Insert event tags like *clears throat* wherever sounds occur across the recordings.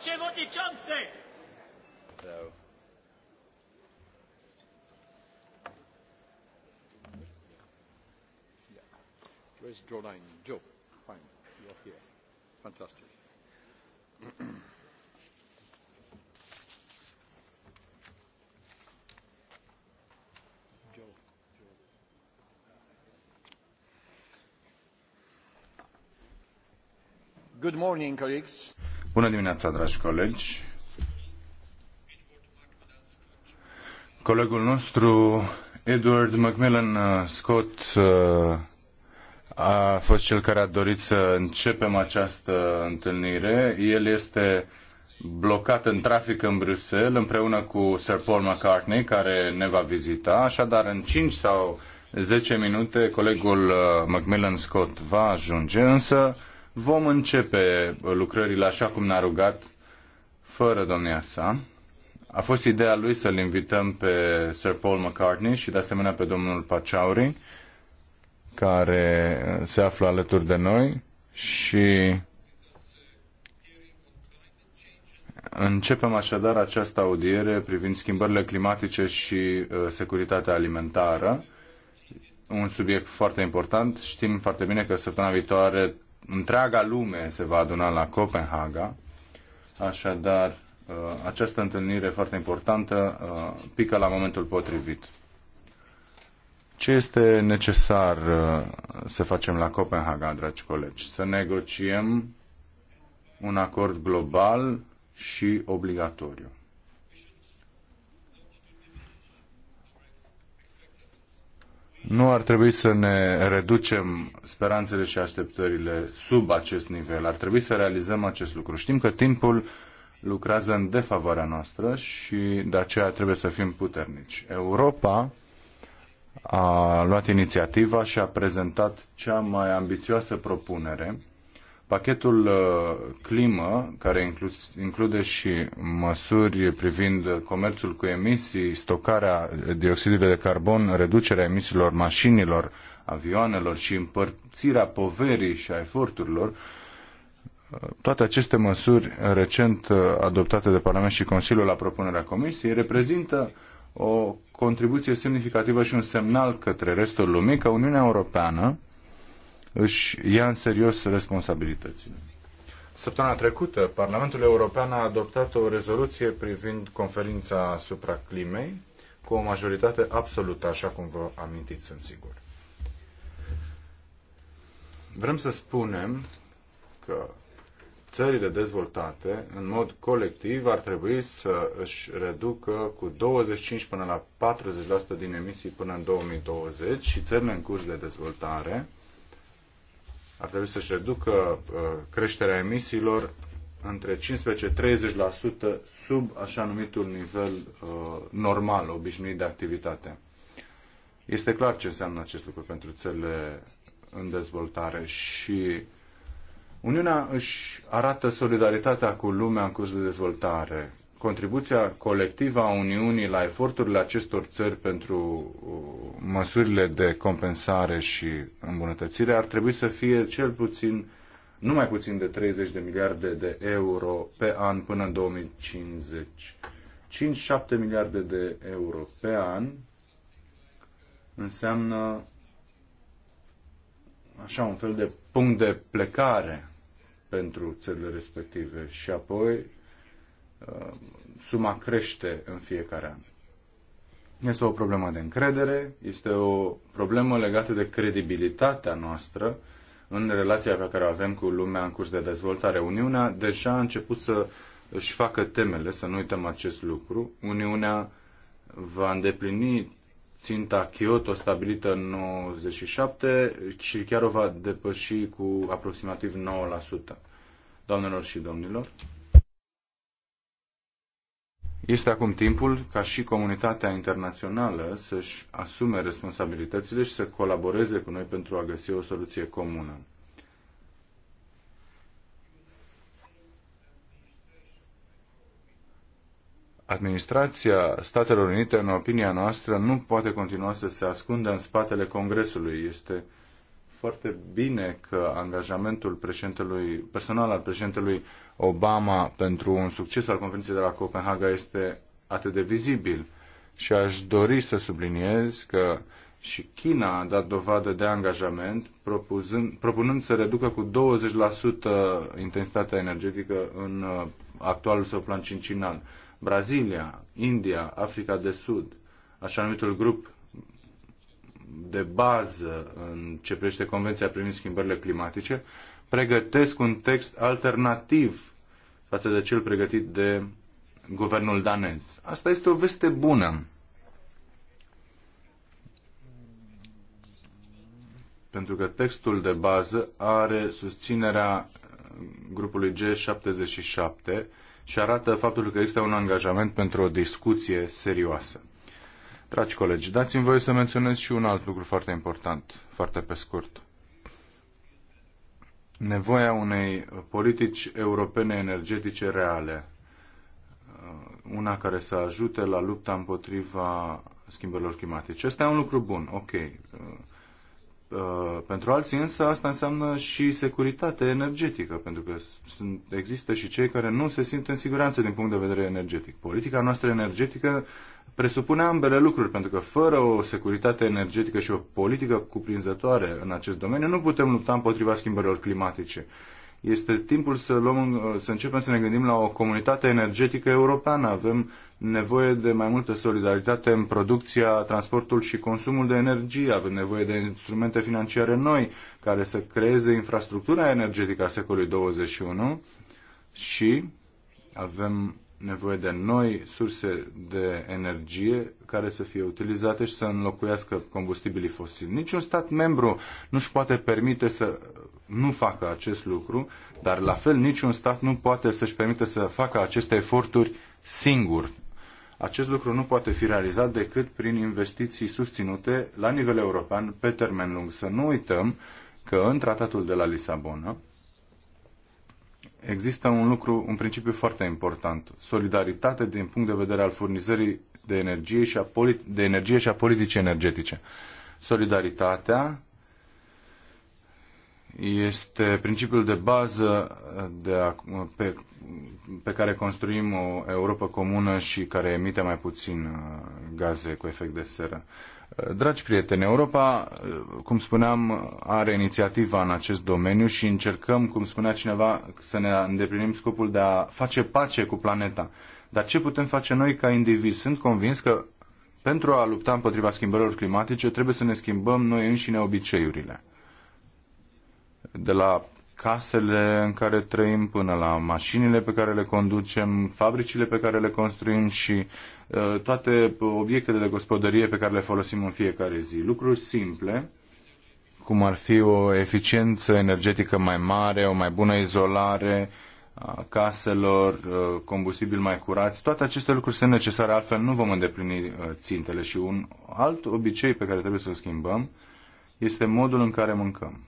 przewodniczący! So. Yeah. Where's draw line? Joe, fine, you're here. Fantastic. *clears throat* Good morning, colleagues. Bună dimineața, dragi colegi. Colegul nostru, Edward Macmillan uh, Scott, uh, a fost cel care a dorit să începem această întâlnire. El este blocat în trafic în Bruxelles împreună cu Sir Paul McCartney, care ne va vizita. Așadar, în cinci sau zece minute, colegul uh, Macmillan Scott va ajunge, însă Vom începe lucrările așa cum ne-a rugat, fără domnia sa. A fost ideea lui să-l invităm pe Sir Paul McCartney și de asemenea pe domnul Pachauri, care se află alături de noi și Începem așadar această audiere privind schimbările climatice și uh, securitatea alimentară. Un subiect foarte important. Știm foarte bine că săptămâna viitoare întreaga lume se va aduna la Copenhaga. Așadar, uh, această întâlnire foarte importantă uh, pică la momentul potrivit. Ce este necesar uh, să facem la Copenhaga, dragi colegi? Să negociem un acord global și obligatoriu. Nu ar trebui să ne reducem speranțele și așteptările sub acest nivel. Ar trebui să realizăm acest lucru. Știm că timpul lucrează în defavoarea noastră și de aceea trebuie să fim puternici. Europa a luat inițiativa și a prezentat cea mai ambițioasă propunere Pachetul uh, climă, care include și măsuri privind comerțul cu emisii, stocarea dioxidului de carbon, reducerea emisiilor mașinilor, avioanelor și împărțirea poverii și a eforturilor, uh, toate aceste măsuri recent uh, adoptate de Parlament și Consiliul la propunerea Comisiei reprezintă o contribuție semnificativă și un semnal către restul lumii că Uniunea Europeană își ia în serios responsabilitățile. Săptămâna trecută, Parlamentul European a adoptat o rezoluție privind conferința asupra climei cu o majoritate absolută, așa cum vă amintiți, sunt sigur. Vrem să spunem că țările dezvoltate, în mod colectiv, ar trebui să își reducă cu 25 până la 40% din emisii până în 2020 și țările în curs de dezvoltare ar trebui să-și reducă uh, creșterea emisiilor între 15-30% sub așa numitul nivel uh, normal, obișnuit de activitate. Este clar ce înseamnă acest lucru pentru țările în dezvoltare și Uniunea își arată solidaritatea cu lumea în curs de dezvoltare contribuția colectivă a Uniunii la eforturile acestor țări pentru uh, măsurile de compensare și îmbunătățire ar trebui să fie cel puțin nu mai puțin de 30 de miliarde de euro pe an până în 2050. 5-7 miliarde de euro pe an înseamnă așa un fel de punct de plecare pentru țările respective și apoi Uh, suma crește în fiecare an. Este o problemă de încredere, este o problemă legată de credibilitatea noastră în relația pe care o avem cu lumea în curs de dezvoltare. Uniunea deja a început să își facă temele, să nu uităm acest lucru. Uniunea va îndeplini ținta Kyoto stabilită în 97 și chiar o va depăși cu aproximativ 9%. Doamnelor și domnilor, este acum timpul ca și comunitatea internațională să-și asume responsabilitățile și să colaboreze cu noi pentru a găsi o soluție comună. Administrația Statelor Unite, în opinia noastră, nu poate continua să se ascundă în spatele Congresului. Este foarte bine că angajamentul personal al președintelui Obama pentru un succes al conferinței de la Copenhaga este atât de vizibil. Și aș dori să subliniez că și China a dat dovadă de angajament, propunând să reducă cu 20% intensitatea energetică în uh, actualul său plan cincinal. Brazilia, India, Africa de Sud, așa numitul grup de bază în ce privește Convenția privind schimbările climatice, pregătesc un text alternativ față de cel pregătit de guvernul danez. Asta este o veste bună. Pentru că textul de bază are susținerea grupului G77 și arată faptul că există un angajament pentru o discuție serioasă. Dragi colegi, dați-mi voie să menționez și un alt lucru foarte important, foarte pe scurt nevoia unei politici europene energetice reale, uh, una care să ajute la lupta împotriva schimbărilor climatice. Asta e un lucru bun, ok. Uh, uh, pentru alții însă asta înseamnă și securitate energetică, pentru că sunt, există și cei care nu se simt în siguranță din punct de vedere energetic. Politica noastră energetică presupune ambele lucruri, pentru că fără o securitate energetică și o politică cuprinzătoare în acest domeniu, nu putem lupta împotriva schimbărilor climatice. Este timpul să, luăm, să începem să ne gândim la o comunitate energetică europeană. Avem nevoie de mai multă solidaritate în producția, transportul și consumul de energie. Avem nevoie de instrumente financiare noi care să creeze infrastructura energetică a secolului 21 și avem nevoie de noi surse de energie care să fie utilizate și să înlocuiască combustibilii fosili. Niciun stat membru nu își poate permite să nu facă acest lucru, dar la fel niciun stat nu poate să-și permite să facă aceste eforturi singur. Acest lucru nu poate fi realizat decât prin investiții susținute la nivel european pe termen lung. Să nu uităm că în tratatul de la Lisabona există un lucru, un principiu foarte important. Solidaritate din punct de vedere al furnizării de energie și a, politi- de energie și a politicii energetice. Solidaritatea este principiul de bază uh, de a, uh, pe, pe care construim o Europa comună și care emite mai puțin uh, gaze cu efect de seră. Uh, Dragi prieteni, Europa, cum spuneam, are inițiativa în acest domeniu și încercăm, cum spunea cineva, să ne îndeplinim scopul de a face pace cu planeta. Dar ce putem face noi ca indivizi? Sunt convins că pentru a lupta împotriva schimbărilor climatice trebuie să ne schimbăm noi înșine obiceiurile. De la casele în care trăim, până la mașinile pe care le conducem, fabricile pe care le construim și uh, toate obiectele de gospodărie pe care le folosim în fiecare zi. Lucruri simple, cum ar fi o eficiență energetică mai mare, o mai bună izolare a caselor, uh, combustibil mai curați, toate aceste lucruri sunt necesare, altfel nu vom îndeplini uh, țintele. Și un alt obicei pe care trebuie să-l schimbăm este modul în care mâncăm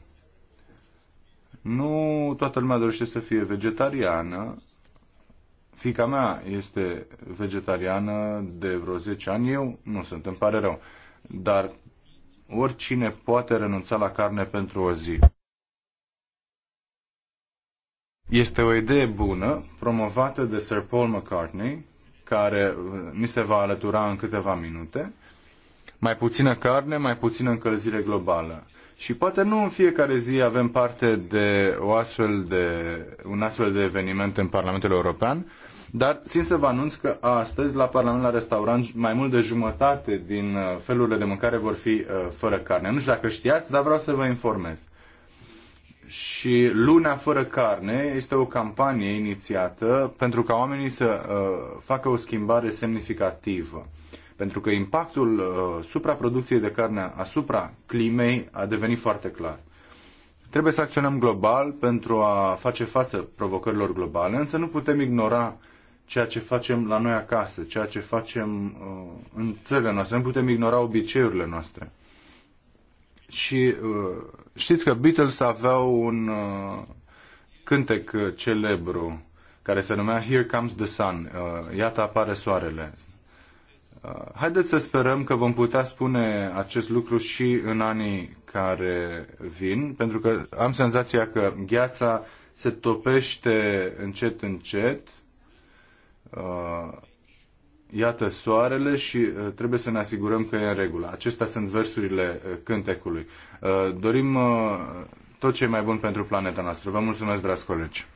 nu toată lumea dorește să fie vegetariană. Fica mea este vegetariană de vreo 10 ani, eu nu sunt, îmi pare rău. Dar oricine poate renunța la carne pentru o zi. Este o idee bună, promovată de Sir Paul McCartney, care mi se va alătura în câteva minute. Mai puțină carne, mai puțină încălzire globală. Și poate nu în fiecare zi avem parte de, o astfel de un astfel de eveniment în Parlamentul European, dar țin să vă anunț că astăzi la Parlament la restaurant mai mult de jumătate din uh, felurile de mâncare vor fi uh, fără carne. Nu știu dacă știați, dar vreau să vă informez. Și Luna fără carne este o campanie inițiată pentru ca oamenii să uh, facă o schimbare semnificativă. Pentru că impactul uh, supraproducției de carne asupra climei a devenit foarte clar. Trebuie să acționăm global pentru a face față provocărilor globale, însă nu putem ignora ceea ce facem la noi acasă, ceea ce facem uh, în țările noastre. Nu putem ignora obiceiurile noastre. Și uh, știți că Beatles aveau un uh, cântec celebru care se numea Here Comes the Sun, uh, Iată apare soarele. Uh, haideți să sperăm că vom putea spune acest lucru și în anii care vin, pentru că am senzația că gheața se topește încet, încet. Uh, iată soarele și uh, trebuie să ne asigurăm că e în regulă. Acestea sunt versurile cântecului. Dorim tot ce e mai bun pentru planeta noastră. Vă mulțumesc, dragi colegi!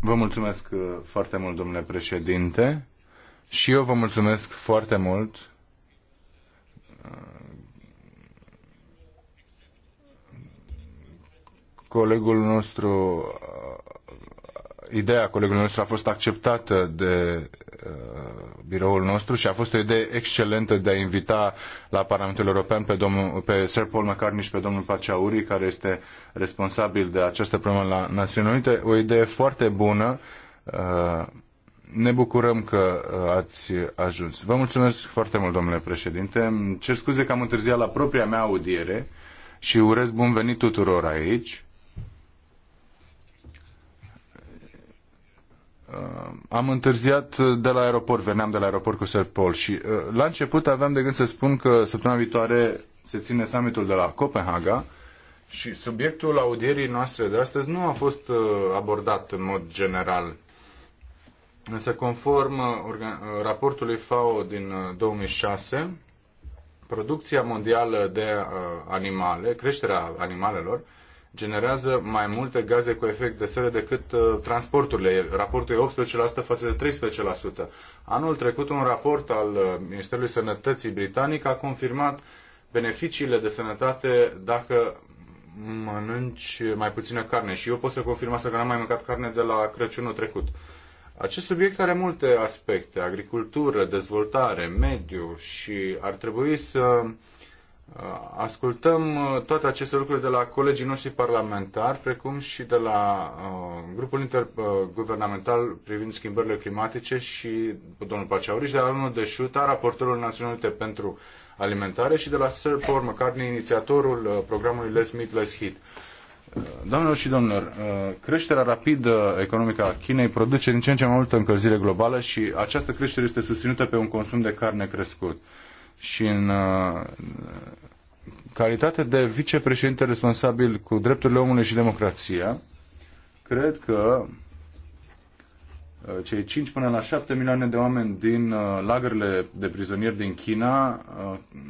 Vă mulțumesc uh, foarte mult, domnule președinte, și eu vă mulțumesc foarte mult uh, colegul nostru, uh, ideea colegului nostru a fost acceptată de Uh, biroul nostru și a fost o idee excelentă de a invita la Parlamentul European pe, domnul, pe Sir Paul McCartney și pe domnul Paceauri, care este responsabil de această problemă la Națiunile Unite. O idee foarte bună. Uh, ne bucurăm că uh, ați ajuns. Vă mulțumesc foarte mult, domnule președinte. Îmi cer scuze că am întârziat la propria mea audiere și urez bun venit tuturor aici. Uh, am întârziat uh, de la aeroport, veneam de la aeroport cu Sir Paul și uh, la început aveam de gând să spun că săptămâna viitoare se ține summitul de la Copenhaga și subiectul audierii noastre de astăzi nu a fost uh, abordat în mod general. Însă conform uh, uh, raportului FAO din 2006, producția mondială de animale, creșterea animalelor, generează mai multe gaze cu efect de seră decât uh, transporturile. Raportul e 18% față de 13%. Anul trecut, un raport al uh, Ministerului Sănătății Britanic a confirmat beneficiile de sănătate dacă mănânci mai puțină carne. Și eu pot să confirm asta că n-am mai mâncat carne de la Crăciunul trecut. Acest subiect are multe aspecte, agricultură, dezvoltare, mediu și ar trebui să Uh, ascultăm uh, toate aceste lucruri de la colegii noștri parlamentari, precum și de la uh, grupul interguvernamental privind schimbările climatice și domnul Paceauriș, de la Lunul de Șuta, raportorul Națiunal Unite pentru Alimentare și de la Sir Paul McCartney, inițiatorul programului Less Meat, Less Heat. Doamnelor și domnilor, creșterea rapidă economică a Chinei produce din ce în ce mai multă încălzire globală și această creștere este susținută pe un consum de carne crescut și în uh, calitate de vicepreședinte responsabil cu drepturile omului și democrația, cred că uh, cei 5 până la 7 milioane de oameni din uh, lagările de prizonieri din China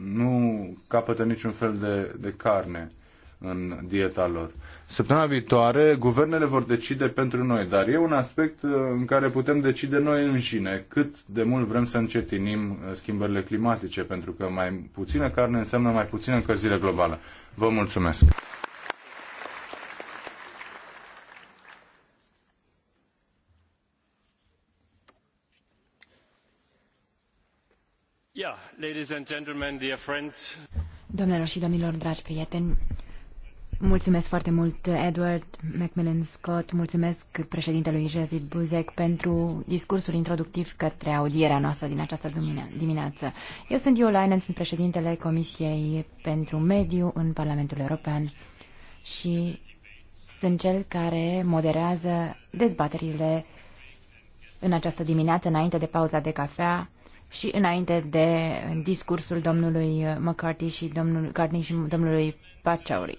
nu capătă niciun fel de, de carne în dieta lor. Săptămâna viitoare, guvernele vor decide pentru noi, dar e un aspect uh, în care putem decide noi înșine cât de mult vrem să încetinim uh, schimbările climatice, pentru că mai puțină carne înseamnă mai puțină încălzire globală. Vă mulțumesc! Yeah, ladies and gentlemen, dear friends. Doamnelor și domnilor, dragi prieteni, Mulțumesc foarte mult, Edward Macmillan Scott. Mulțumesc președintelui Jerzy Buzek pentru discursul introductiv către audierea noastră din această dimineață. Eu sunt Iolainen, sunt președintele Comisiei pentru Mediu în Parlamentul European și sunt cel care moderează dezbaterile în această dimineață, înainte de pauza de cafea și înainte de discursul domnului McCarthy și domnului Cartney și domnului Pachauri.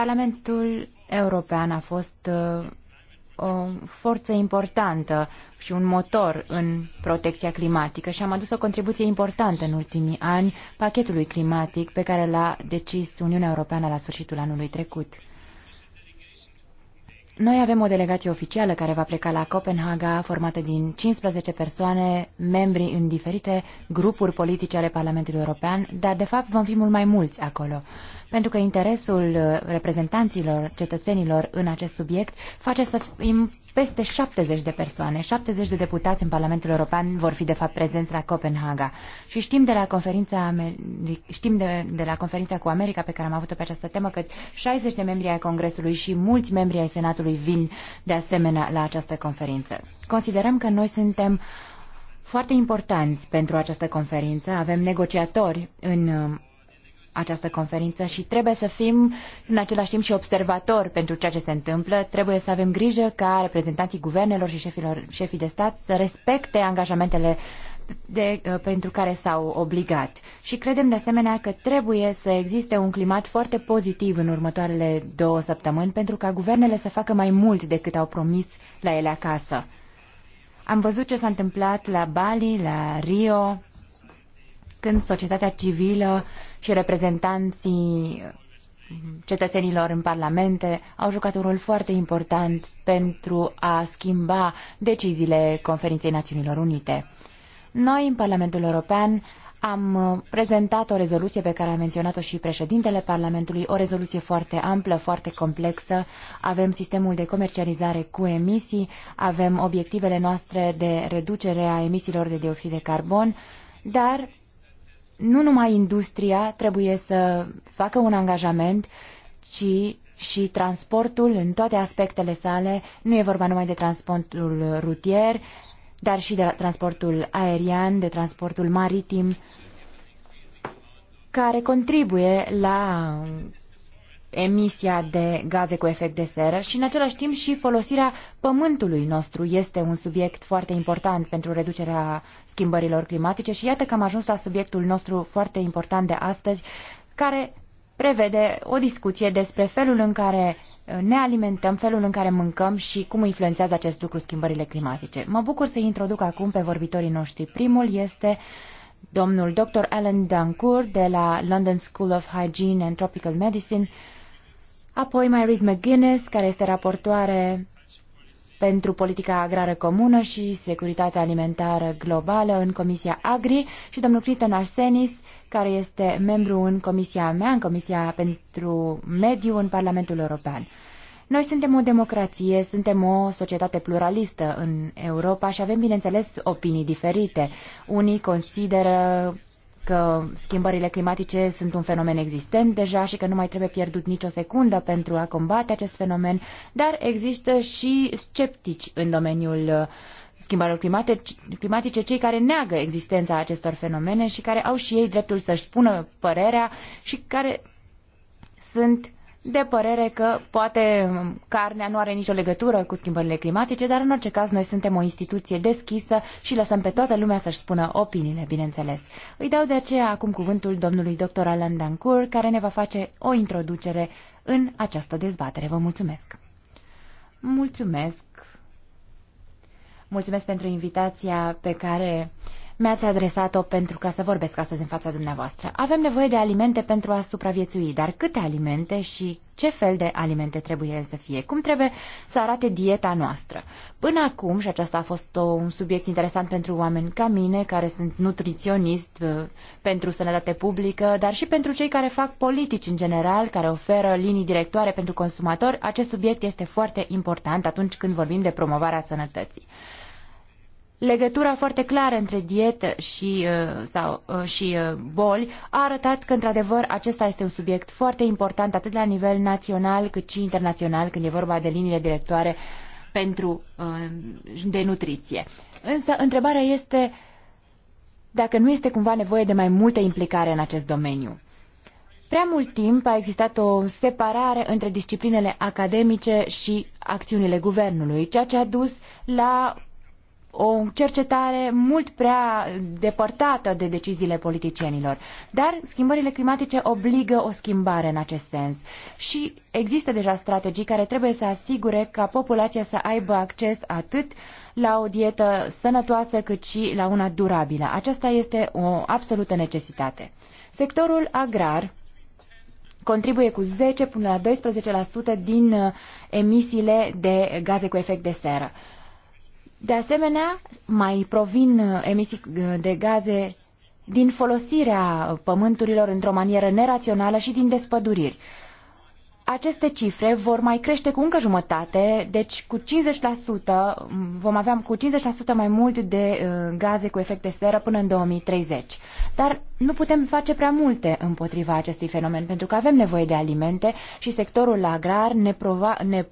Parlamentul European a fost uh, o forță importantă și un motor în protecția climatică și am adus o contribuție importantă în ultimii ani pachetului climatic pe care l-a decis Uniunea Europeană la sfârșitul anului trecut. Noi avem o delegație oficială care va pleca la Copenhaga, formată din 15 persoane, membri în diferite grupuri politice ale Parlamentului European, dar de fapt vom fi mult mai mulți acolo pentru că interesul uh, reprezentanților cetățenilor în acest subiect face să fim peste 70 de persoane, 70 de deputați în Parlamentul European vor fi de fapt prezenți la Copenhaga. Și știm de la conferința, Ameri- știm de, de la conferința cu America pe care am avut-o pe această temă că 60 de membri ai Congresului și mulți membri ai Senatului vin de asemenea la această conferință. Considerăm că noi suntem foarte importanți pentru această conferință. Avem negociatori în uh, această conferință și trebuie să fim în același timp și observatori pentru ceea ce se întâmplă. Trebuie să avem grijă ca reprezentanții guvernelor și șefilor, șefii de stat să respecte angajamentele de, uh, pentru care s-au obligat. Și credem de asemenea că trebuie să existe un climat foarte pozitiv în următoarele două săptămâni pentru ca guvernele să facă mai mult decât au promis la ele acasă. Am văzut ce s-a întâmplat la Bali, la Rio, când societatea civilă și reprezentanții cetățenilor în parlamente au jucat un rol foarte important pentru a schimba deciziile Conferinței Națiunilor Unite. Noi, în Parlamentul European, am prezentat o rezoluție pe care a menționat-o și președintele Parlamentului, o rezoluție foarte amplă, foarte complexă. Avem sistemul de comercializare cu emisii, avem obiectivele noastre de reducere a emisiilor de dioxid de carbon, dar nu numai industria trebuie să facă un angajament, ci și transportul în toate aspectele sale. Nu e vorba numai de transportul rutier, dar și de transportul aerian, de transportul maritim, care contribuie la emisia de gaze cu efect de seră și în același timp și folosirea pământului nostru este un subiect foarte important pentru reducerea schimbărilor climatice și iată că am ajuns la subiectul nostru foarte important de astăzi care prevede o discuție despre felul în care ne alimentăm, felul în care mâncăm și cum influențează acest lucru schimbările climatice. Mă bucur să introduc acum pe vorbitorii noștri. Primul este domnul dr. Alan Dancourt de la London School of Hygiene and Tropical Medicine Apoi mai Reed McGuinness, care este raportoare pentru politica agrară comună și securitatea alimentară globală în Comisia Agri și domnul Criton Arsenis, care este membru în Comisia mea, în Comisia pentru Mediu în Parlamentul European. Noi suntem o democrație, suntem o societate pluralistă în Europa și avem, bineînțeles, opinii diferite. Unii consideră că schimbările climatice sunt un fenomen existent deja și că nu mai trebuie pierdut nicio secundă pentru a combate acest fenomen, dar există și sceptici în domeniul uh, schimbărilor climatice, cei care neagă existența acestor fenomene și care au și ei dreptul să-și spună părerea și care sunt de părere că poate carnea nu are nicio legătură cu schimbările climatice, dar în orice caz noi suntem o instituție deschisă și lăsăm pe toată lumea să-și spună opiniile, bineînțeles. Îi dau de aceea acum cuvântul domnului dr. Alan Dancur, care ne va face o introducere în această dezbatere. Vă mulțumesc! Mulțumesc! Mulțumesc pentru invitația pe care mi-ați adresat-o pentru ca să vorbesc astăzi în fața dumneavoastră. Avem nevoie de alimente pentru a supraviețui, dar câte alimente și ce fel de alimente trebuie el să fie? Cum trebuie să arate dieta noastră? Până acum, și aceasta a fost o, un subiect interesant pentru oameni ca mine, care sunt nutriționist uh, pentru sănătate publică, dar și pentru cei care fac politici în general, care oferă linii directoare pentru consumatori, acest subiect este foarte important atunci când vorbim de promovarea sănătății legătura foarte clară între dietă și, uh, sau, uh, și uh, boli a arătat că, într-adevăr, acesta este un subiect foarte important atât la nivel național cât și internațional când e vorba de liniile directoare pentru de nutriție. Însă, întrebarea este dacă nu este cumva nevoie de mai multă implicare în acest domeniu. Prea mult timp a existat o separare între disciplinele academice și acțiunile guvernului, ceea ce a dus la o cercetare mult prea depărtată de deciziile politicienilor. Dar schimbările climatice obligă o schimbare în acest sens. Și există deja strategii care trebuie să asigure ca populația să aibă acces atât la o dietă sănătoasă cât și la una durabilă. Aceasta este o absolută necesitate. Sectorul agrar contribuie cu 10 până la 12% din uh, emisiile de gaze cu efect de seră. De asemenea, mai provin uh, emisii uh, de gaze din folosirea pământurilor într-o manieră nerațională și din despăduriri. Aceste cifre vor mai crește cu încă jumătate, deci cu 50% vom avea cu 50% mai mult de uh, gaze cu efect de seră până în 2030. Dar nu putem face prea multe împotriva acestui fenomen, pentru că avem nevoie de alimente și sectorul agrar ne, prova, ne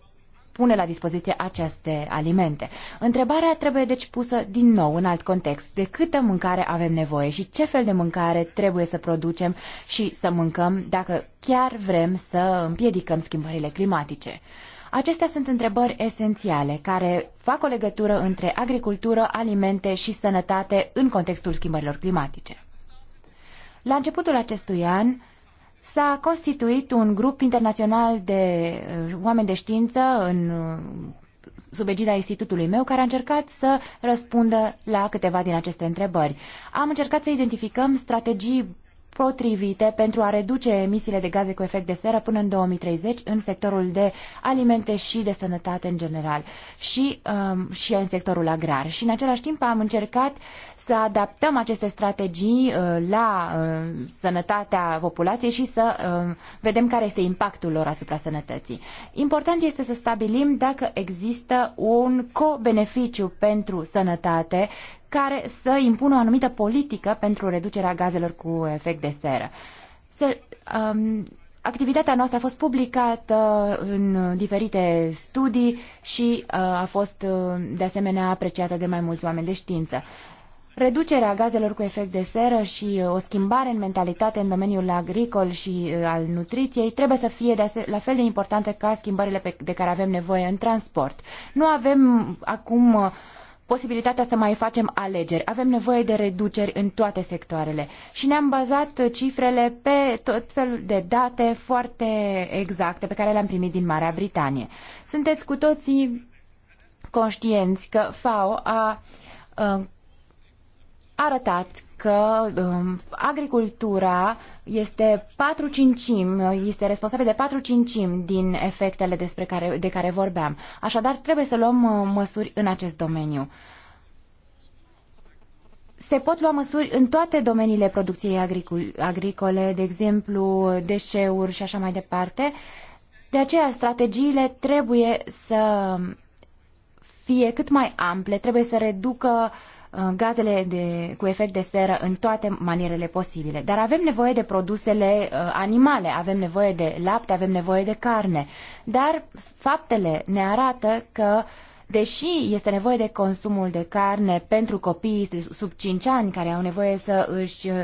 pune la dispoziție aceste alimente. Întrebarea trebuie deci pusă din nou în alt context. De câtă mâncare avem nevoie și ce fel de mâncare trebuie să producem și să mâncăm dacă chiar vrem să împiedicăm schimbările climatice? Acestea sunt întrebări esențiale care fac o legătură între agricultură, alimente și sănătate în contextul schimbărilor climatice. La începutul acestui an, s-a constituit un grup internațional de uh, oameni de știință în uh, sub egida institutului meu, care a încercat să răspundă la câteva din aceste întrebări. Am încercat să identificăm strategii potrivite pentru a reduce emisiile de gaze cu efect de seră până în 2030 în sectorul de alimente și de sănătate în general și, um, și în sectorul agrar. Și în același timp am încercat să adaptăm aceste strategii uh, la uh, sănătatea populației și să uh, vedem care este impactul lor asupra sănătății. Important este să stabilim dacă există un co-beneficiu pentru sănătate care să impună o anumită politică pentru reducerea gazelor cu efect de seră. Se, um, activitatea noastră a fost publicată în diferite studii și uh, a fost uh, de asemenea apreciată de mai mulți oameni de știință. Reducerea gazelor cu efect de seră și uh, o schimbare în mentalitate în domeniul agricol și uh, al nutriției trebuie să fie de la fel de importante ca schimbările pe, de care avem nevoie în transport. Nu avem acum posibilitatea să mai facem alegeri. Avem nevoie de reduceri în toate sectoarele și ne-am bazat uh, cifrele pe tot felul de date foarte exacte pe care le-am primit din Marea Britanie. Sunteți cu toții conștienți că FAO a arătat că um, agricultura este 4 cincim este responsabilă de 4 cincim din efectele despre care, de care vorbeam. Așadar, trebuie să luăm uh, măsuri în acest domeniu. Se pot lua măsuri în toate domeniile producției agricole, de exemplu, deșeuri și așa mai departe. De aceea, strategiile trebuie să fie cât mai ample, trebuie să reducă uh, Uh, gazele de, cu efect de seră în toate manierele posibile. Dar avem nevoie de produsele uh, animale, avem nevoie de lapte, avem nevoie de carne. Dar faptele ne arată că uh, Deși este nevoie de consumul de carne pentru copiii sub 5 ani care au nevoie să își uh,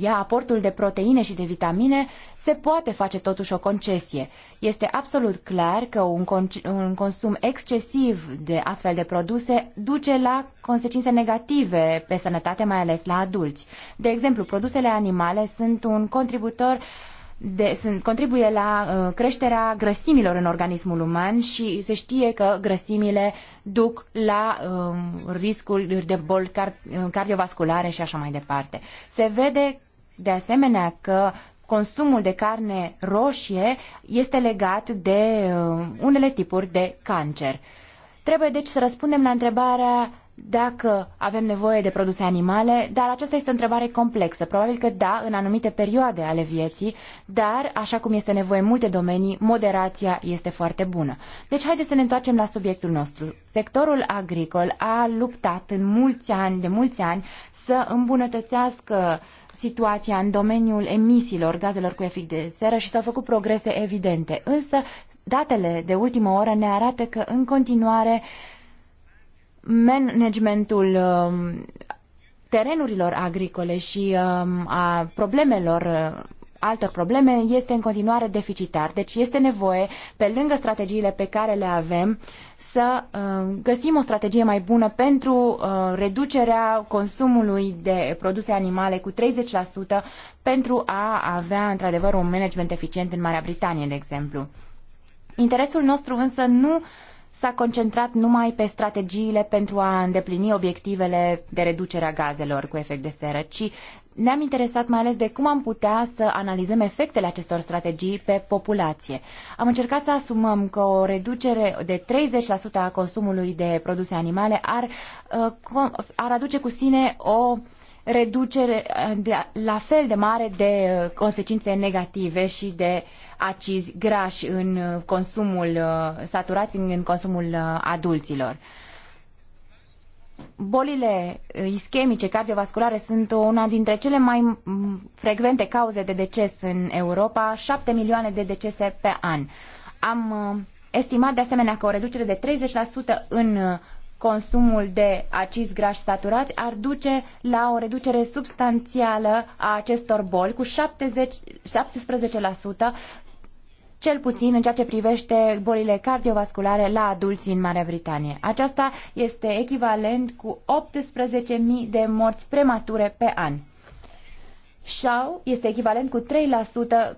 ia aportul de proteine și de vitamine, se poate face totuși o concesie. Este absolut clar că un, un consum excesiv de astfel de produse duce la consecințe negative pe sănătate, mai ales la adulți. De exemplu, produsele animale sunt un contributor uh, de, sunt, contribuie la uh, creșterea grăsimilor în organismul uman și se știe că grăsimile duc la uh, riscul de boli car, uh, cardiovasculare și așa mai departe. Se vede de asemenea că consumul de carne roșie este legat de uh, unele tipuri de cancer. Trebuie deci să răspundem la întrebarea dacă avem nevoie de produse animale, dar aceasta este o întrebare complexă. Probabil că da, în anumite perioade ale vieții, dar, așa cum este nevoie în multe domenii, moderația este foarte bună. Deci haideți să ne întoarcem la subiectul nostru. Sectorul agricol a luptat în mulți ani, de mulți ani, să îmbunătățească situația în domeniul emisiilor gazelor cu efect de seră și s-au făcut progrese evidente. Însă, datele de ultimă oră ne arată că, în continuare, uh, managementul um, terenurilor agricole și um, a problemelor uh, altor probleme este în continuare deficitar. Deci este nevoie, pe lângă strategiile pe care le avem, să uh, găsim o strategie mai bună pentru uh, reducerea consumului de produse animale cu 30% pentru a avea într-adevăr un management eficient în Marea Britanie, de exemplu. Interesul nostru însă nu s-a concentrat numai pe strategiile pentru a îndeplini obiectivele de reducere a gazelor cu efect de seră, ci ne-am interesat mai ales de cum am putea să analizăm efectele acestor strategii pe populație. Am încercat să asumăm că o reducere de 30% a consumului de produse animale ar, uh, ar aduce cu sine o reducere uh, de, la fel de mare de uh, consecințe negative și de uh, acizi grași în uh, consumul uh, saturați, în consumul uh, adulților. Bolile ischemice cardiovasculare sunt una dintre cele mai mm, frecvente cauze de deces în Europa, 7 milioane de decese pe an. Am estimat de asemenea că o reducere de 30% în consumul de acizi grași saturați ar duce la o reducere substanțială a acestor boli cu 70, 17% cel puțin în ceea ce privește bolile cardiovasculare la adulți în Marea Britanie. Aceasta este echivalent cu 18.000 de morți premature pe an. Shaw este echivalent cu 3%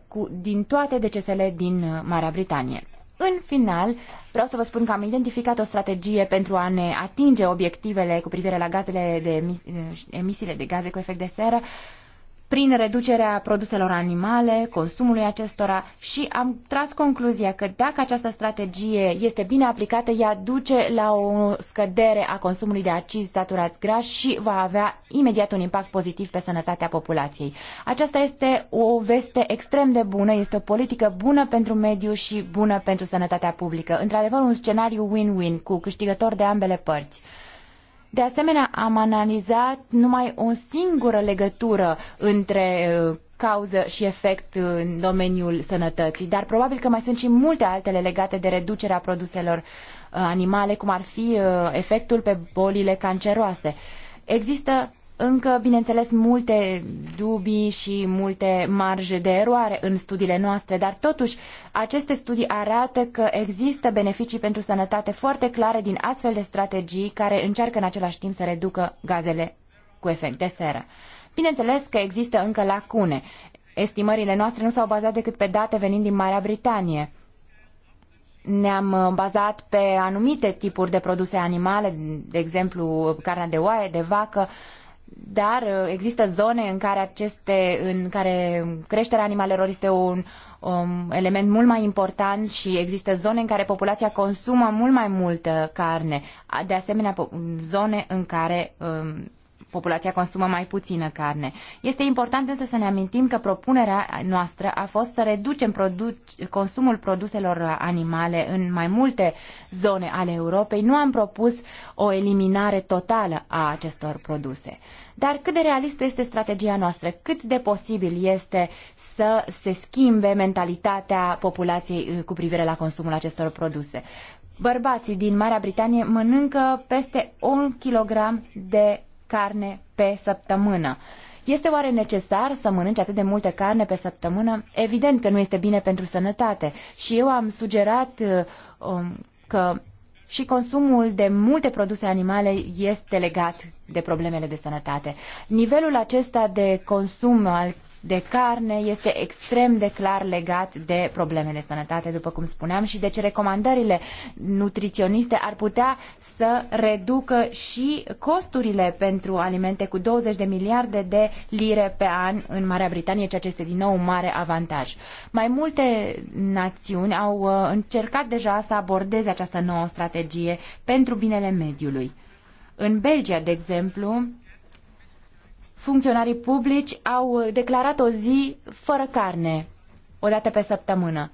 cu, din toate decesele din uh, Marea Britanie. În final, vreau să vă spun că am identificat o strategie pentru a ne atinge obiectivele cu privire la gazele de uh, emisiile de gaze cu efect de seră prin reducerea produselor animale, consumului acestora și am tras concluzia că dacă această strategie este bine aplicată, ea duce la o scădere a consumului de acizi saturați grași și va avea imediat un impact pozitiv pe sănătatea populației. Aceasta este o veste extrem de bună, este o politică bună pentru mediu și bună pentru sănătatea publică. Într-adevăr, un scenariu win-win cu câștigători de ambele părți. De asemenea, am analizat numai o singură legătură între uh, cauză și efect uh, în domeniul sănătății, dar probabil că mai sunt și multe altele legate de reducerea produselor uh, animale, cum ar fi efectul pe bolile canceroase. Există încă, bineînțeles, multe dubii și multe marje de eroare în studiile noastre, dar totuși aceste studii arată că există beneficii pentru sănătate foarte clare din astfel de strategii care încearcă în același timp să reducă gazele cu efect de seră. Bineînțeles că există încă lacune. Estimările noastre nu s-au bazat decât pe date venind din Marea Britanie. Ne-am uh, bazat pe anumite tipuri de produse animale, de exemplu carnea de oaie, de vacă, uh, dar uh, există zone în care aceste, în care creșterea animalelor este un um, element mult mai important și există zone în care populația consumă mult mai multă carne, de asemenea zone în care um, populația consumă mai puțină carne. Este important însă să ne amintim că propunerea noastră a fost să reducem produ- consumul produselor animale în mai multe zone ale Europei. Nu am propus o eliminare totală a acestor produse. Dar cât de realistă este strategia noastră? Cât de posibil este să se schimbe mentalitatea populației uh, cu privire la consumul acestor produse? Bărbații din Marea Britanie mănâncă peste un kilogram de carne pe săptămână. Este oare necesar să mănânci atât de multe carne pe săptămână? Evident că nu este bine pentru sănătate și eu am sugerat uh, um, că și consumul de multe produse animale este legat de problemele de sănătate. Nivelul acesta de consum al de carne este extrem de clar legat de probleme de sănătate, după cum spuneam, și deci recomandările nutriționiste ar putea să reducă și costurile pentru alimente cu 20 de miliarde de lire pe an în Marea Britanie, ceea ce este din nou un mare avantaj. Mai multe națiuni au uh, încercat deja să abordeze această nouă strategie pentru binele mediului. În Belgia, de exemplu, funcționarii publici au declarat o zi fără carne, o dată pe săptămână.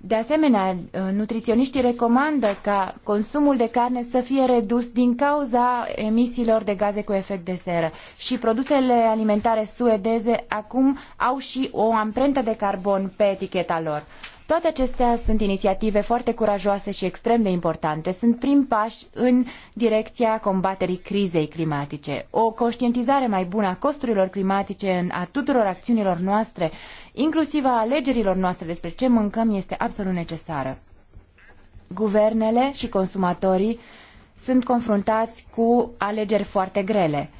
De asemenea, nutriționiștii recomandă ca consumul de carne să fie redus din cauza emisiilor de gaze cu efect de seră. Și produsele alimentare suedeze acum au și o amprentă de carbon pe eticheta lor. Toate acestea sunt inițiative foarte curajoase și extrem de importante. Sunt prim pași în direcția combaterii crizei climatice. O conștientizare mai bună a costurilor climatice în a tuturor acțiunilor noastre, inclusiv a alegerilor noastre despre ce mâncăm, este absolut necesară. Guvernele și consumatorii sunt confruntați cu alegeri foarte grele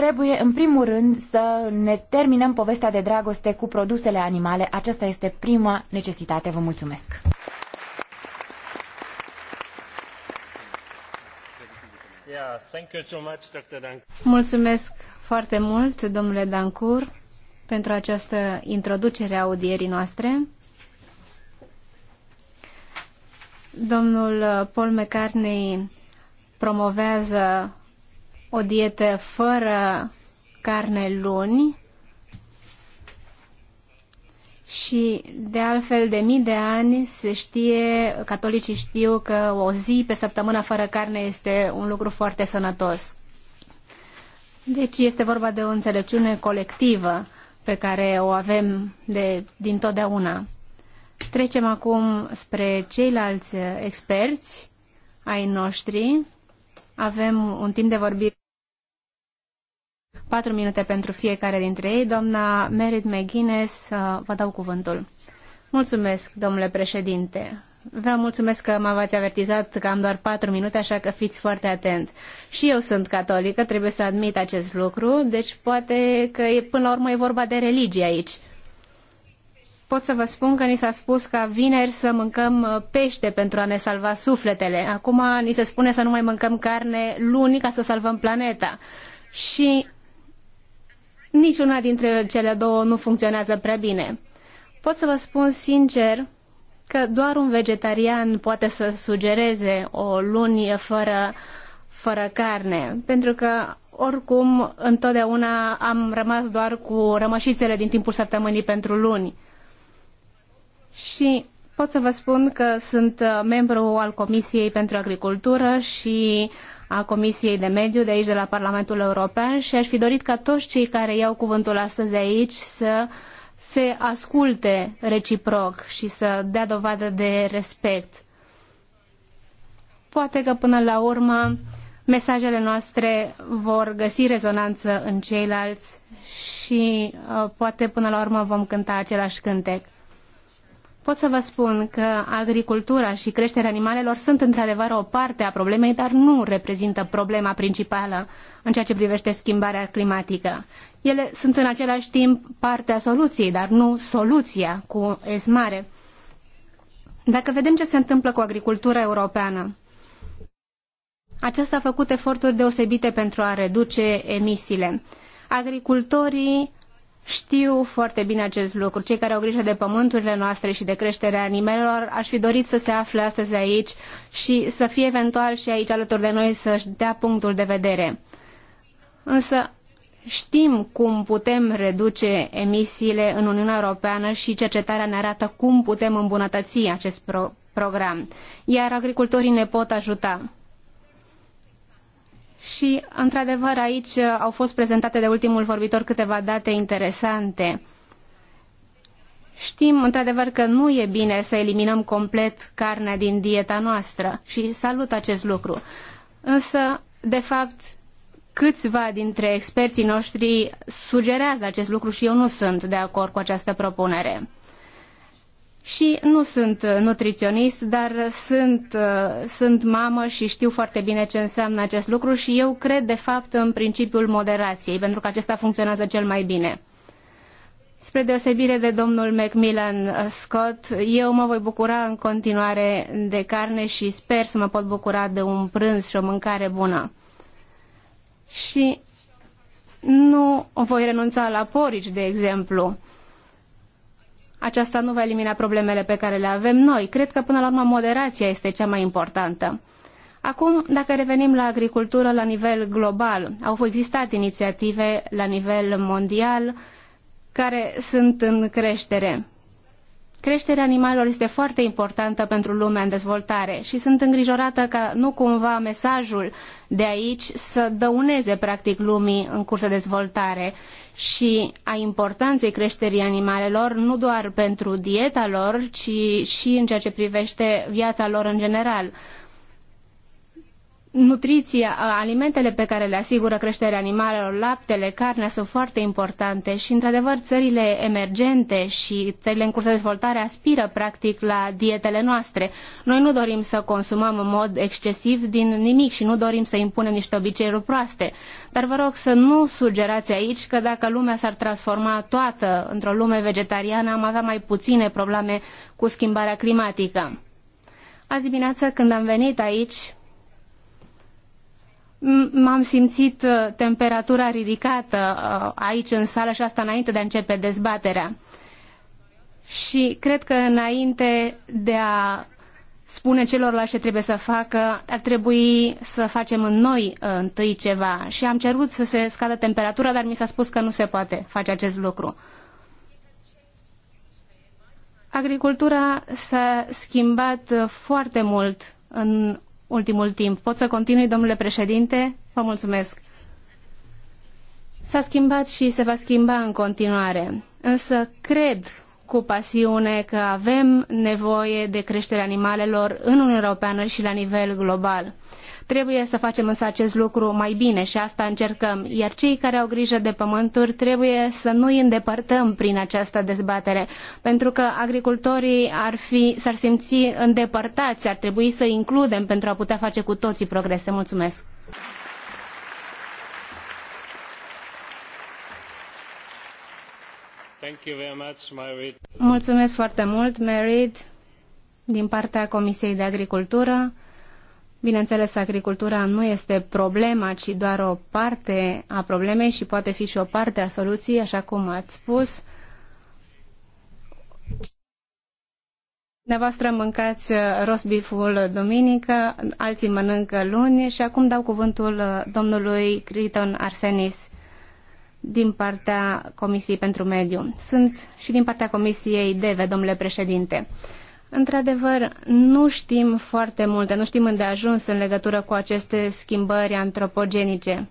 Trebuie, în primul rând, să ne terminăm povestea de dragoste cu produsele animale. Aceasta este prima necesitate. Vă mulțumesc! Mulțumesc foarte mult, domnule Dancur, pentru această introducere a audierii noastre. Domnul Paul McCartney promovează o dietă fără carne luni și de altfel de mii de ani se știe, catolicii știu că o zi pe săptămână fără carne este un lucru foarte sănătos. Deci este vorba de o înțelepciune colectivă pe care o avem de, din totdeauna. Trecem acum spre ceilalți experți ai noștri. Avem un timp de vorbire Patru minute pentru fiecare dintre ei. Doamna Merit McGuinness, uh, vă dau cuvântul. Mulțumesc, domnule președinte. Vreau mulțumesc că m-ați avertizat că am doar patru minute, așa că fiți foarte atent. Și eu sunt catolică, trebuie să admit acest lucru, deci poate că e, până la urmă e vorba de religie aici. Pot să vă spun că ni s-a spus ca vineri să mâncăm uh, pește pentru a ne salva sufletele. Acum ni se spune să nu mai mâncăm carne luni ca să salvăm planeta. Și niciuna dintre cele două nu funcționează prea bine. Pot să vă spun sincer că doar un vegetarian poate să sugereze o lunie fără, fără carne, pentru că oricum întotdeauna am rămas doar cu rămășițele din timpul săptămânii pentru luni. Și pot să vă spun că sunt membru al Comisiei pentru Agricultură și a Comisiei de Mediu de aici, de la Parlamentul European și aș fi dorit ca toți cei care iau cuvântul astăzi aici să se asculte reciproc și să dea dovadă de respect. Poate că până la urmă mesajele noastre vor găsi rezonanță în ceilalți și uh, poate până la urmă vom cânta același cântec. Pot să vă spun că agricultura și creșterea animalelor sunt într-adevăr o parte a problemei, dar nu reprezintă problema principală în ceea ce privește schimbarea climatică. Ele sunt în același timp parte a soluției, dar nu soluția cu S mare. Dacă vedem ce se întâmplă cu agricultura europeană, aceasta a făcut eforturi deosebite pentru a reduce emisiile. Agricultorii știu foarte bine acest lucru. Cei care au grijă de pământurile noastre și de creșterea animalelor aș fi dorit să se afle astăzi aici și să fie eventual și aici alături de noi să-și dea punctul de vedere. Însă știm cum putem reduce emisiile în Uniunea Europeană și cercetarea ne arată cum putem îmbunătăți acest pro program. Iar agricultorii ne pot ajuta. Și, într-adevăr, aici uh, au fost prezentate de ultimul vorbitor câteva date interesante. Știm, într-adevăr, că nu e bine să eliminăm complet carnea din dieta noastră și salut acest lucru. Însă, de fapt, câțiva dintre experții noștri sugerează acest lucru și eu nu sunt de acord cu această propunere și nu sunt uh, nutriționist, dar sunt, uh, sunt mamă și știu foarte bine ce înseamnă acest lucru și eu cred de fapt în principiul moderației, pentru că acesta funcționează cel mai bine. Spre deosebire de domnul Macmillan uh, Scott, eu mă voi bucura în continuare de carne și sper să mă pot bucura de un prânz și o mâncare bună. Și nu voi renunța la porici, de exemplu aceasta nu va elimina problemele pe care le avem noi. Cred că până la urmă moderația este cea mai importantă. Acum, dacă revenim la agricultură la nivel global, au existat inițiative la nivel mondial care sunt în creștere. Creșterea animalelor este foarte importantă pentru lumea în dezvoltare și sunt îngrijorată că nu cumva mesajul de aici să dăuneze practic lumii în curs de dezvoltare și a importanței creșterii animalelor nu doar pentru dieta lor, ci și în ceea ce privește viața lor în general nutriția, alimentele pe care le asigură creșterea animalelor, laptele, carnea sunt foarte importante și, într-adevăr, țările emergente și țările în curs de dezvoltare aspiră, practic, la dietele noastre. Noi nu dorim să consumăm în mod excesiv din nimic și nu dorim să impunem niște obiceiuri proaste. Dar vă rog să nu sugerați aici că dacă lumea s-ar transforma toată într-o lume vegetariană, am avea mai puține probleme cu schimbarea climatică. Azi dimineață, când am venit aici, m-am simțit uh, temperatura ridicată uh, aici în sală și asta înainte de a începe dezbaterea. Și cred că înainte de a spune celorlalți ce trebuie să facă, ar trebui să facem în noi uh, întâi ceva. Și am cerut să se scadă temperatura, dar mi s-a spus că nu se poate face acest lucru. Agricultura s-a schimbat foarte mult în ultimul timp. Pot să continui, domnule președinte? Vă mulțumesc. S-a schimbat și se va schimba în continuare, însă cred cu pasiune că avem nevoie de creșterea animalelor în Uniunea Europeană și la nivel global. Trebuie să facem însă acest lucru mai bine și asta încercăm, iar cei care au grijă de pământuri trebuie să nu îi îndepărtăm prin această dezbatere, pentru că agricultorii ar fi, s-ar simți îndepărtați, ar trebui să includem pentru a putea face cu toții progrese. Mulțumesc! Mulțumesc foarte mult, Merit, din partea Comisiei de Agricultură. Bineînțeles, agricultura nu este problema, ci doar o parte a problemei și poate fi și o parte a soluției, așa cum ați spus. Dumneavoastră mâncați uh, rosbiful duminică, alții mănâncă luni și acum dau cuvântul uh, domnului Criton Arsenis din partea Comisiei pentru Mediu. Sunt și din partea Comisiei DEVE, domnule președinte. Într-adevăr, nu știm foarte multe, nu știm îndeajuns în legătură cu aceste schimbări antropogenice.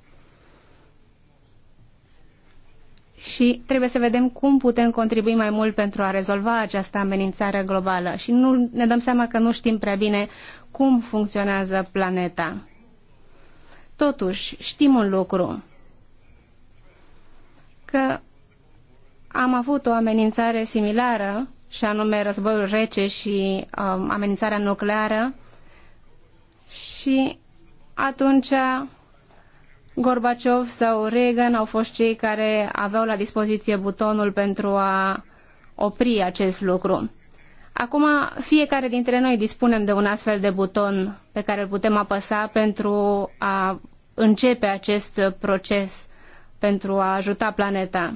Și trebuie să vedem cum putem contribui mai mult pentru a rezolva această amenințare globală. Și nu ne dăm seama că nu știm prea bine cum funcționează planeta. Totuși, știm un lucru. Că am avut o amenințare similară și anume războiul rece și um, amenințarea nucleară. Și atunci Gorbaciov sau Reagan au fost cei care aveau la dispoziție butonul pentru a opri acest lucru. Acum, fiecare dintre noi dispunem de un astfel de buton pe care îl putem apăsa pentru a începe acest proces, pentru a ajuta planeta.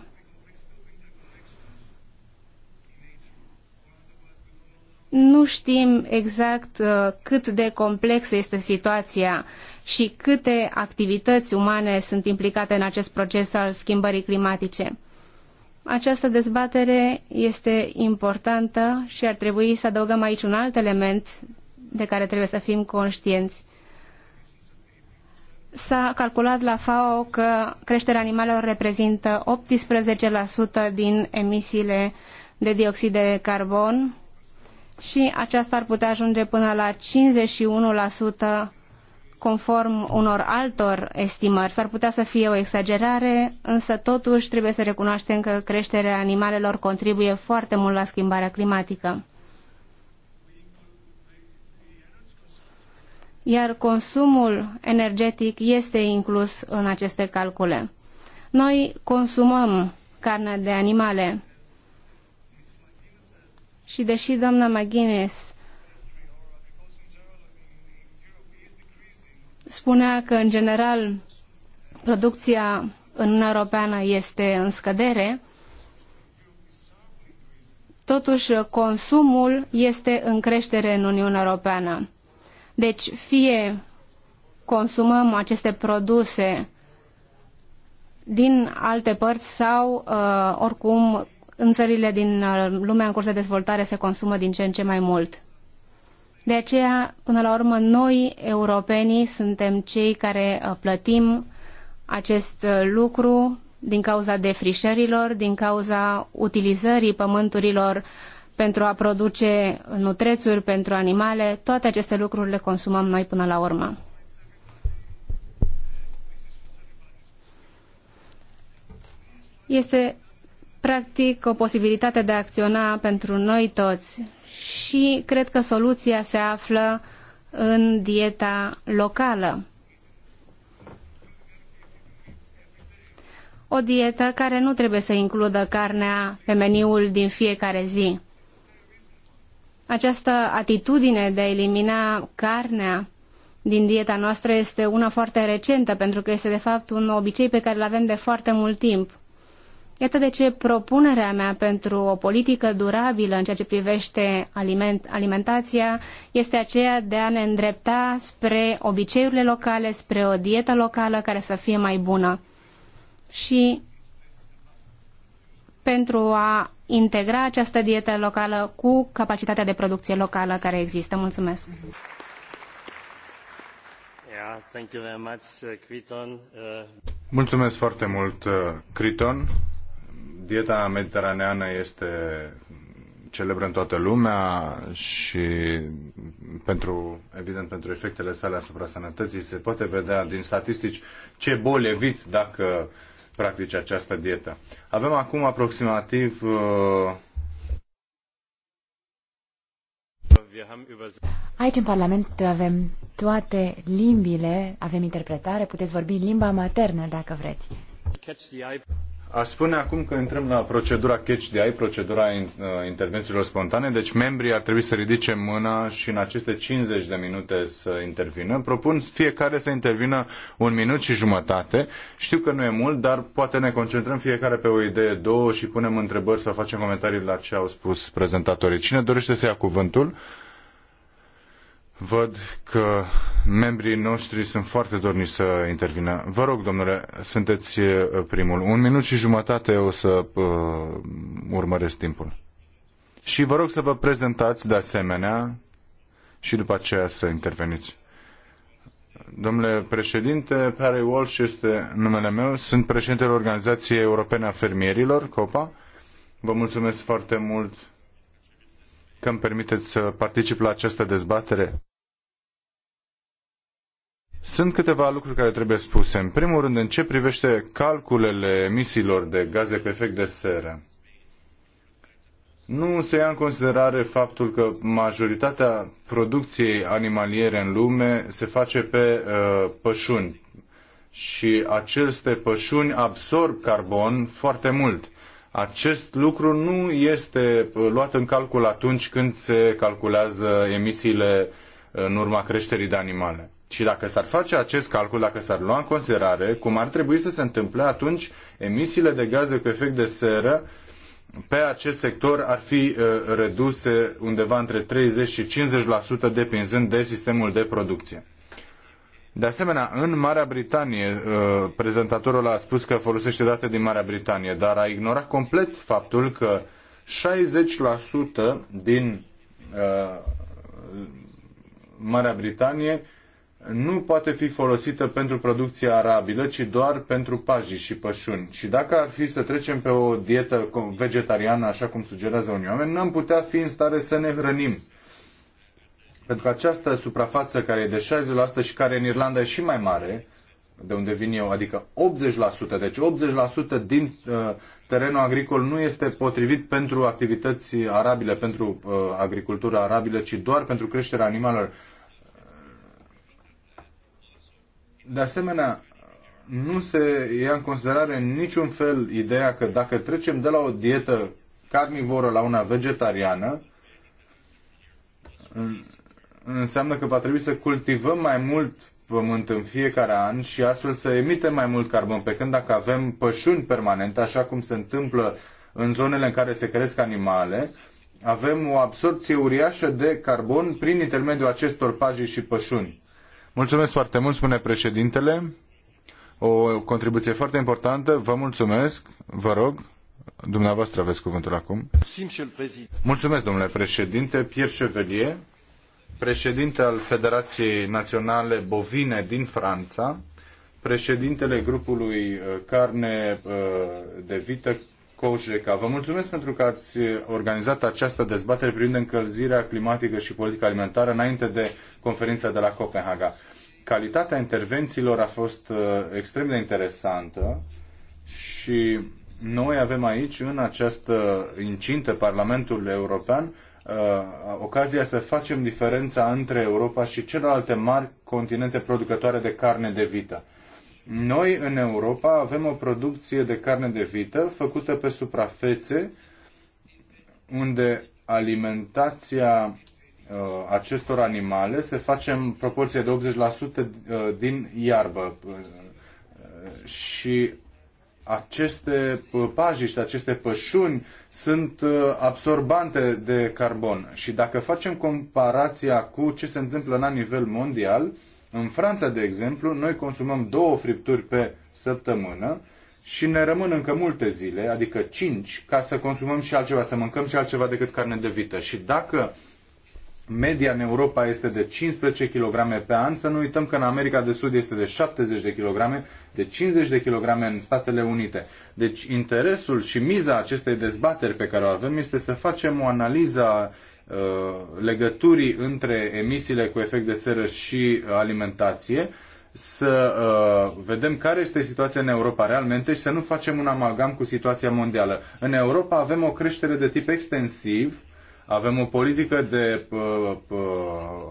nu știm exact uh, cât de complexă este situația și câte activități umane sunt implicate în acest proces al schimbării climatice. Această dezbatere este importantă și ar trebui să adăugăm aici un alt element de care trebuie să fim conștienți. S-a calculat la FAO că creșterea animalelor reprezintă 18% din emisiile de dioxid de carbon și aceasta ar putea ajunge până la 51% conform unor altor estimări. S-ar putea să fie o exagerare, însă totuși trebuie să recunoaștem că creșterea animalelor contribuie foarte mult la schimbarea climatică. Iar consumul energetic este inclus în aceste calcule. Noi consumăm carne de animale, și deși doamna McGuinness spunea că, în general, producția în Uniunea Europeană este în scădere, totuși consumul este în creștere în Uniunea Europeană. Deci, fie consumăm aceste produse din alte părți sau, uh, oricum, în țările din uh, lumea în curs de dezvoltare se consumă din ce în ce mai mult. De aceea, până la urmă, noi, europenii, suntem cei care uh, plătim acest uh, lucru din cauza defrișărilor, din cauza utilizării pământurilor pentru a produce nutrețuri pentru animale, toate aceste lucruri le consumăm noi până la urmă. Este practic o posibilitate de a acționa pentru noi toți și cred că soluția se află în dieta locală. O dietă care nu trebuie să includă carnea pe meniul din fiecare zi. Această atitudine de a elimina carnea din dieta noastră este una foarte recentă, pentru că este de fapt un obicei pe care îl avem de foarte mult timp. Iată de ce propunerea mea pentru o politică durabilă în ceea ce privește aliment, alimentația este aceea de a ne îndrepta spre obiceiurile locale, spre o dietă locală care să fie mai bună. Și pentru a integra această dietă locală cu capacitatea de producție locală care există. Mulțumesc! Uh, uh, Mulțumesc foarte mult, uh, Criton. Dieta mediteraneană este celebră în toată lumea și pentru, evident pentru efectele sale asupra sănătății se poate vedea din statistici ce boli eviți dacă practici această dietă. Avem acum aproximativ uh, Aici în Parlament avem toate limbile, avem interpretare, puteți vorbi limba maternă dacă vreți. Aș spune acum că intrăm la procedura catch de ai, procedura uh, intervențiilor spontane, deci membrii ar trebui să ridice mâna și în aceste 50 de minute să intervină. Propun fiecare să intervină un minut și jumătate. Știu că nu e mult, dar poate ne concentrăm fiecare pe o idee, două și punem întrebări sau facem comentarii la ce au spus prezentatorii. Cine dorește să ia cuvântul? Uh, Văd că membrii noștri sunt foarte dorniți să intervină. Vă rog, domnule, sunteți uh, primul. Un minut și jumătate o să uh, urmăresc timpul. Și vă rog să vă prezentați de asemenea și după aceea să interveniți. Domnule președinte, Perry Walsh este numele meu, sunt președintele Organizației Europene a Fermierilor, COPA. Vă mulțumesc foarte mult că îmi permiteți să particip la această dezbatere. Sunt câteva lucruri care trebuie spuse. În primul rând, în ce privește calculele emisiilor de gaze cu efect de seră. Nu se ia în considerare faptul că majoritatea producției animaliere în lume se face pe uh, pășuni și aceste pășuni absorb carbon foarte mult. Acest lucru nu este uh, luat în calcul atunci când se calculează emisiile uh, în urma creșterii de animale. Și dacă s-ar face acest calcul, dacă s-ar lua în considerare, cum ar trebui să se întâmple, atunci emisiile de gaze cu efect de seră pe acest sector ar fi uh, reduse undeva între 30 și 50% depinzând de sistemul de producție. De asemenea, în Marea Britanie, uh, prezentatorul a spus că folosește date din Marea Britanie, dar a ignorat complet faptul că 60% din uh, Marea Britanie nu poate fi folosită pentru producția arabilă, ci doar pentru pajii și pășuni. Și dacă ar fi să trecem pe o dietă vegetariană, așa cum sugerează unii oameni, n-am putea fi în stare să ne hrănim. Pentru că această suprafață care e de 60% și care în Irlanda e și mai mare, de unde vin eu, adică 80%, deci 80% din uh, terenul agricol nu este potrivit pentru activități arabile, pentru uh, agricultura arabilă, ci doar pentru creșterea animalelor De asemenea, nu se ia în considerare în niciun fel ideea că dacă trecem de la o dietă carnivoră la una vegetariană, înseamnă că va trebui să cultivăm mai mult pământ în fiecare an și astfel să emitem mai mult carbon, pe când dacă avem pășuni permanente, așa cum se întâmplă în zonele în care se cresc animale, avem o absorpție uriașă de carbon prin intermediul acestor pajii și pășuni. Mulțumesc foarte mult, spune președintele. O contribuție foarte importantă. Vă mulțumesc. Vă rog. Dumneavoastră aveți cuvântul acum. Mulțumesc, domnule președinte. Pierre Chevelier, președinte al Federației Naționale Bovine din Franța, președintele grupului uh, Carne uh, de Vită Coșeca. Vă mulțumesc pentru că ați eh, organizat această dezbatere privind încălzirea climatică și politica alimentară înainte de conferința de la Copenhaga. Calitatea intervențiilor a fost eh, extrem de interesantă și noi avem aici, în această incintă Parlamentul European, eh, ocazia să facem diferența între Europa și celelalte mari continente producătoare de carne de vită noi, în Europa, avem o producție de carne de vită făcută pe suprafețe unde alimentația uh, acestor animale se face în proporție de 80% uh, din iarbă. Uh, și aceste pajiști, aceste pășuni sunt absorbante de carbon. Și dacă facem comparația cu ce se întâmplă la nivel mondial, în Franța, de exemplu, noi consumăm două fripturi pe săptămână și ne rămân încă multe zile, adică cinci, ca să consumăm și altceva, să mâncăm și altceva decât carne de vită. Și dacă media în Europa este de 15 kg pe an, să nu uităm că în America de Sud este de 70 de kg, de 50 de kg în Statele Unite. Deci interesul și miza acestei dezbateri pe care o avem este să facem o analiză Uh, legăturii între emisiile cu efect de seră și alimentație, să uh, vedem care este situația în Europa realmente și să nu facem un amalgam cu situația mondială. În Europa avem o creștere de tip extensiv, avem o politică de uh, uh,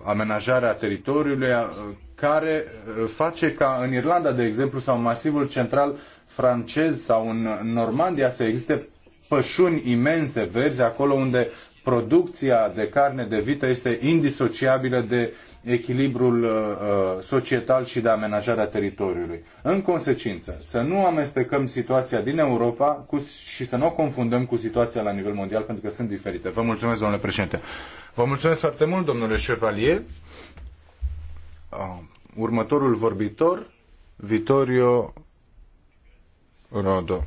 amenajare a teritoriului uh, care uh, face ca în Irlanda, de exemplu, sau în masivul central francez sau în Normandia să existe pășuni imense verzi acolo unde producția de carne de vită este indisociabilă de echilibrul uh, uh, societal și de amenajarea teritoriului. În consecință, să nu amestecăm situația din Europa cu, și să nu o confundăm cu situația la nivel mondial, pentru că sunt diferite. Vă mulțumesc, domnule președinte. Vă mulțumesc foarte mult, domnule Chevalier. Uh, următorul vorbitor, Vittorio Rodo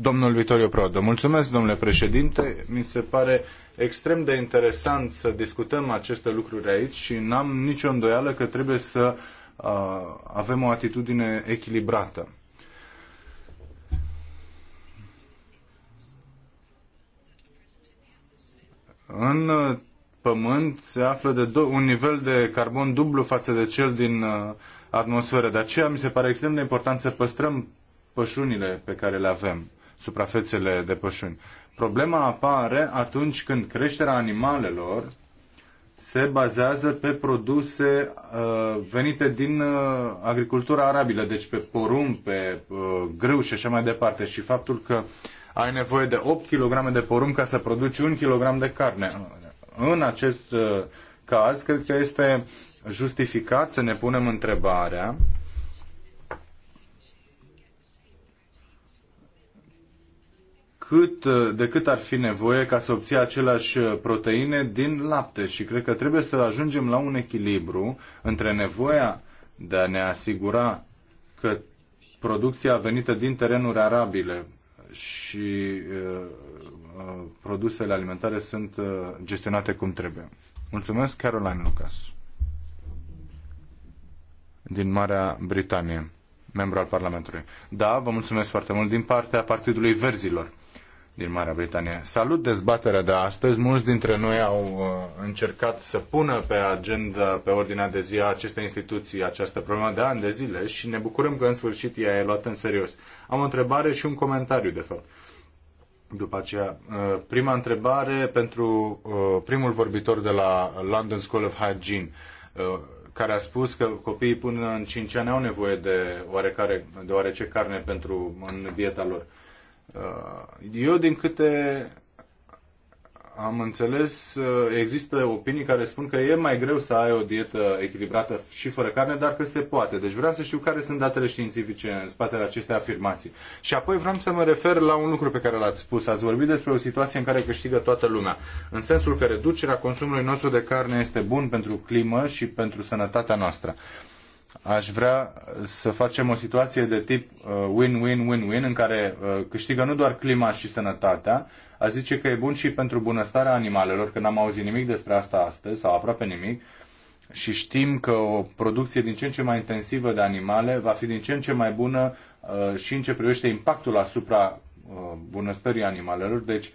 domnul Vitorio Prodo. Mulțumesc, domnule președinte. Mi se pare extrem de interesant să discutăm aceste lucruri aici și n-am nicio îndoială că trebuie să uh, avem o atitudine echilibrată. În uh, pământ se află de un nivel de carbon dublu față de cel din uh, atmosferă. De aceea mi se pare extrem de important să păstrăm pășunile pe care le avem, suprafețele de pășuni. Problema apare atunci când creșterea animalelor se bazează pe produse uh, venite din uh, agricultura arabilă, deci pe porumb, pe uh, grâu și așa mai departe. Și faptul că ai nevoie de 8 kg de porumb ca să produci 1 kg de carne. În acest uh, caz, cred că este justificat să ne punem întrebarea uh, cât, uh, de cât ar fi nevoie ca să obții aceleași uh, proteine din lapte și cred că trebuie să ajungem la un echilibru între nevoia de a ne asigura că producția venită din terenuri arabile și uh, uh produsele alimentare sunt uh, gestionate cum trebuie. Mulțumesc, Caroline Lucas, din Marea Britanie membru al Parlamentului. Da, vă mulțumesc foarte mult din partea Partidului Verzilor din Marea Britanie. Salut dezbaterea de astăzi. Mulți dintre noi au uh, încercat să pună pe agenda, pe ordinea de zi a acestei instituții această problemă de ani de zile și ne bucurăm că în sfârșit ea e luată în serios. Am o întrebare și un comentariu, de fapt. După aceea, uh, prima întrebare pentru uh, primul vorbitor de la London School of Hygiene, care a spus că copiii până în 5 ani au nevoie de oarecare, de oarece carne pentru în dieta lor. Uh, eu, din câte am înțeles, uh, există opinii care spun că e mai greu să ai o dietă echilibrată și fără carne, dar că se poate. Deci vreau să știu care sunt datele științifice în spatele acestei afirmații. Și apoi vreau să mă refer la un lucru pe care l-ați spus. Ați vorbit despre o situație în care câștigă toată lumea. În sensul că reducerea consumului nostru de carne este bun pentru climă și pentru sănătatea noastră aș vrea să facem o situație de tip win-win-win-win uh, în care uh, câștigă nu doar clima și sănătatea, a zice că e bun și pentru bunăstarea animalelor, că n-am auzit nimic despre asta astăzi sau aproape nimic, și știm că o producție din ce în ce mai intensivă de animale va fi din ce în ce mai bună uh, și în ce privește impactul asupra bunăstării animalelor. Deci,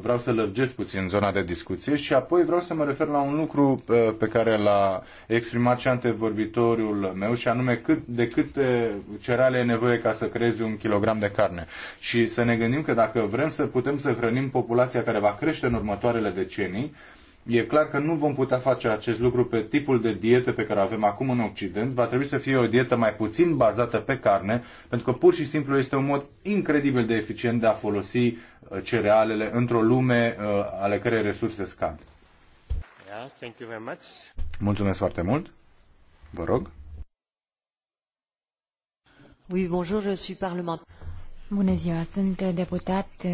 vreau să lărgesc puțin zona de discuție și apoi vreau să mă refer la un lucru uh, pe care l-a exprimat și antevorbitorul meu și anume cât, de câte uh, cereale e nevoie ca să creezi un kilogram de carne. Și să ne gândim că dacă vrem să putem să hrănim populația care va crește în următoarele decenii, E clar că nu vom putea face acest lucru pe tipul de dietă pe care o avem acum în Occident. Va trebui să fie o dietă mai puțin bazată pe carne, pentru că pur și simplu este un mod incredibil de eficient de a folosi uh, cerealele într-o lume uh, ale cărei resurse scad. Yeah, thank you very much. Mulțumesc foarte mult. Vă rog. Oui, bonjour, je suis parlement. Bună ziua, sunt deputat uh,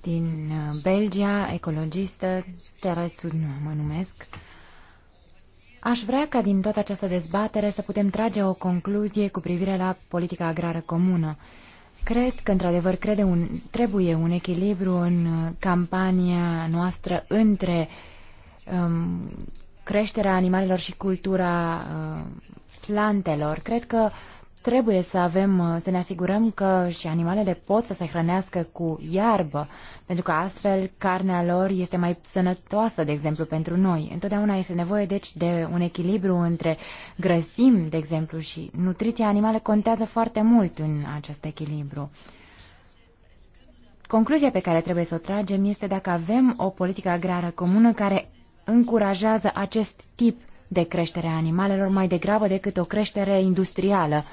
din uh, Belgia, ecologistă, Teresu nu mă numesc. Aș vrea ca din toată această dezbatere să putem trage o concluzie cu privire la politica agrară comună. Cred că, într-adevăr, crede un, trebuie un echilibru în uh, campania noastră între um, creșterea animalelor și cultura uh, plantelor. Cred că uh, Trebuie să avem, uh, să ne asigurăm că și animalele pot să se hrănească cu iarbă, pentru că astfel carnea lor este mai sănătoasă, de exemplu, pentru noi. Întotdeauna este nevoie, deci, de un echilibru între grăsimi, de exemplu, și nutriția animale contează foarte mult în acest echilibru. Concluzia pe care trebuie să o tragem este dacă avem o politică agrară comună care încurajează acest tip de creștere a animalelor mai degrabă decât o creștere industrială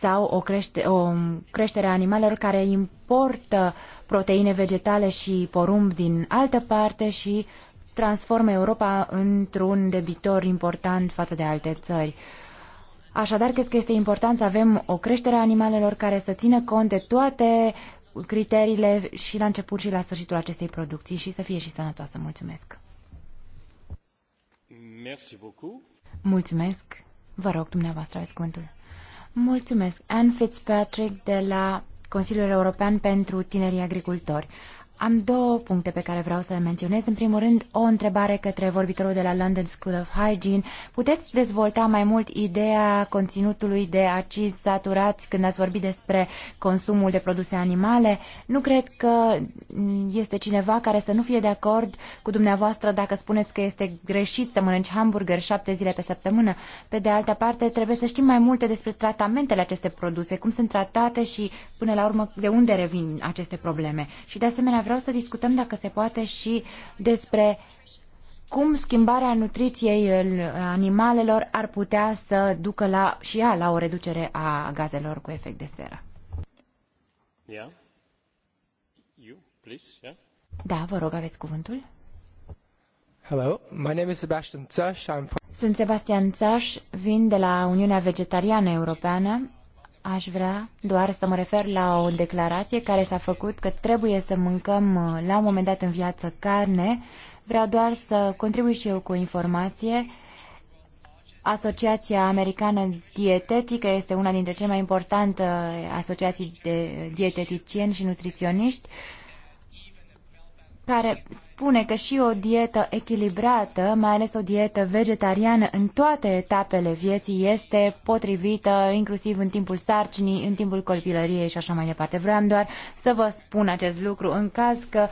sau o, crește, o creștere a animalelor care importă proteine vegetale și porumb din altă parte și transformă Europa într-un debitor important față de alte țări. Așadar, cred că este important să avem o creștere a animalelor care să țină cont de toate criteriile și la început și la sfârșitul acestei producții și să fie și sănătoasă. Mulțumesc! Mulțumesc. Vă rog, dumneavoastră, aveți cuvântul. Mulțumesc. Anne Fitzpatrick de la Consiliul European pentru Tinerii Agricultori. Am două puncte pe care vreau să le menționez. În primul rând, o întrebare către vorbitorul de la London School of Hygiene. Puteți dezvolta mai mult ideea conținutului de acizi saturați când ați vorbit despre consumul de produse animale? Nu cred că este cineva care să nu fie de acord cu dumneavoastră dacă spuneți că este greșit să mănânci hamburger șapte zile pe săptămână. Pe de altă parte, trebuie să știm mai multe despre tratamentele aceste produse, cum sunt tratate și, până la urmă, de unde revin aceste probleme. Și, de asemenea, vreau să discutăm dacă se poate și despre cum schimbarea nutriției animalelor ar putea să ducă la, și ea la o reducere a gazelor cu efect de seră. Yeah. You, please, yeah. Da, vă rog, aveți cuvântul. Hello, my name is Sebastian Țăș. I'm from... Sunt Sebastian Țăș, vin de la Uniunea Vegetariană Europeană Aș vrea doar să mă refer la o declarație care s-a făcut că trebuie să mâncăm uh, la un moment dat în viață carne. Vreau doar să contribui și eu cu o informație. Asociația Americană Dietetică este una dintre cele mai importante uh, asociații de uh, dieteticieni și nutriționiști care spune că și o dietă echilibrată, mai ales o dietă vegetariană în toate etapele vieții, este potrivită, inclusiv în timpul sarcinii, în timpul copilăriei și așa mai departe. Vreau doar să vă spun acest lucru în caz că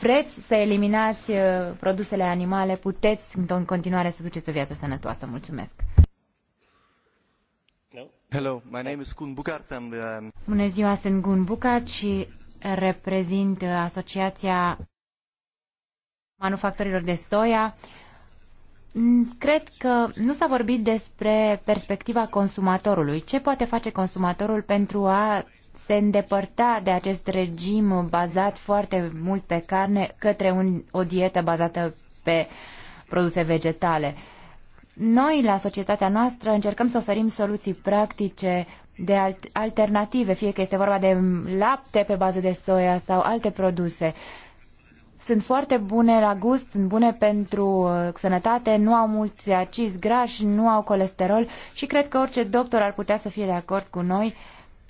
vreți să eliminați uh, produsele animale, puteți în continuare să duceți o viață sănătoasă. Mulțumesc! Hello, my name is Gun Bucat and, Bună ziua, sunt Gun Bucat și reprezint uh, Asociația manufactorilor de soia. Mm, cred că nu s-a vorbit despre perspectiva consumatorului. Ce poate face consumatorul pentru a se îndepărta de acest regim bazat foarte mult pe carne către un, o dietă bazată pe produse vegetale. Noi, la societatea noastră, încercăm să oferim soluții practice de alternative, fie că este vorba de lapte pe bază de soia sau alte produse sunt foarte bune la gust, sunt bune pentru uh, sănătate, nu au mulți acizi grași, nu au colesterol și cred că orice doctor ar putea să fie de acord cu noi.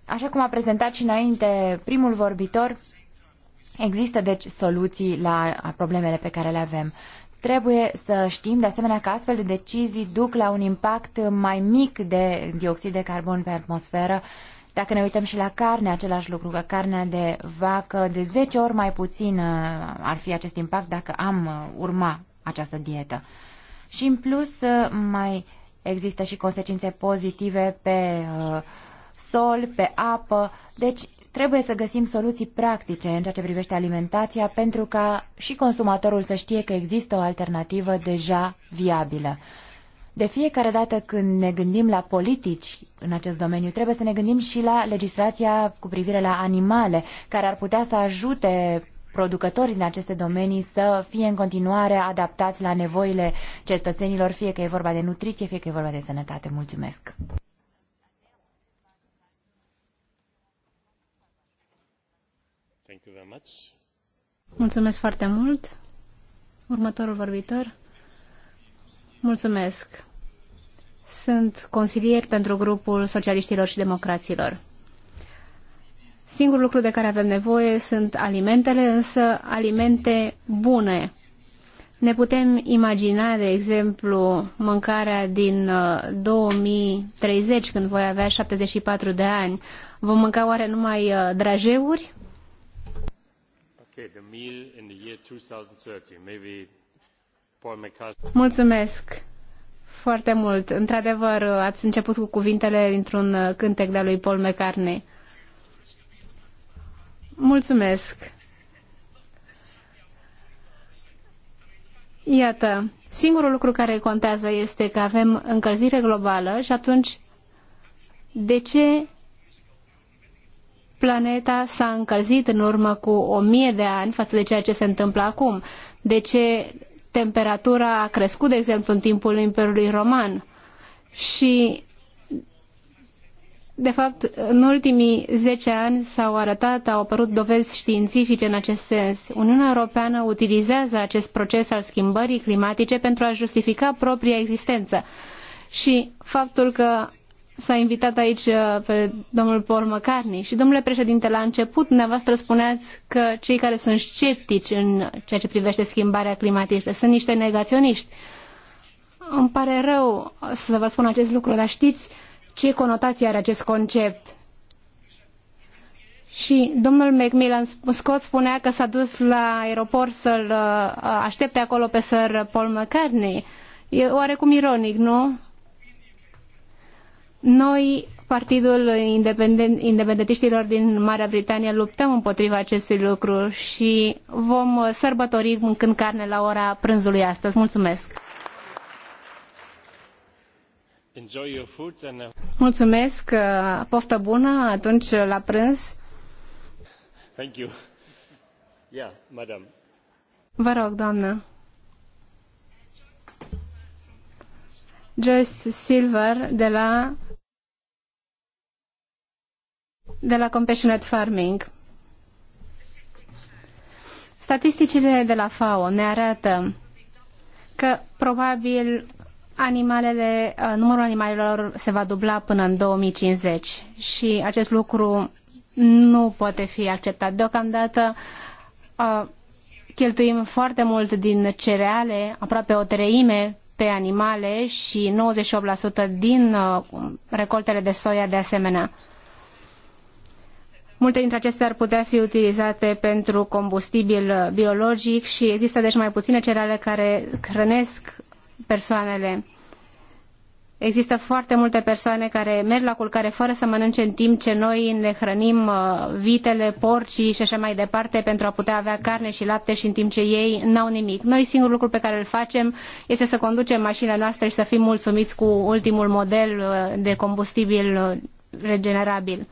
Așa cum a prezentat și înainte primul vorbitor, există deci soluții la problemele pe care le avem. Trebuie să știm, de asemenea, că astfel de decizii duc la un impact mai mic de dioxid de carbon pe atmosferă dacă ne uităm și la carne, același lucru, că carnea de vacă de 10 ori mai puțin uh, ar fi acest impact dacă am uh, urma această dietă. Și în plus uh, mai există și consecințe pozitive pe sol, pe apă, deci trebuie să găsim soluții practice în ceea ce privește alimentația pentru ca și consumatorul să știe că există o alternativă deja viabilă. De fiecare dată când ne gândim la politici în acest domeniu, trebuie să ne gândim și la legislația cu privire la animale, care ar putea să ajute producătorii din aceste domenii să fie în continuare adaptați la nevoile cetățenilor, fie că e vorba de nutriție, fie că e vorba de sănătate. Mulțumesc! Mulțumesc foarte mult. Următorul vorbitor. Mulțumesc. Sunt consilier pentru grupul socialiștilor și democraților. Singurul lucru de care avem nevoie sunt alimentele, însă alimente bune. Ne putem imagina, de exemplu, mâncarea din 2030, uh, când voi avea 74 de ani. Vom mânca oare numai uh, drajeuri? Mulțumesc foarte mult. Într-adevăr, ați început cu cuvintele dintr-un cântec de-a lui Paul McCartney. Mulțumesc! Iată, singurul lucru care contează este că avem încălzire globală și atunci de ce planeta s-a încălzit în urmă cu o mie de ani față de ceea ce se întâmplă acum? De ce temperatura a crescut, de exemplu, în timpul Imperiului Roman. Și, de fapt, în ultimii zece ani s-au arătat, au apărut dovezi științifice în acest sens. Uniunea Europeană utilizează acest proces al schimbării climatice pentru a justifica propria existență. Și faptul că S-a invitat aici uh, pe domnul Paul McCartney și domnule președinte, la început dumneavoastră spuneați că cei care sunt sceptici în ceea ce privește schimbarea climatică sunt niște negaționiști. Îmi pare rău să vă spun acest lucru, dar știți ce conotație are acest concept? Și domnul Macmillan Scott spunea că s-a dus la aeroport să-l uh, aștepte acolo pe Sir Paul McCartney. E oarecum ironic, nu? Noi, Partidul Independent, Independentiștilor din Marea Britanie, luptăm împotriva acestui lucru și vom sărbători mâncând carne la ora prânzului astăzi. Mulțumesc! Uh, Mulțumesc, uh, poftă bună atunci la prânz. Thank you. Yeah, madam. Vă rog, doamnă. Joyce Silver de la de la Compassionate Farming. Statisticile de la FAO ne arată că probabil animalele, uh, numărul animalelor se va dubla până în 2050 și acest lucru nu poate fi acceptat. Deocamdată uh, cheltuim foarte mult din cereale, aproape o treime pe animale și 98% din uh, recoltele de soia de asemenea. Multe dintre acestea ar putea fi utilizate pentru combustibil biologic și există deci mai puține cereale care hrănesc persoanele. Există foarte multe persoane care merg la culcare fără să mănânce în timp ce noi ne hrănim uh, vitele, porcii și așa mai departe pentru a putea avea carne și lapte și în timp ce ei n-au nimic. Noi singurul lucru pe care îl facem este să conducem mașinile noastre și să fim mulțumiți cu ultimul model uh, de combustibil uh, regenerabil.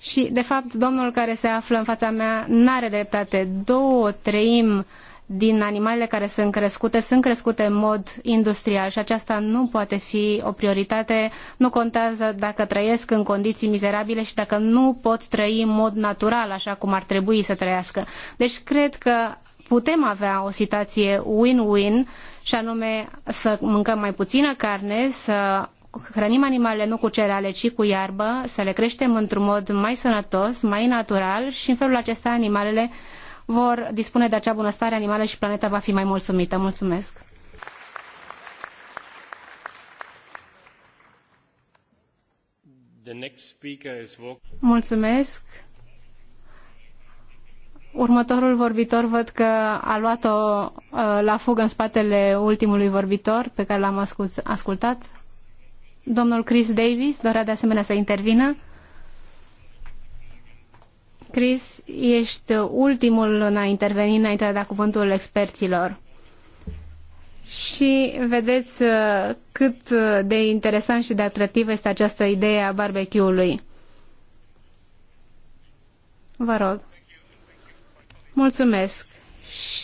Și, de fapt, domnul care se află în fața mea n-are dreptate. Două treimi din animalele care sunt crescute sunt crescute în mod industrial și aceasta nu poate fi o prioritate. Nu contează dacă trăiesc în condiții mizerabile și dacă nu pot trăi în mod natural, așa cum ar trebui să trăiască. Deci cred că putem avea o situație win-win și anume să mâncăm mai puțină carne, să hrănim animalele nu cu cereale, ci cu iarbă, să le creștem într-un mod mai sănătos, mai natural și în felul acesta animalele vor dispune de acea bunăstare animală și planeta va fi mai mulțumită. Mulțumesc! Mulțumesc! Următorul vorbitor văd că a luat-o uh, la fugă în spatele ultimului vorbitor pe care l-am ascultat. Domnul Chris Davis dorea de asemenea să intervină. Chris, ești ultimul în a interveni înainte de a da cuvântul experților. Și vedeți uh, cât de interesant și de atractiv este această idee a barbecue-ului. Vă rog. Mulțumesc.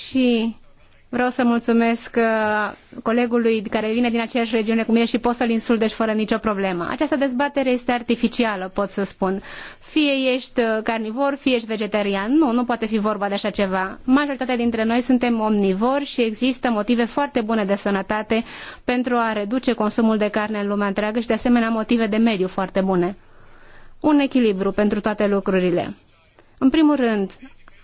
Și Vreau să mulțumesc uh, colegului care vine din aceeași regiune cu mine și pot să-l insult, deci fără nicio problemă. Această dezbatere este artificială, pot să spun. Fie ești uh, carnivor, fie ești vegetarian. Nu, nu poate fi vorba de așa ceva. Majoritatea dintre noi suntem omnivori și există motive foarte bune de sănătate pentru a reduce consumul de carne în lumea întreagă și de asemenea motive de mediu foarte bune. Un echilibru pentru toate lucrurile. În primul rând,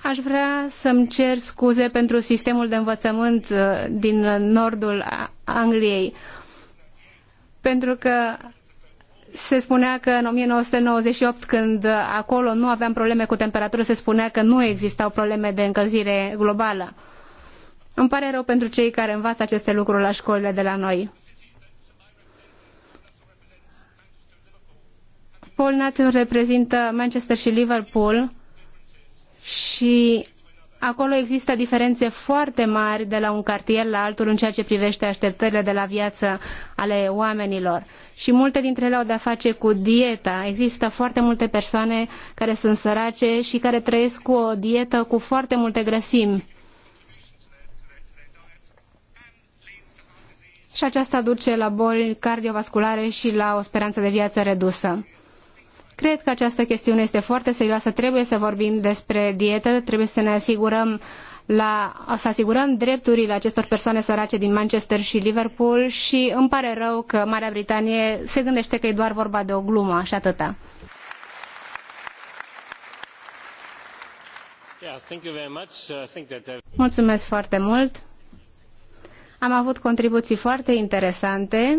Aș vrea să-mi cer scuze pentru sistemul de învățământ uh, din nordul Angliei, pentru că se spunea că în 1998, când acolo nu aveam probleme cu temperatură, se spunea că nu existau probleme de încălzire globală. Îmi pare rău pentru cei care învață aceste lucruri la școlile de la noi. Paul Nutt reprezintă Manchester și Liverpool și acolo există diferențe foarte mari de la un cartier la altul în ceea ce privește așteptările de la viață ale oamenilor. Și multe dintre ele au de-a face cu dieta. Există foarte multe persoane care sunt sărace și care trăiesc cu o dietă cu foarte multe grăsimi. Și aceasta duce la boli cardiovasculare și la o speranță de viață redusă. Cred că această chestiune este foarte serioasă, trebuie să vorbim despre dietă, trebuie să ne asigurăm la, să asigurăm drepturile acestor persoane sărace din Manchester și Liverpool și îmi pare rău că Marea Britanie se gândește că e doar vorba de o glumă și atâta. Uh, uh, Mulțumesc foarte mult. Am avut contribuții foarte interesante.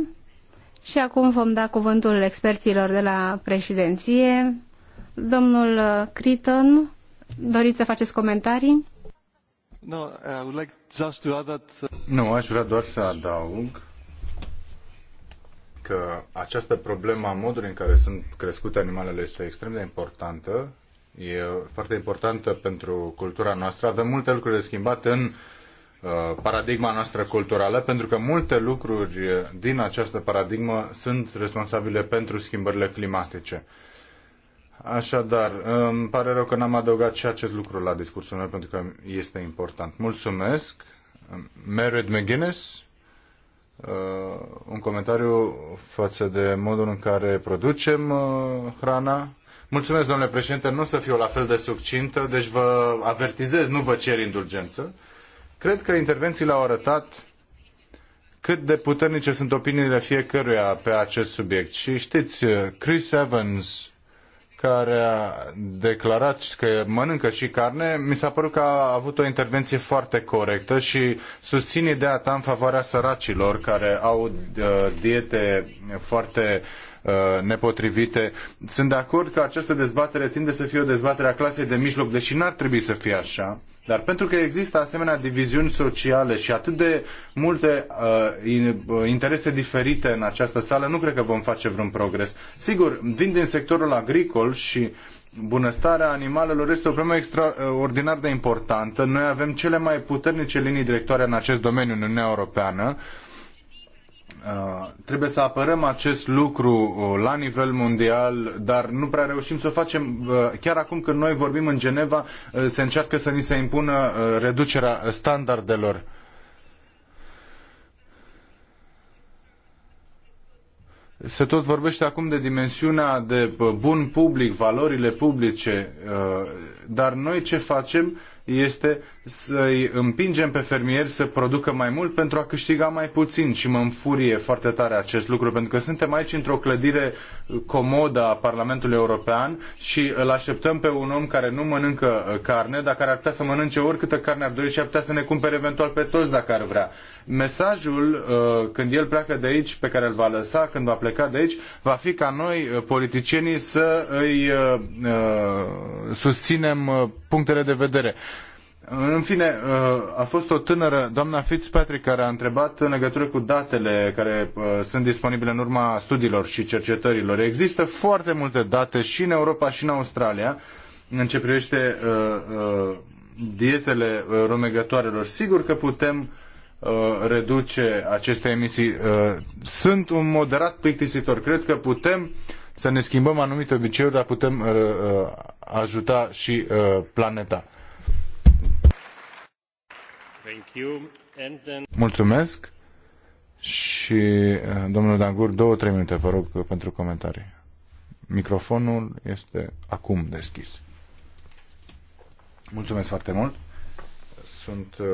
Și acum vom da cuvântul experților de la președinție. Domnul uh, Criton, doriți să faceți comentarii? No, I would like just to add that... Uh, nu, aș vrea doar să adaug că această problemă a modului în care sunt crescute animalele este extrem de importantă. E foarte importantă pentru cultura noastră. Avem multe lucruri de schimbat în uh, Uh, paradigma noastră culturală, pentru că multe lucruri din această paradigmă sunt responsabile pentru schimbările climatice. Așadar, îmi pare rău că n-am adăugat și acest lucru la discursul meu, pentru că este important. Mulțumesc. Merit McGuinness, uh, un comentariu față de modul în care producem uh, hrana. Mulțumesc, domnule președinte, nu o să fiu la fel de succintă, deci vă avertizez, nu vă cer indulgență. Cred că intervențiile au arătat cât de puternice sunt opiniile fiecăruia pe acest subiect. Și știți, uh, Chris Evans, care a declarat că mănâncă și carne, mi s-a părut că a avut o intervenție foarte corectă și susțin ideea ta în favoarea săracilor care au uh, diete foarte Uh, nepotrivite. Sunt de acord că această dezbatere tinde să fie o dezbatere a clasei de mijloc, deși n-ar trebui să fie așa. Dar pentru că există asemenea diviziuni sociale și atât de multe uh, uh, interese diferite în această sală, nu cred că vom face vreun progres. Sigur, vin din sectorul agricol și bunăstarea animalelor este o problemă extraordinar de importantă. Noi avem cele mai puternice linii directoare în acest domeniu în Uniunea Europeană. Uh, Uh, trebuie să apărăm acest lucru uh, la nivel mondial, dar nu prea reușim să o facem. Uh, chiar acum când noi vorbim în Geneva, se încearcă să ni se impună reducerea standardelor. Se tot vorbește acum de dimensiunea de bun public, valorile publice, dar noi ce facem este să-i împingem pe fermieri să producă mai mult pentru a câștiga mai puțin și mă înfurie foarte tare acest lucru pentru că suntem aici într-o clădire comodă a Parlamentului European și îl așteptăm pe un om care nu mănâncă uh, carne, dar care ar putea să mănânce oricâtă carne ar dori și ar putea să ne cumpere eventual pe toți dacă ar vrea. Mesajul uh, când el pleacă de aici, pe care îl va lăsa când va pleca de aici, va fi ca noi uh, politicienii să îi susținem punctele de vedere. În fine, uh, a fost o tânără, doamna Fitzpatrick, care a întrebat în legătură cu datele care uh, sunt disponibile în urma studiilor și cercetărilor. Există foarte multe date și în Europa și în Australia în ce privește uh, dietele rumegătoarelor. Sigur că putem reduce aceste emisii. Sunt un moderat plictisitor. Cred că putem să ne schimbăm anumite obiceiuri, dar putem ajuta și planeta. Mulțumesc. Și uh, domnul Dangur, două, trei minute, vă rog, pentru comentarii. Microfonul este acum deschis. Mulțumesc foarte mult. Sunt uh,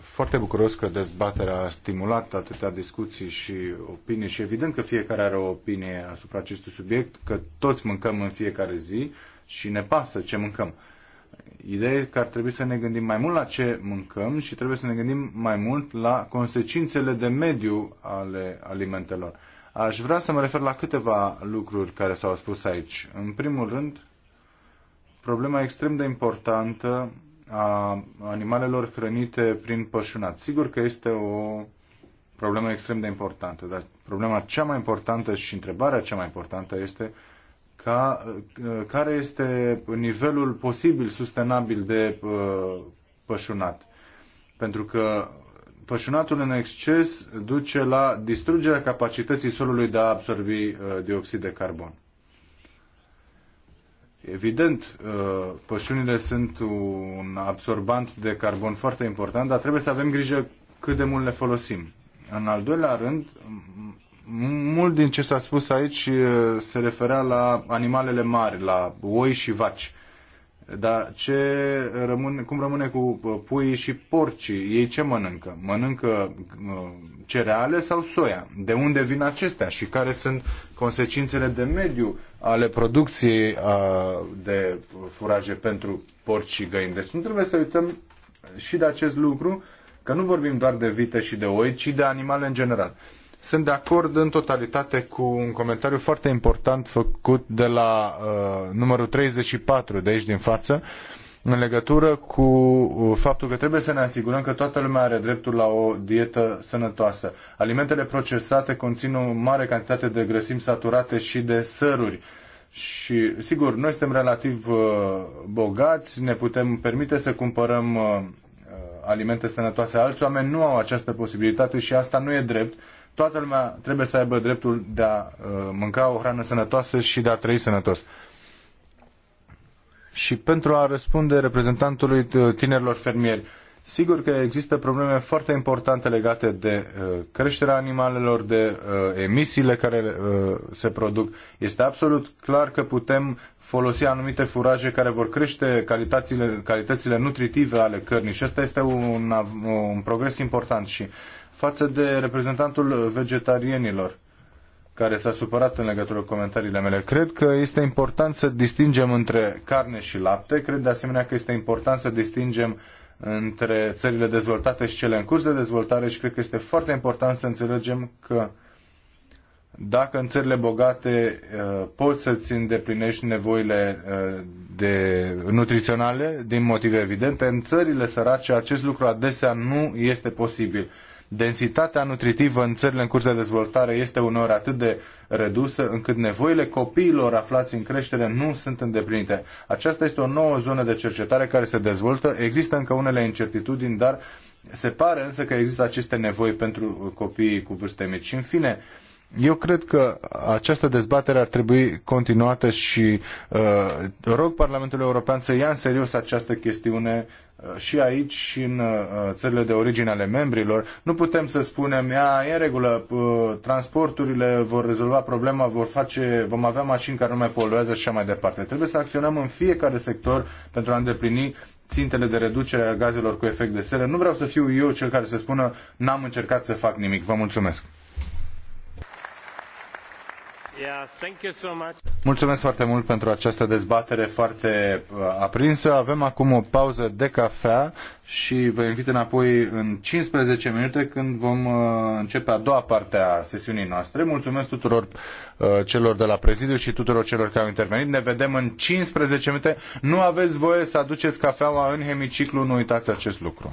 foarte bucuros că dezbaterea a stimulat atâtea discuții și opinii și evident că fiecare are o opinie asupra acestui subiect, că toți mâncăm în fiecare zi și ne pasă ce mâncăm. Uh, Ideea e că ar trebui să ne gândim mai mult la ce mâncăm și trebuie să ne gândim mai mult la consecințele de mediu ale alimentelor. Aș vrea să mă refer la câteva lucruri care s-au spus aici. În primul rând, problema extrem de importantă a animalelor hrănite prin pășunat. Sigur că este o problemă extrem de importantă, dar problema cea mai importantă și întrebarea cea mai importantă este ca, uh, care este nivelul posibil sustenabil de uh, pășunat. Pentru că pășunatul în exces duce la distrugerea capacității solului de a absorbi uh, dioxid de carbon. Evident, pășunile sunt un absorbant de carbon foarte important, dar trebuie să avem grijă cât de mult le folosim. În al doilea rând, mult din ce s-a spus aici se referea la animalele mari, la oi și vaci. Dar ce rămâne, cum rămâne cu uh, puii și porcii? Ei ce mănâncă? Mănâncă uh, cereale sau soia? De unde vin acestea și care sunt consecințele de mediu ale producției uh, de furaje pentru porci și găini? Deci nu trebuie să uităm și de acest lucru, că nu vorbim doar de vite și de oi, ci de animale în general. Sunt de acord în totalitate cu un comentariu foarte important făcut de la uh, numărul 34 de aici din față, în legătură cu uh, faptul că trebuie să ne asigurăm că toată lumea are dreptul la o dietă sănătoasă. Alimentele procesate conțin o mare cantitate de grăsimi saturate și de săruri. Și, sigur, noi suntem relativ uh, bogați, ne putem permite să cumpărăm uh, uh alimente sănătoase. Alți oameni nu au această posibilitate și asta nu e drept Toată lumea trebuie să aibă dreptul de a uh, mânca o hrană sănătoasă și de a trăi sănătos. Și pentru a răspunde reprezentantului uh, tinerilor fermieri, sigur că există probleme foarte importante legate de uh, creșterea animalelor, de emisiile care se produc. Este absolut clar că putem folosi anumite furaje care vor crește calitățile, calitățile nutritive ale cărnii și asta este un, un progres important și față de reprezentantul vegetarienilor care s-a supărat în legătură cu comentariile mele. Cred că este important să distingem între carne și lapte. Cred de asemenea că este important să distingem între țările dezvoltate și cele în curs de dezvoltare și cred că este foarte important să înțelegem că dacă în țările bogate uh, poți să-ți îndeplinești nevoile uh, de nutriționale din motive evidente, în țările sărace acest lucru adesea nu este posibil densitatea nutritivă în țările în curs de dezvoltare este uneori atât de redusă încât nevoile copiilor aflați în creștere nu sunt îndeplinite. Aceasta este o nouă zonă de cercetare care se dezvoltă. Există încă unele incertitudini, dar se pare însă că există aceste nevoi pentru copiii cu vârste mici. Și în fine, eu cred că această dezbatere ar trebui continuată și uh, rog Parlamentul European să ia în serios această chestiune Uh, și aici și în uh, țările de origine ale membrilor. Nu putem să spunem, ea e în regulă, uh, transporturile vor rezolva problema, vor face, vom avea mașini care nu mai poluează și așa mai departe. Trebuie să acționăm în fiecare sector pentru a îndeplini țintele de reducere a gazelor cu efect de seră. Nu vreau să fiu eu cel care să spună n-am încercat să fac nimic. Vă mulțumesc. Mulțumesc foarte mult pentru această dezbatere foarte uh, aprinsă. Avem acum o pauză de cafea și vă invit înapoi în 15 minute când vom uh, începe a doua parte a sesiunii noastre. Mulțumesc tuturor uh, celor de la prezidiu și tuturor celor care au intervenit. Ne vedem în 15 minute. Nu aveți voie să aduceți cafeaua în hemiciclu, nu uitați acest lucru.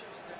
aceste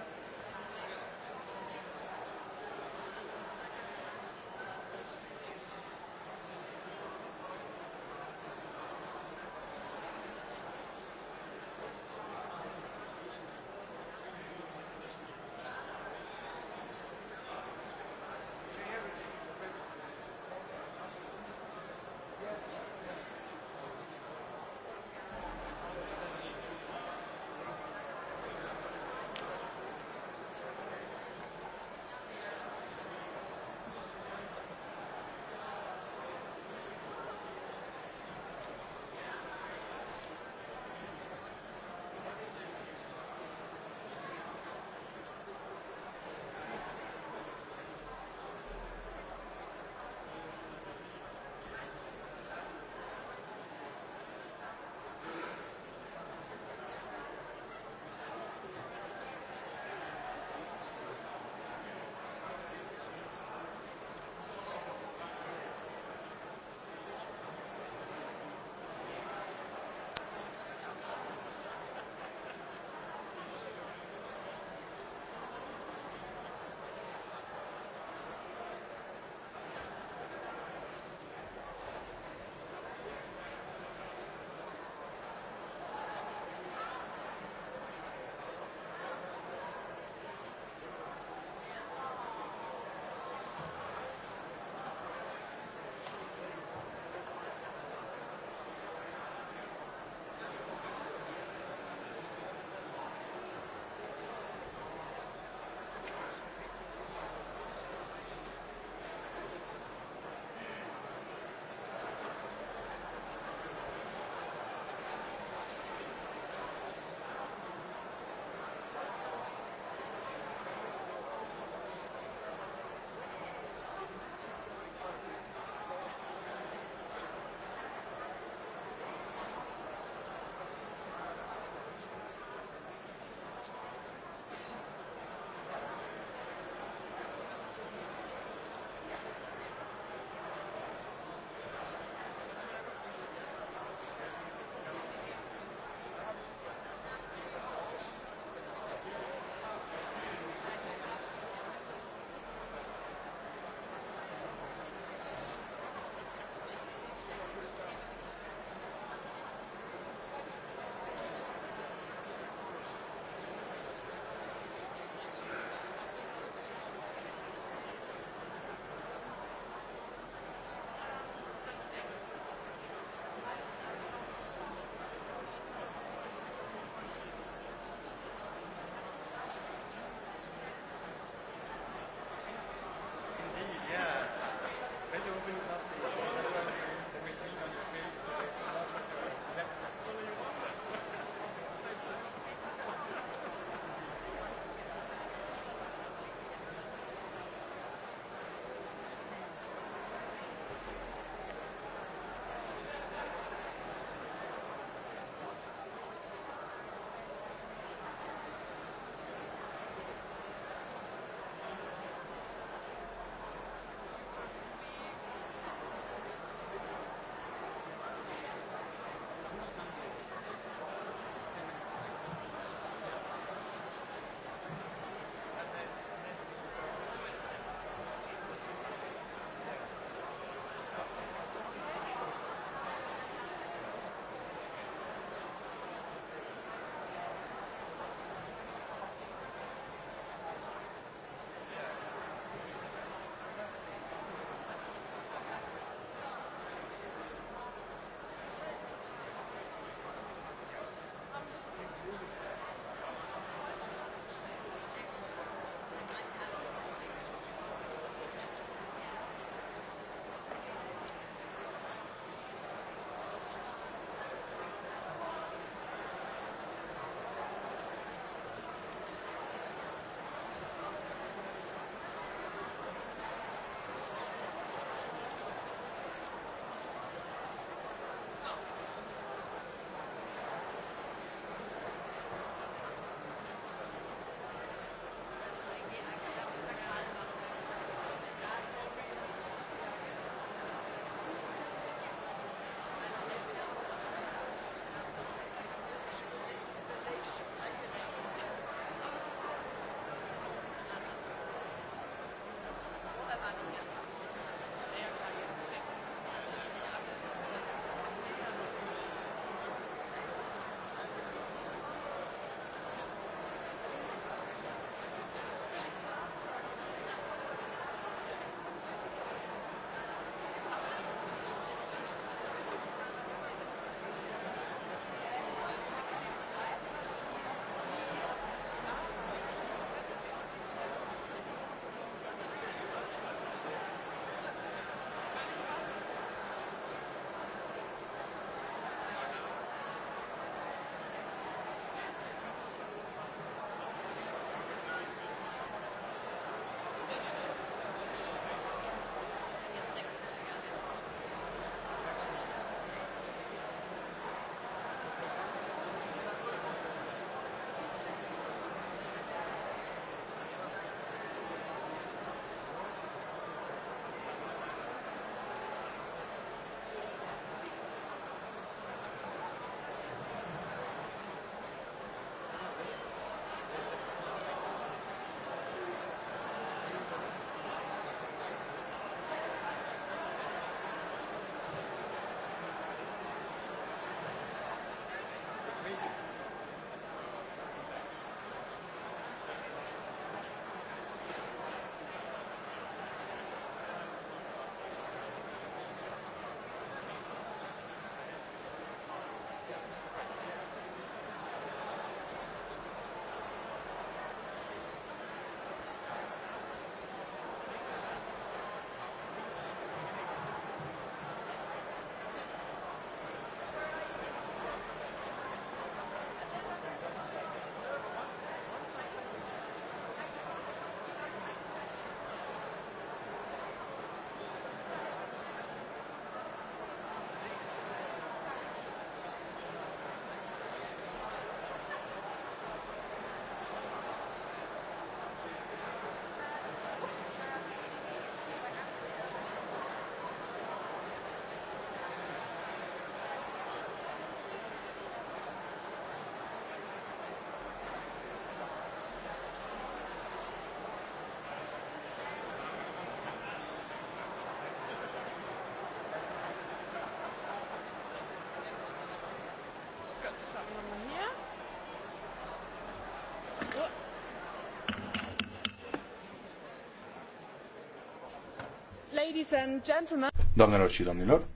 Doamnelor și domnilor,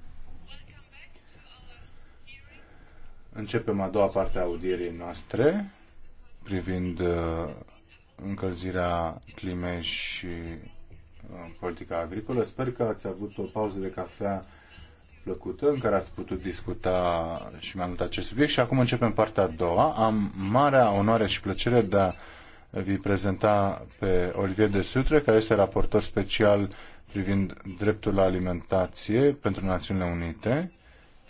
începem a doua parte a audierii noastre privind uh, încălzirea climei și uh, politica agricolă. Sper că ați avut o pauză de cafea plăcută în care ați putut discuta și mai mult acest subiect și acum începem partea a doua. Am marea onoare și plăcere de a vi prezenta pe Olivier de Sutre, care este raportor special privind dreptul la alimentație pentru Națiunile Unite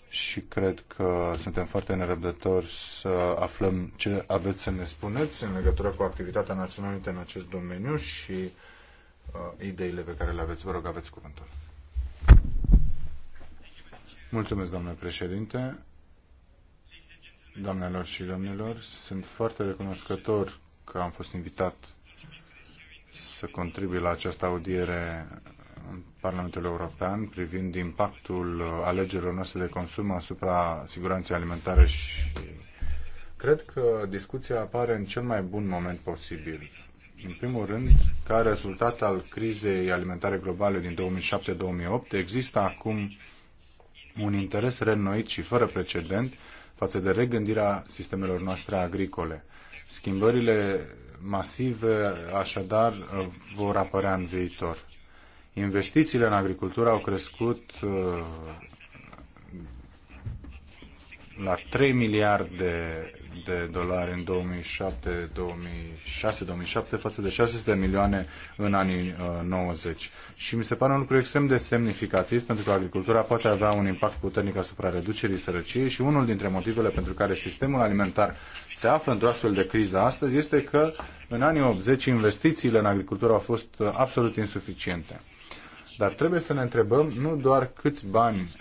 și cred că suntem foarte nerăbdători să aflăm ce aveți să ne spuneți în legătură cu activitatea Națiunilor Unite în acest domeniu și uh, ideile pe care le aveți. Vă rog, aveți cuvântul. Mulțumesc, doamnă președinte. Doamnelor și domnilor, sunt foarte recunoscător că am fost invitat să contribui la această audiere în Parlamentul European privind impactul alegerilor noastre de consum asupra siguranței alimentare și cred că discuția apare în cel mai bun moment posibil. În primul rând, ca rezultat al crizei alimentare globale din 2007-2008, există acum un interes reînnoit și fără precedent față de regândirea sistemelor noastre agricole. Schimbările masive, așadar, vor apărea în viitor. Investițiile în agricultură au crescut uh, la 3 miliarde de dolari în 2007, 2006, 2007 față de 600 de milioane în anii uh, 90. Și mi se pare un lucru extrem de semnificativ pentru că agricultura poate avea un impact puternic asupra reducerii sărăciei și unul dintre motivele pentru care sistemul alimentar se află într-o astfel de criză astăzi este că în anii 80 investițiile în agricultură au fost uh, absolut insuficiente. Dar trebuie să ne întrebăm nu doar câți bani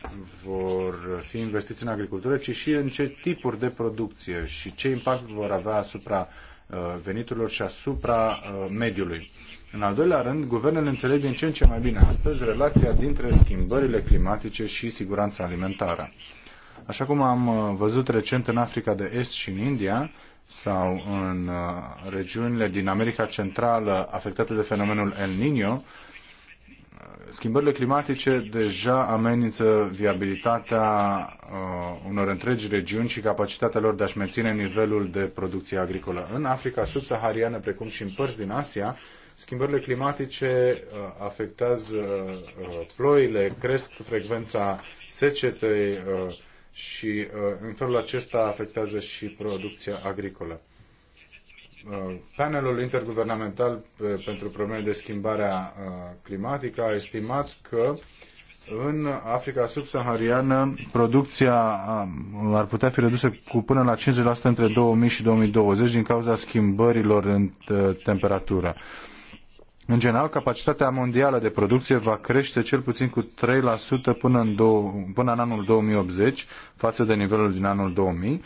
vor fi investiți în agricultură, ci și în ce tipuri de producție și ce impact vor avea asupra uh, veniturilor și asupra uh, mediului. În al doilea rând, guvernele înțeleg din ce în ce mai bine astăzi relația dintre schimbările climatice și siguranța alimentară. Așa cum am uh, văzut recent în Africa de Est și în India sau în regiunile din America Centrală afectate de fenomenul El Niño, schimbările climatice deja amenință viabilitatea uh, unor întregi regiuni și capacitatea lor de a-și menține nivelul de producție agricolă. În Africa subsahariană, precum și în părți din Asia, schimbările climatice uh, afectează uh, ploile, cresc frecvența secetei uh, și uh, în felul acesta afectează și producția agricolă. Uh, panelul interguvernamental pentru probleme de schimbarea uh, climatică a estimat că în Africa subsahariană producția um, ar putea fi redusă cu până la 50% între 2000 și 2020 din cauza schimbărilor în uh, temperatură. În general, capacitatea mondială de producție va crește cel puțin cu 3% până în, dou- până în anul 2080 față de nivelul din anul 2000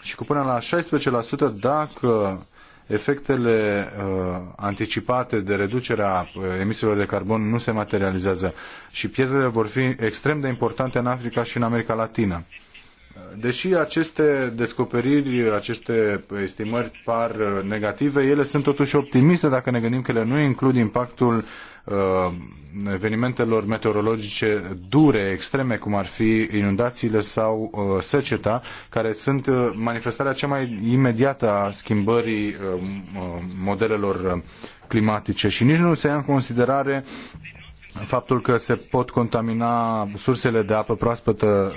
și cu până la 16% dacă efectele uh, anticipate de reducerea uh, emisiilor de carbon nu se materializează și pierderile vor fi extrem de importante în Africa și în America Latină. Uh, Deși aceste descoperiri, aceste estimări par uh, negative, ele sunt totuși optimiste dacă ne gândim că ele nu includ impactul uh, evenimentelor meteorologice dure, extreme, cum ar fi inundațiile sau uh, seceta, care sunt uh, manifestarea cea mai imediată a schimbării uh, uh modelelor uh, climatice și nici nu se ia în considerare faptul că se pot contamina sursele de apă proaspătă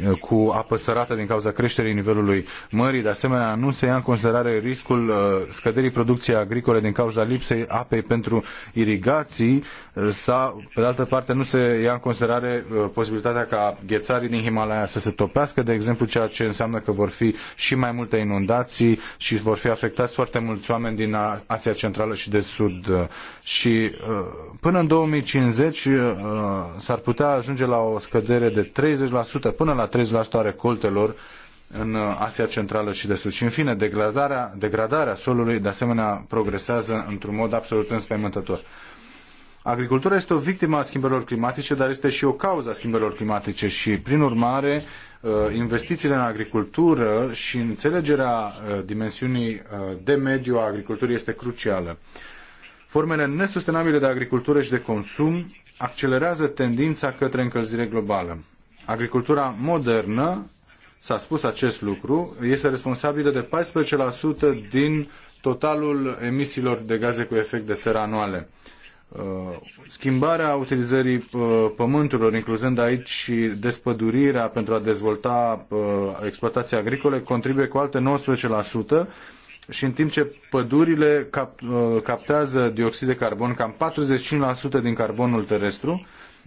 uh, cu apă sărată din cauza creșterii nivelului mării. De asemenea, nu se ia în considerare riscul uh, scăderii producției agricole din cauza lipsei apei pentru irigații uh, sau, pe de altă parte, nu se ia în considerare posibilitatea ca ghețarii din Himalaya să se topească, de exemplu, ceea ce înseamnă că vor fi și mai multe inundații și vor fi afectați foarte mulți oameni din Asia Centrală și de Sud. Și până în 2005 2050 uh, s-ar putea ajunge la o scădere de 30% până la 30% a recoltelor în uh, Asia Centrală și de Sud. Și în fine, degradarea, degradarea solului de asemenea progresează într-un mod absolut înspăimântător. Agricultura este o victimă a schimbărilor climatice, dar este și o cauză a schimbărilor climatice și, prin urmare, uh, investițiile în agricultură și înțelegerea dimensiunii de mediu a agriculturii este crucială. Formele nesustenabile de agricultură și de consum accelerează tendința către încălzire globală. Agricultura modernă, s-a spus acest lucru, este responsabilă de 14% din totalul emisiilor de gaze cu efect de seră anuale. Uh, schimbarea utilizării uh, pământurilor, incluzând aici și despădurirea pentru a dezvolta uh, exploatații agricole, contribuie cu alte 19%, și în timp ce pădurile cap, uh, captează dioxid de carbon, cam 45% din carbonul terestru,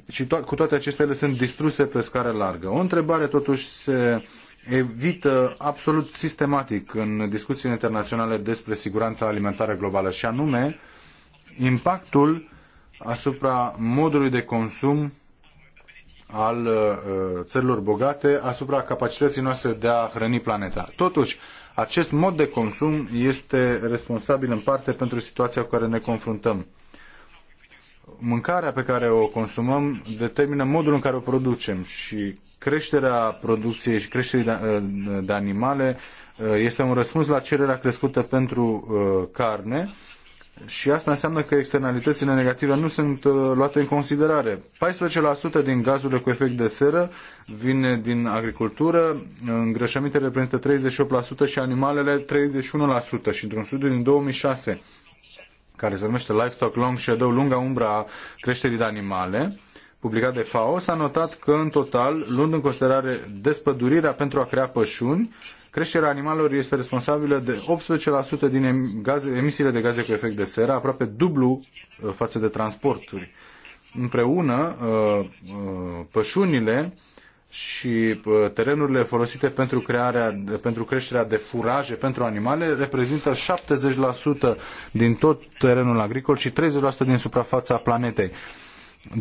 și to- cu toate acestea ele sunt distruse pe scară largă. O întrebare totuși se evită absolut sistematic în discuțiile internaționale despre siguranța alimentară globală și anume impactul asupra modului de consum al uh, țărilor bogate asupra capacității noastre de a hrăni planeta. Totuși, acest mod de consum este responsabil în parte pentru situația cu care ne confruntăm. Mâncarea pe care o consumăm determină modul în care o producem și creșterea producției și creșterii de animale uh, este un răspuns la cererea crescută pentru uh, carne și asta înseamnă că externalitățile negative nu sunt uh, luate în considerare. 14% din gazurile cu efect de seră vine din agricultură, îngrășămintele reprezintă 38% și animalele 31%. Și într-un studiu din 2006, care se numește Livestock Long Shadow, lunga umbra creșterii de animale, publicat de FAO, s-a notat că în total, luând în considerare despădurirea pentru a crea pășuni, Creșterea animalelor este responsabilă de 18% din gaze, emisiile de gaze cu efect de seră, aproape dublu uh, față de transporturi. Împreună, uh, uh, pășunile și terenurile folosite pentru, crearea, pentru creșterea de furaje pentru animale reprezintă 70% din tot terenul agricol și 30% din suprafața planetei.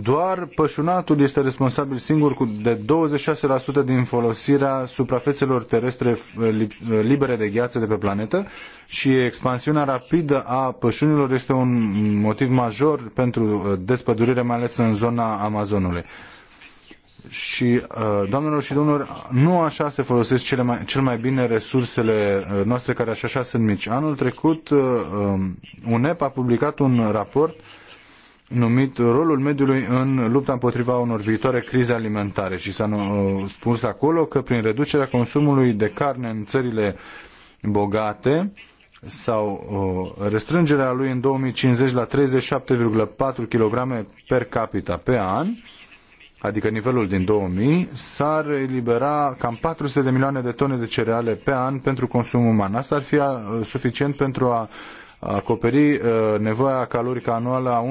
Doar pășunatul este responsabil singur cu de 26% din folosirea suprafețelor terestre eh, eh, libere de gheață de pe planetă și expansiunea rapidă a pășunilor este un motiv major pentru eh, despădurire, mai ales în zona Amazonului. Și, doamnelor și domnilor, nu așa se folosesc cele mai, cel mai bine resursele noastre care așa, așa sunt mici. Anul trecut, UNEP a publicat un raport numit rolul mediului în lupta împotriva unor viitoare crize alimentare și s-a uh, spus acolo că prin reducerea consumului de carne în țările bogate sau uh, restrângerea lui în 2050 la 37,4 kg per capita pe an, adică nivelul din 2000, s-ar elibera cam 400 de milioane de tone de cereale pe an pentru consum uman. Asta ar fi uh, suficient pentru a acoperi uh, nevoia calorică anuală a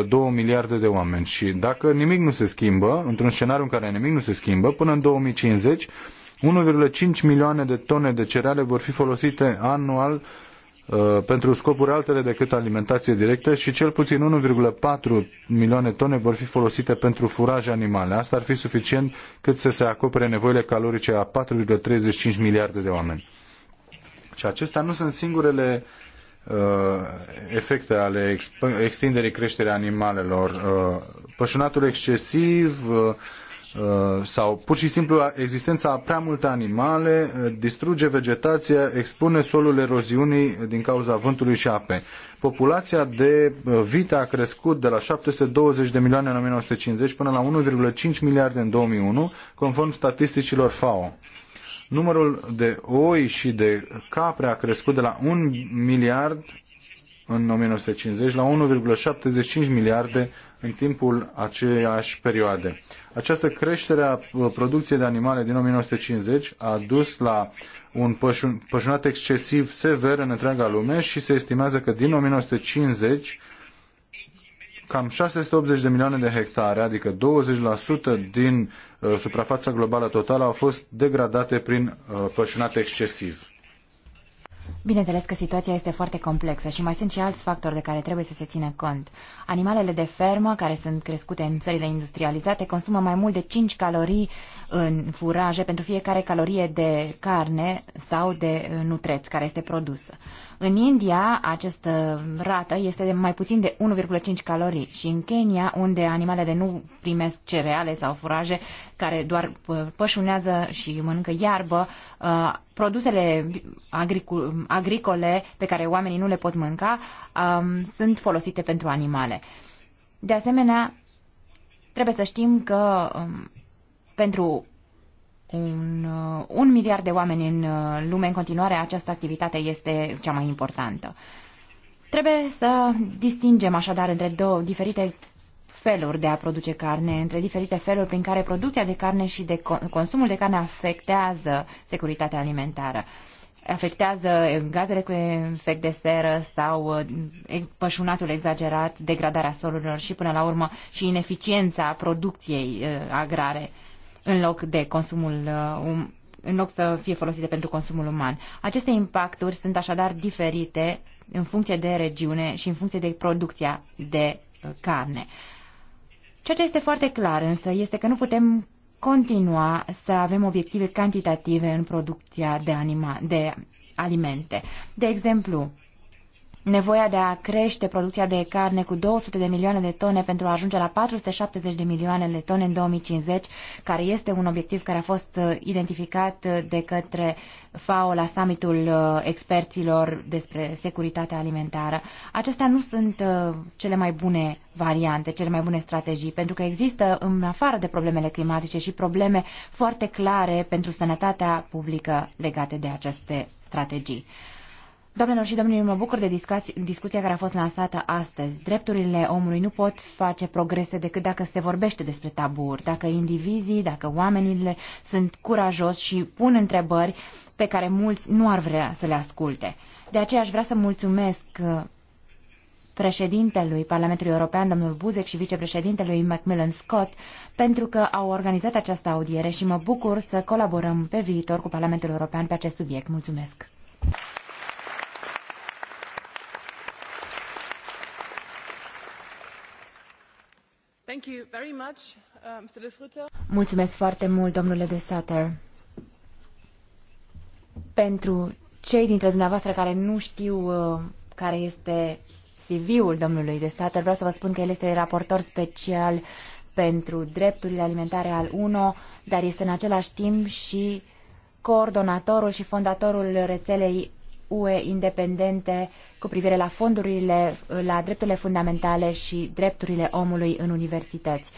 1,2 miliarde de oameni. Și dacă nimic nu se schimbă, într-un scenariu în care nimic nu se schimbă, până în 2050, 1,5 milioane de tone de cereale vor fi folosite anual uh, pentru scopuri altele decât alimentație directă și cel puțin 1,4 milioane tone vor fi folosite pentru furaje animale. Asta ar fi suficient cât să se acopere nevoile calorice a 4,35 miliarde de oameni. Și acestea nu sunt singurele Uh, efecte ale extinderii creșterii animalelor, uh, pășunatul excesiv uh, sau pur și simplu existența a prea multe animale distruge vegetația, expune solul eroziunii din cauza vântului și apei. Populația de vite a crescut de la 720 de milioane în 1950 până la 1,5 miliarde în 2001, conform statisticilor FAO. Numărul de oi și de capre a crescut de la 1 miliard în 1950 la 1,75 miliarde în timpul aceeași perioade. Această creștere a uh, producției de animale din 1950 a dus la un pășunat excesiv sever în întreaga lume și se estimează că din 1950 cam 680 de milioane de hectare, adică 20% din uh, suprafața globală totală, au fost degradate prin uh, pășunat excesiv. Bineînțeles că situația este foarte complexă și mai sunt și alți factori de care trebuie să se țină cont. Animalele de fermă, care sunt crescute în țările industrializate, consumă mai mult de 5 calorii în furaje pentru fiecare calorie de carne sau de uh, nutreț care este produsă. În India, această rată este de mai puțin de 1,5 calorii și în Kenya, unde animalele nu primesc cereale sau furaje care doar uh, pășunează și mănâncă iarbă, uh, produsele agricole pe care oamenii nu le pot mânca um, sunt folosite pentru animale. De asemenea, trebuie să știm că um, pentru un, uh, un miliard de oameni în uh, lume în continuare, această activitate este cea mai importantă. Trebuie să distingem așadar între două diferite feluri de a produce carne, între diferite feluri prin care producția de carne și de consumul de carne afectează securitatea alimentară. Afectează eh, gazele cu efect de seră sau eh, pășunatul exagerat, degradarea solurilor și până la urmă și ineficiența producției eh, agrare în loc de consumul uh, um, în loc să fie folosite pentru consumul uman. Aceste impacturi sunt așadar diferite în funcție de regiune și în funcție de producția de uh, carne. Ceea ce este foarte clar însă este că nu putem continua să avem obiective cantitative în producția de, anima, de alimente. De exemplu, nevoia de a crește producția de carne cu 200 de milioane de tone pentru a ajunge la 470 de milioane de tone în 2050, care este un obiectiv care a fost uh, identificat uh, de către FAO la summitul uh, experților despre securitatea alimentară. Acestea nu sunt cele mai bune variante, cele mai bune strategii, pentru că există, în afară de problemele climatice, și probleme foarte clare pentru sănătatea publică legate de aceste strategii. Doamnelor și domnilor, mă bucur de discuția, discuția care a fost lansată astăzi. Drepturile omului nu pot face progrese decât dacă se vorbește despre taburi, dacă indivizii, dacă oamenii sunt curajos și pun întrebări pe care mulți nu ar vrea să le asculte. De aceea aș vrea să mulțumesc uh, președintelui Parlamentului European, domnul Buzek, și vicepreședintelui Macmillan Scott, pentru că au organizat această audiere și mă bucur să colaborăm pe viitor cu Parlamentul European pe acest subiect. Mulțumesc! Uh, Mulțumesc foarte mult, domnule de Sutter. Pentru cei dintre dumneavoastră care nu știu uh, care este CV-ul domnului de Sutter, vreau să vă spun că el este raportor special pentru drepturile alimentare al UNO, dar este în același timp și coordonatorul și fondatorul rețelei UE independente cu privire la fondurile, la drepturile fundamentale și drepturile omului în universități.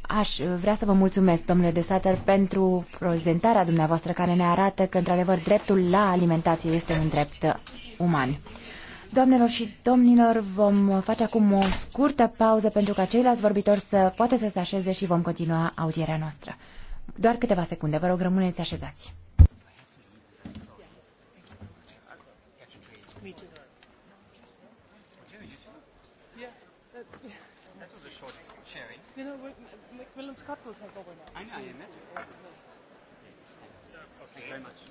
Aș vrea să vă mulțumesc, domnule de Sater, pentru prezentarea dumneavoastră care ne arată că, într-adevăr, dreptul la alimentație este un drept uman. Doamnelor și domnilor, vom face acum o scurtă pauză pentru ca ceilalți vorbitori să poată să se așeze și vom continua audierea noastră. Doar câteva secunde, vă rog, rămâneți așezați. Scott will take Thank you very much.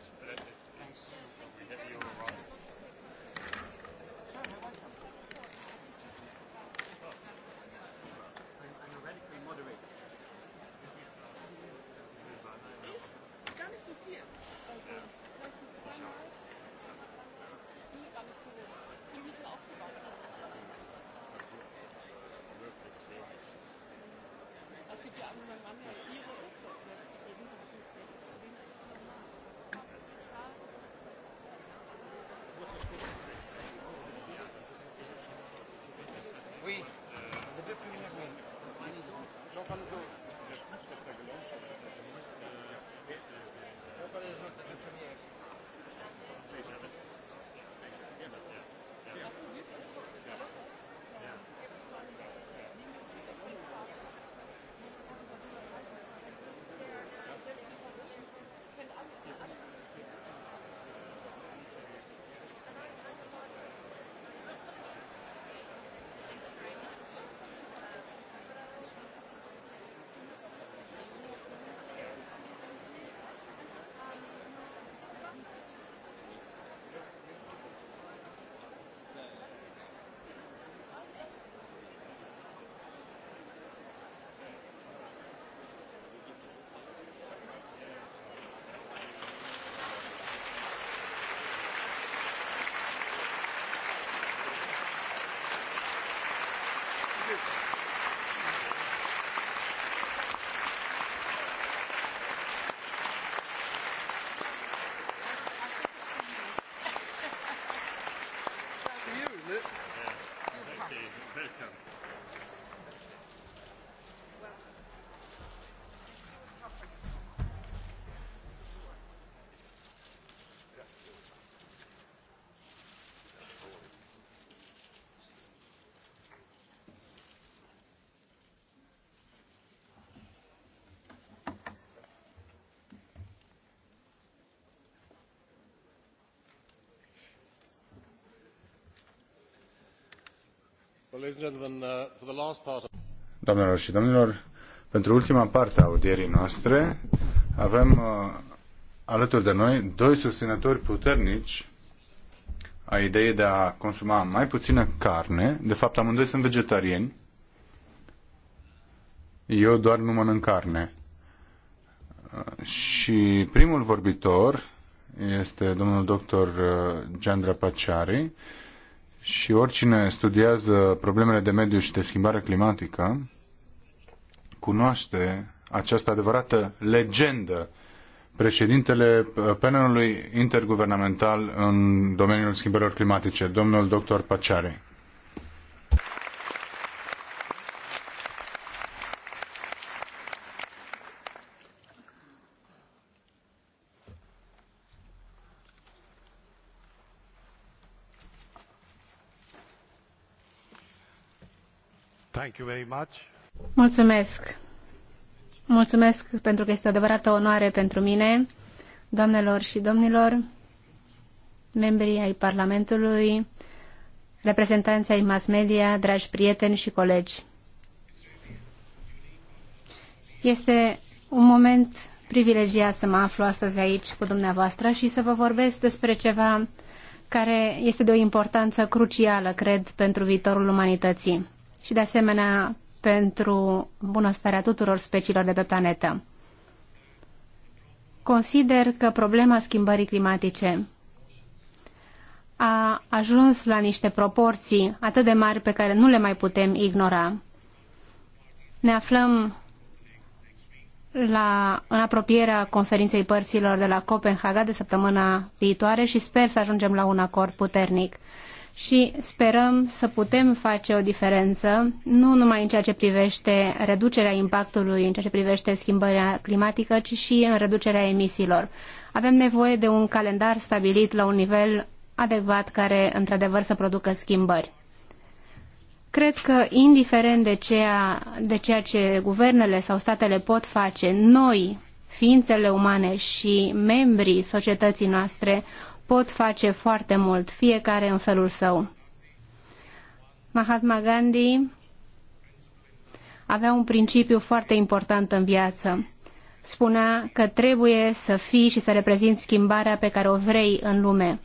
Uh, Doamnelor și domnilor, pentru ultima parte a audierii noastre avem uh, alături de noi doi susținători puternici a ideii de a consuma mai puțină carne. De fapt, amândoi sunt vegetariani. Eu doar nu mănânc carne. Uh, și primul vorbitor este domnul doctor uh, Gendra Paciari, și oricine studiază problemele de mediu și de schimbare climatică cunoaște această adevărată legendă președintele uh, panelului interguvernamental în domeniul schimbărilor climatice, domnul dr. Paciari. Mulțumesc. Mulțumesc pentru că este adevărată onoare pentru mine, doamnelor și domnilor, membrii ai Parlamentului, reprezentanții ai mass media, dragi prieteni și colegi. Este un moment privilegiat să mă aflu astăzi aici cu dumneavoastră și să vă vorbesc despre ceva care este de o importanță crucială, cred, pentru viitorul umanității și de asemenea pentru bunăstarea tuturor speciilor de pe planetă. Consider că problema schimbării climatice a ajuns la niște proporții atât de mari pe care nu le mai putem ignora. Ne aflăm la, în apropierea conferinței părților de la Copenhaga de săptămâna viitoare și sper să ajungem la un acord puternic și sperăm să putem face o diferență, nu numai în ceea ce privește reducerea impactului, în ceea ce privește schimbarea climatică, ci și în reducerea emisiilor. Avem nevoie de un calendar stabilit la un nivel adecvat care, într-adevăr, să producă schimbări. Cred că, indiferent de ceea, de ceea ce guvernele sau statele pot face, noi, ființele umane și membrii societății noastre, pot face foarte mult, fiecare în felul său. Mahatma Gandhi avea un principiu foarte important în viață. Spunea că trebuie să fii și să reprezinți schimbarea pe care o vrei în lume.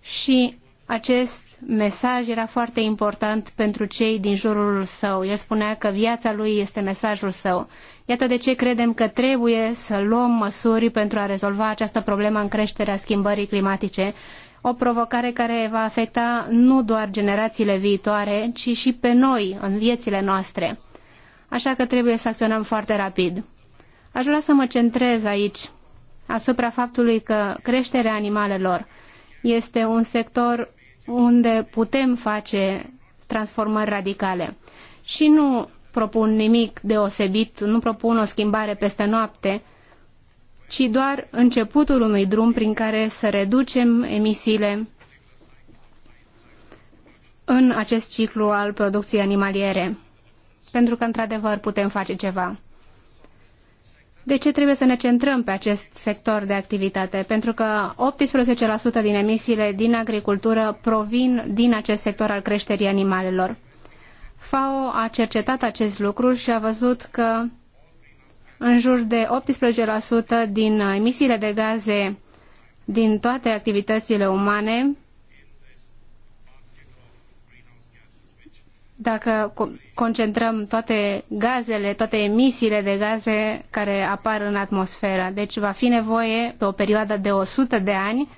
Și acest mesaj era foarte important pentru cei din jurul său. El spunea că viața lui este mesajul său. Iată de ce credem că trebuie să luăm măsuri pentru a rezolva această problemă în creșterea schimbării climatice, o provocare care va afecta nu doar generațiile viitoare, ci și pe noi, în viețile noastre. Așa că trebuie să acționăm foarte rapid. Aș vrea să mă centrez aici asupra faptului că creșterea animalelor este un sector unde putem face transformări radicale. Și nu propun nimic deosebit, nu propun o schimbare peste noapte, ci doar începutul unui drum prin care să reducem emisiile în acest ciclu al producției animaliere. Pentru că, într-adevăr, putem face ceva. De ce trebuie să ne centrăm pe acest sector de activitate? Pentru că 18% din emisiile din agricultură provin din acest sector al creșterii animalelor. FAO a cercetat acest lucru și a văzut că în jur de 18% din emisiile de gaze din toate activitățile umane dacă concentrăm toate gazele, toate emisiile de gaze care apar în atmosferă. Deci va fi nevoie pe o perioadă de 100 de ani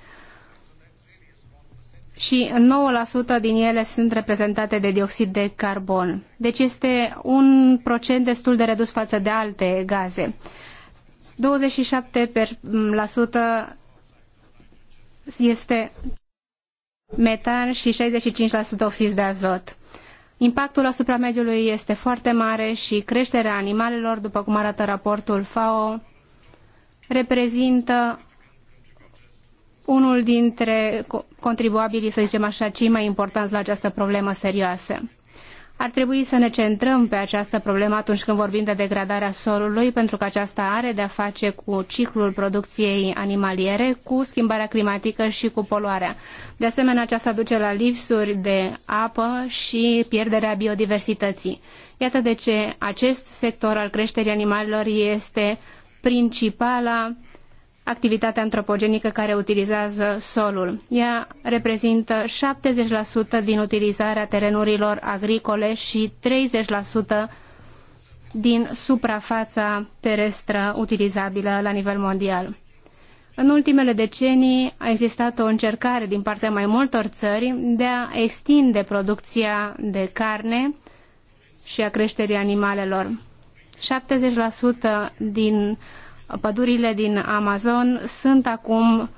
și 9% din ele sunt reprezentate de dioxid de carbon. Deci este un procent destul de redus față de alte gaze. 27% este metan și 65% oxid de azot. Impactul asupra mediului este foarte mare și creșterea animalelor, după cum arată raportul FAO, reprezintă unul dintre contribuabilii, să zicem așa, cei mai importanți la această problemă serioasă. Ar trebui să ne centrăm pe această problemă atunci când vorbim de degradarea solului, pentru că aceasta are de-a face cu ciclul producției animaliere, cu schimbarea climatică și cu poluarea. De asemenea, aceasta duce la lipsuri de apă și pierderea biodiversității. Iată de ce acest sector al creșterii animalelor este principala activitatea antropogenică care utilizează solul. Ea reprezintă 70% din utilizarea terenurilor agricole și 30% din suprafața terestră utilizabilă la nivel mondial. În ultimele decenii a existat o încercare din partea mai multor țări de a extinde producția de carne și a creșterii animalelor. 70% din uh, pădurile din Amazon sunt acum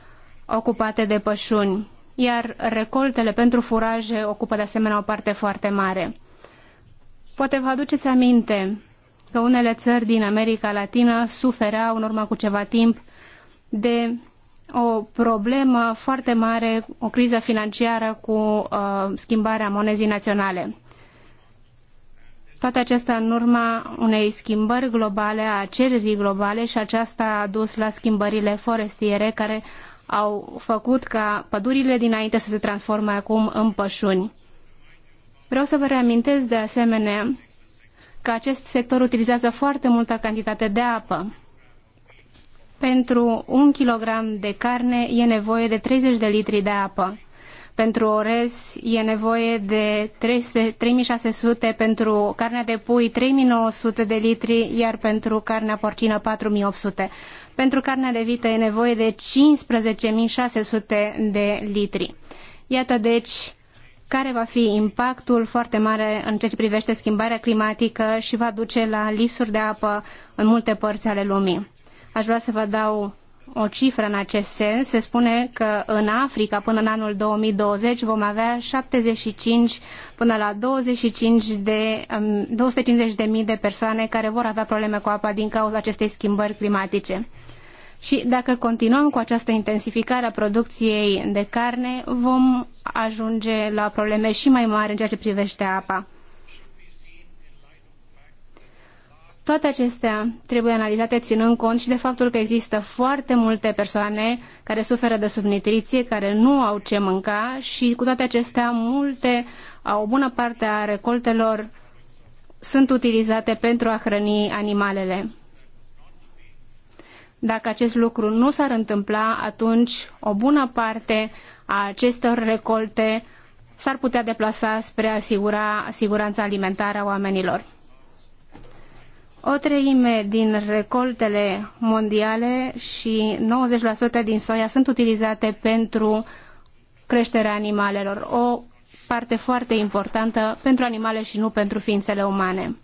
ocupate de pășuni, iar recoltele pentru furaje ocupă de asemenea o parte foarte mare. Poate vă aduceți aminte că unele țări din America Latină sufereau în urmă cu ceva timp de o problemă foarte mare, o criză financiară cu uh, schimbarea monezii naționale. Toate acestea în urma unei schimbări globale, a cererii globale și aceasta a dus la schimbările forestiere care au făcut ca pădurile dinainte să se transforme acum în pășuni. Vreau să vă reamintesc de asemenea că acest sector utilizează foarte multă cantitate de apă. Pentru un kilogram de carne e nevoie de 30 de litri de apă pentru orez e nevoie de 300, 3600, pentru carnea de pui 3900 de litri, iar pentru carnea porcină 4800. Pentru carnea de vită e nevoie de 15600 de litri. Iată deci care va fi impactul foarte mare în ceea ce privește schimbarea climatică și va duce la lipsuri de apă în multe părți ale lumii. Aș vrea să vă dau o cifră în acest sens. Se spune că în Africa până în anul 2020 vom avea 75 până la 25 de, 250 um, de mii de persoane care vor avea probleme cu apa din cauza acestei schimbări climatice. Și dacă continuăm cu această intensificare a producției de carne, vom ajunge la probleme și mai mari în ceea ce privește apa. Toate acestea trebuie analizate ținând cont și de faptul că există foarte multe persoane care suferă de subnutriție, care nu au ce mânca și cu toate acestea multe, o bună parte a recoltelor sunt utilizate pentru a hrăni animalele. Dacă acest lucru nu s-ar întâmpla, atunci o bună parte a acestor recolte s-ar putea deplasa spre a asigura siguranța alimentară a oamenilor. O treime din recoltele mondiale și 90% din soia sunt utilizate pentru creșterea animalelor, o parte foarte importantă pentru animale și nu pentru ființele umane.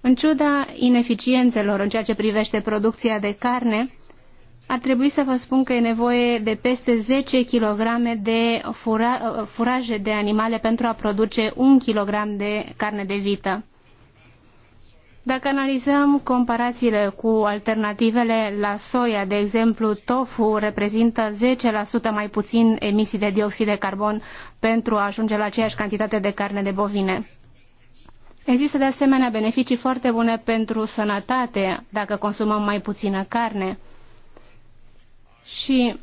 În ciuda ineficiențelor în ceea ce privește producția de carne, ar trebui să vă spun că e nevoie de peste 10 kg de fura, furaje de animale pentru a produce 1 kg de carne de vită. Dacă analizăm comparațiile cu alternativele la soia, de exemplu, tofu reprezintă 10% mai puțin emisii de dioxid de carbon pentru a ajunge la aceeași cantitate de carne de bovine. Există de asemenea beneficii foarte bune pentru sănătate dacă consumăm mai puțină carne. Și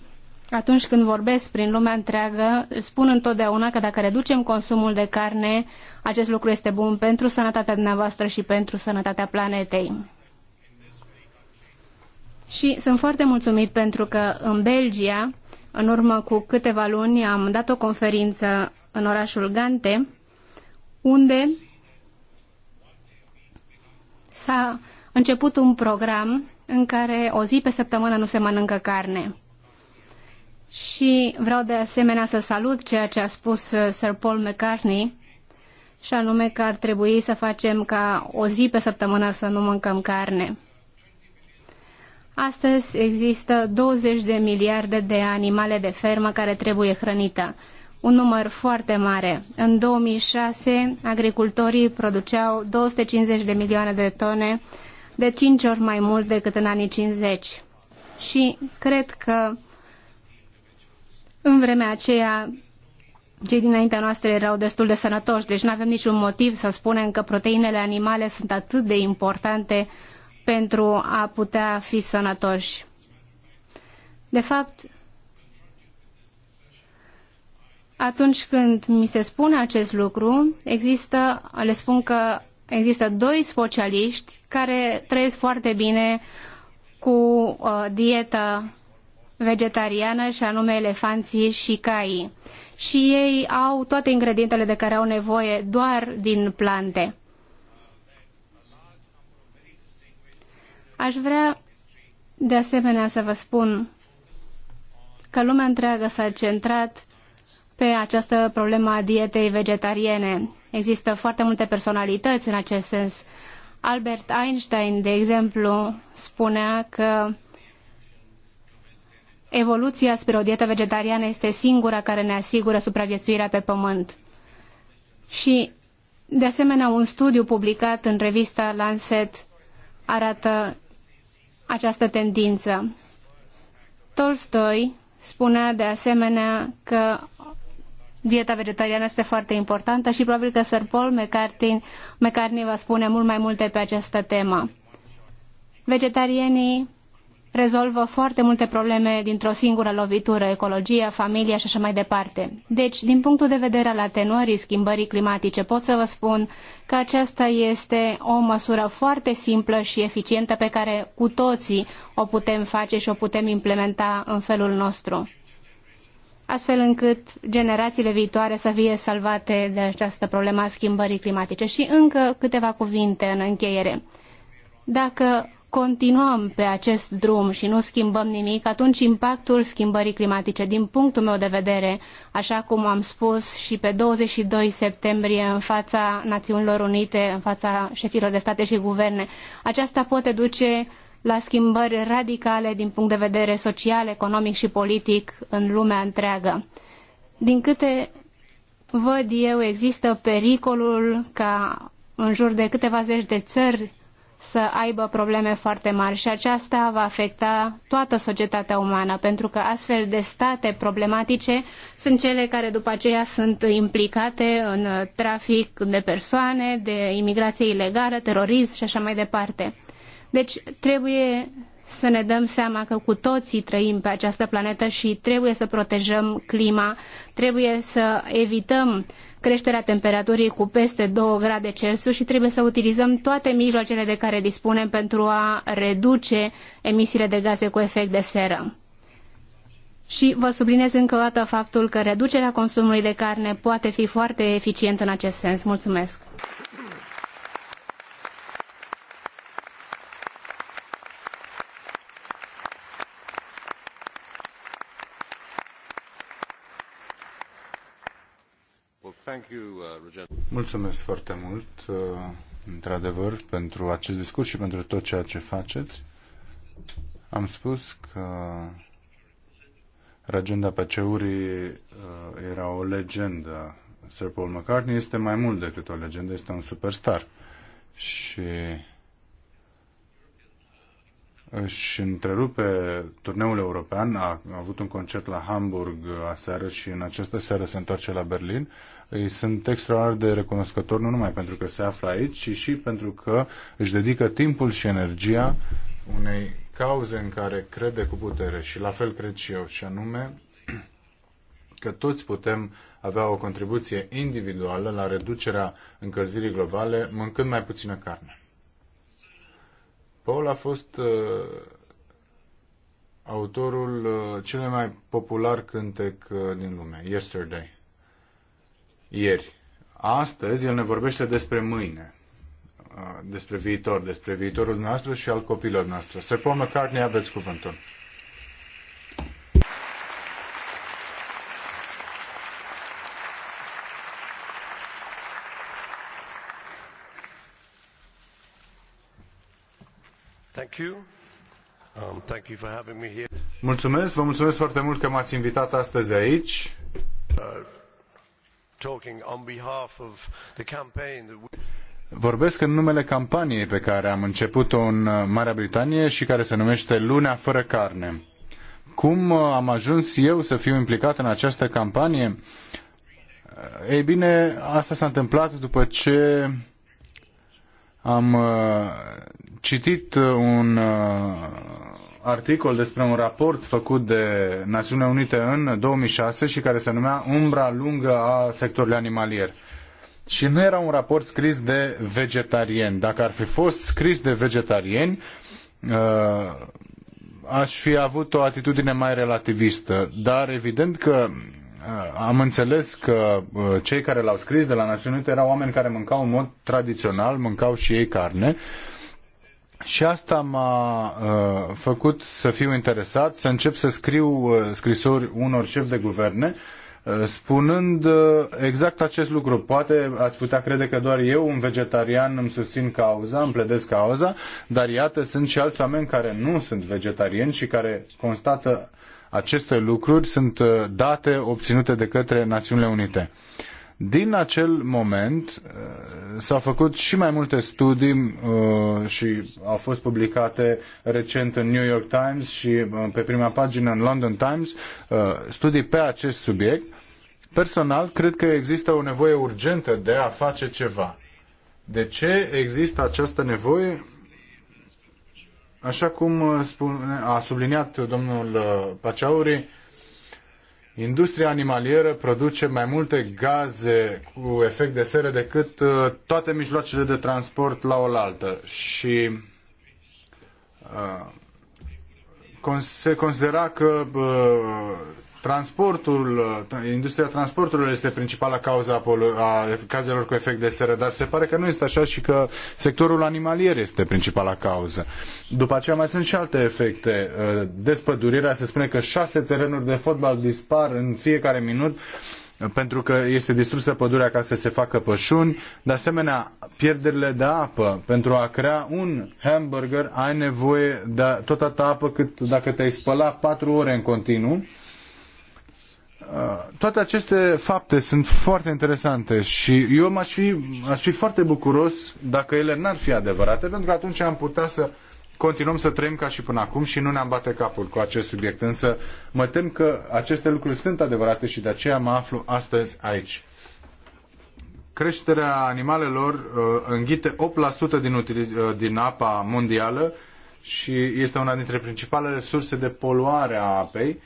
atunci când vorbesc prin lumea întreagă, spun întotdeauna că dacă reducem consumul de carne, acest lucru este bun pentru sănătatea dumneavoastră și pentru sănătatea planetei. Și sunt foarte mulțumit pentru că în Belgia, în urmă cu câteva luni, am dat o conferință în orașul Gante, unde s-a început un program în care o zi pe săptămână nu se mănâncă carne și vreau de asemenea să salut ceea ce a spus uh, Sir Paul McCartney și anume că ar trebui să facem ca o zi pe săptămână să nu mâncăm carne. Astăzi există 20 de miliarde de animale de fermă care trebuie hrănită, un număr foarte mare. În 2006, agricultorii produceau 250 de milioane de tone, de 5 ori mai mult decât în anii 50. Și cred că în vremea aceea, cei dinaintea noastră erau destul de sănătoși, deci nu avem niciun motiv să spunem că proteinele animale sunt atât de importante pentru a putea fi sănătoși. De fapt, atunci când mi se spune acest lucru, există, le spun că există doi specialiști care trăiesc foarte bine cu uh, dietă vegetariană și anume elefanții și caii. Și ei au toate ingredientele de care au nevoie doar din plante. Aș vrea de asemenea să vă spun că lumea întreagă s-a centrat pe această problemă a dietei vegetariene. Există foarte multe personalități în acest sens. Albert Einstein, de exemplu, spunea că evoluția spre o dietă vegetariană este singura care ne asigură supraviețuirea pe pământ. Și, de asemenea, un studiu publicat în revista Lancet arată această tendință. Tolstoi spunea de asemenea că dieta vegetariană este foarte importantă și probabil că Sir Paul McCartney, McCartney va spune mult mai multe pe această temă. Vegetarianii rezolvă foarte multe probleme dintr-o singură lovitură, ecologia, familia și așa mai departe. Deci, din punctul de vedere al atenuării schimbării climatice, pot să vă spun că aceasta este o măsură foarte simplă și eficientă pe care cu toții o putem face și o putem implementa în felul nostru astfel încât generațiile viitoare să fie salvate de această problemă a schimbării climatice. Și încă câteva cuvinte în încheiere. Dacă continuăm pe acest drum și nu schimbăm nimic, atunci impactul schimbării climatice, din punctul meu de vedere, așa cum am spus și pe 22 septembrie în fața Națiunilor Unite, în fața șefilor de state și guverne, aceasta poate duce la schimbări radicale din punct de vedere social, economic și politic în lumea întreagă. Din câte văd eu, există pericolul ca în jur de câteva zeci de țări să aibă probleme foarte mari și aceasta va afecta toată societatea umană, pentru că astfel de state problematice sunt cele care după aceea sunt implicate în trafic de persoane, de imigrație ilegală, terorism și așa mai departe. Deci trebuie să ne dăm seama că cu toții trăim pe această planetă și trebuie să protejăm clima, trebuie să evităm uh, creșterea temperaturii cu peste 2 grade Celsius și trebuie să utilizăm toate mijloacele de care dispunem pentru a reduce emisiile de gaze cu efect de seră. Și vă subliniez încă o dată faptul că reducerea consumului de carne poate fi foarte eficientă în acest sens. Mulțumesc! Uh, Mulțumesc foarte mult, uh, într-adevăr, pentru acest discurs și pentru tot ceea ce faceți. Am spus că Ragenda Paceurii uh, era o legendă. Sir Paul McCartney este mai mult decât o legendă, este un superstar. Și își întrerupe turneul european, a avut un concert la Hamburg aseară și în această seară se întoarce la Berlin. Îi sunt extraordinar de recunoscători nu numai pentru că se află aici, ci și pentru că își dedică timpul și energia unei cauze în care crede cu putere și la fel cred și eu, și anume că toți putem avea o contribuție individuală la reducerea încălzirii globale mâncând mai puțină carne. Paul a fost uh, autorul uh, cel mai popular cântec uh, din lume, Yesterday. Ieri. Astăzi el ne vorbește despre mâine, uh, despre viitor, despre viitorul nostru și al copilor noastre. Sir Paul McCartney, aveți cuvântul. Um, mulțumesc, vă mulțumesc foarte mult că m-ați invitat astăzi aici. Uh, Vorbesc în numele campaniei pe care am început-o în uh, Marea Britanie și care se numește Luna fără carne. Cum uh, am ajuns eu să fiu implicat în această campanie? Ei bine, asta s-a întâmplat după ce am citit uh, un uh, articol despre un raport făcut de Națiunile Unite în 2006 și care se numea Umbra lungă a sectorului animalier. Și nu era un raport scris de vegetarieni. Dacă ar fi fost scris de vegetarieni, uh, aș fi avut o atitudine mai relativistă. Dar evident că am înțeles că cei care l-au scris de la Națiunile Unite erau oameni care mâncau în mod tradițional, mâncau și ei carne. Uh, și asta m-a uh, făcut să fiu interesat, să încep să scriu uh, scrisori unor șefi de guverne, uh, spunând uh, exact acest lucru. Poate ați putea crede că doar eu, un vegetarian, îmi susțin cauza, îmi pledez cauza, dar iată, sunt și alți oameni care nu sunt vegetariani și care constată aceste lucruri, sunt uh, date obținute de către Națiunile Unite. Uh, din acel moment uh, s-au făcut și mai multe studii uh, și au fost publicate recent în New York Times și uh, pe prima pagină în London Times studii pe acest subiect. Personal, cred că există o nevoie urgentă de a face ceva. De ce există această nevoie? Așa cum spune, a subliniat domnul Paciauri, Industria animalieră produce mai multe gaze cu efect de seră decât uh, toate mijloacele de transport la oaltă și uh, se considera că uh, Transportul, uh, industria transporturilor este principala cauză a, cazelor cu efect de seră, dar se pare că nu este așa și că sectorul animalier este principala cauză. După aceea mai sunt și alte efecte. Uh, despădurirea, se spune că șase terenuri de fotbal dispar în fiecare minut uh, pentru că este distrusă pădurea ca să se facă pășuni. De asemenea, pierderile de apă. Pentru a crea un hamburger ai nevoie de tot atâta apă cât dacă te-ai spăla patru ore în continuu toate aceste fapte sunt foarte interesante și eu m-aș fi, aș fi foarte bucuros dacă ele n-ar fi adevărate, pentru că atunci am putea să continuăm să trăim ca și până acum și nu ne-am bate capul cu acest subiect. Însă mă tem că aceste lucruri sunt adevărate și de aceea mă aflu astăzi aici. Creșterea animalelor uh, înghite 8% din, uh, din apa mondială și este una dintre principalele surse de poluare a apei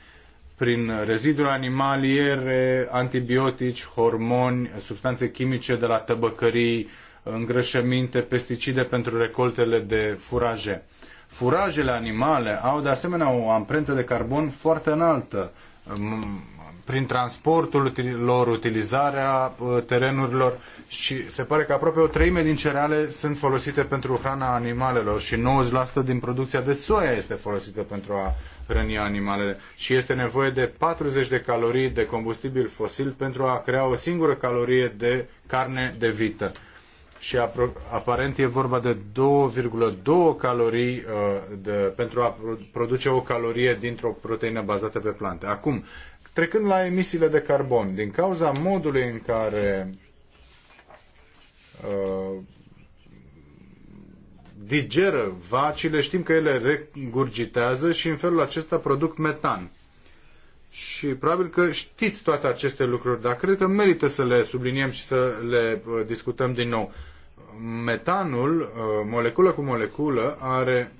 prin reziduri animaliere, antibiotici, hormoni, substanțe chimice de la tăbăcării, îngrășăminte, pesticide pentru recoltele de furaje. Furajele animale au de asemenea o amprentă de carbon foarte înaltă prin transportul lor, utilizarea uh, terenurilor și se pare că aproape o treime din cereale sunt folosite pentru hrana animalelor și 90% din producția de soia este folosită pentru a hrăni animalele și este nevoie de 40 de calorii de combustibil fosil pentru a crea o singură calorie de carne de vită. Și aparent e vorba de 2,2 calorii uh, de, pentru a produce o calorie dintr-o proteină bazată pe plante. Acum, trecând la emisiile de carbon, din cauza modului în care uh, digeră vacile, știm că ele regurgitează și în felul acesta produc metan. Și probabil că știți toate aceste lucruri, dar cred că merită să le subliniem și să le uh, discutăm din nou. Metanul, uh, moleculă cu moleculă, are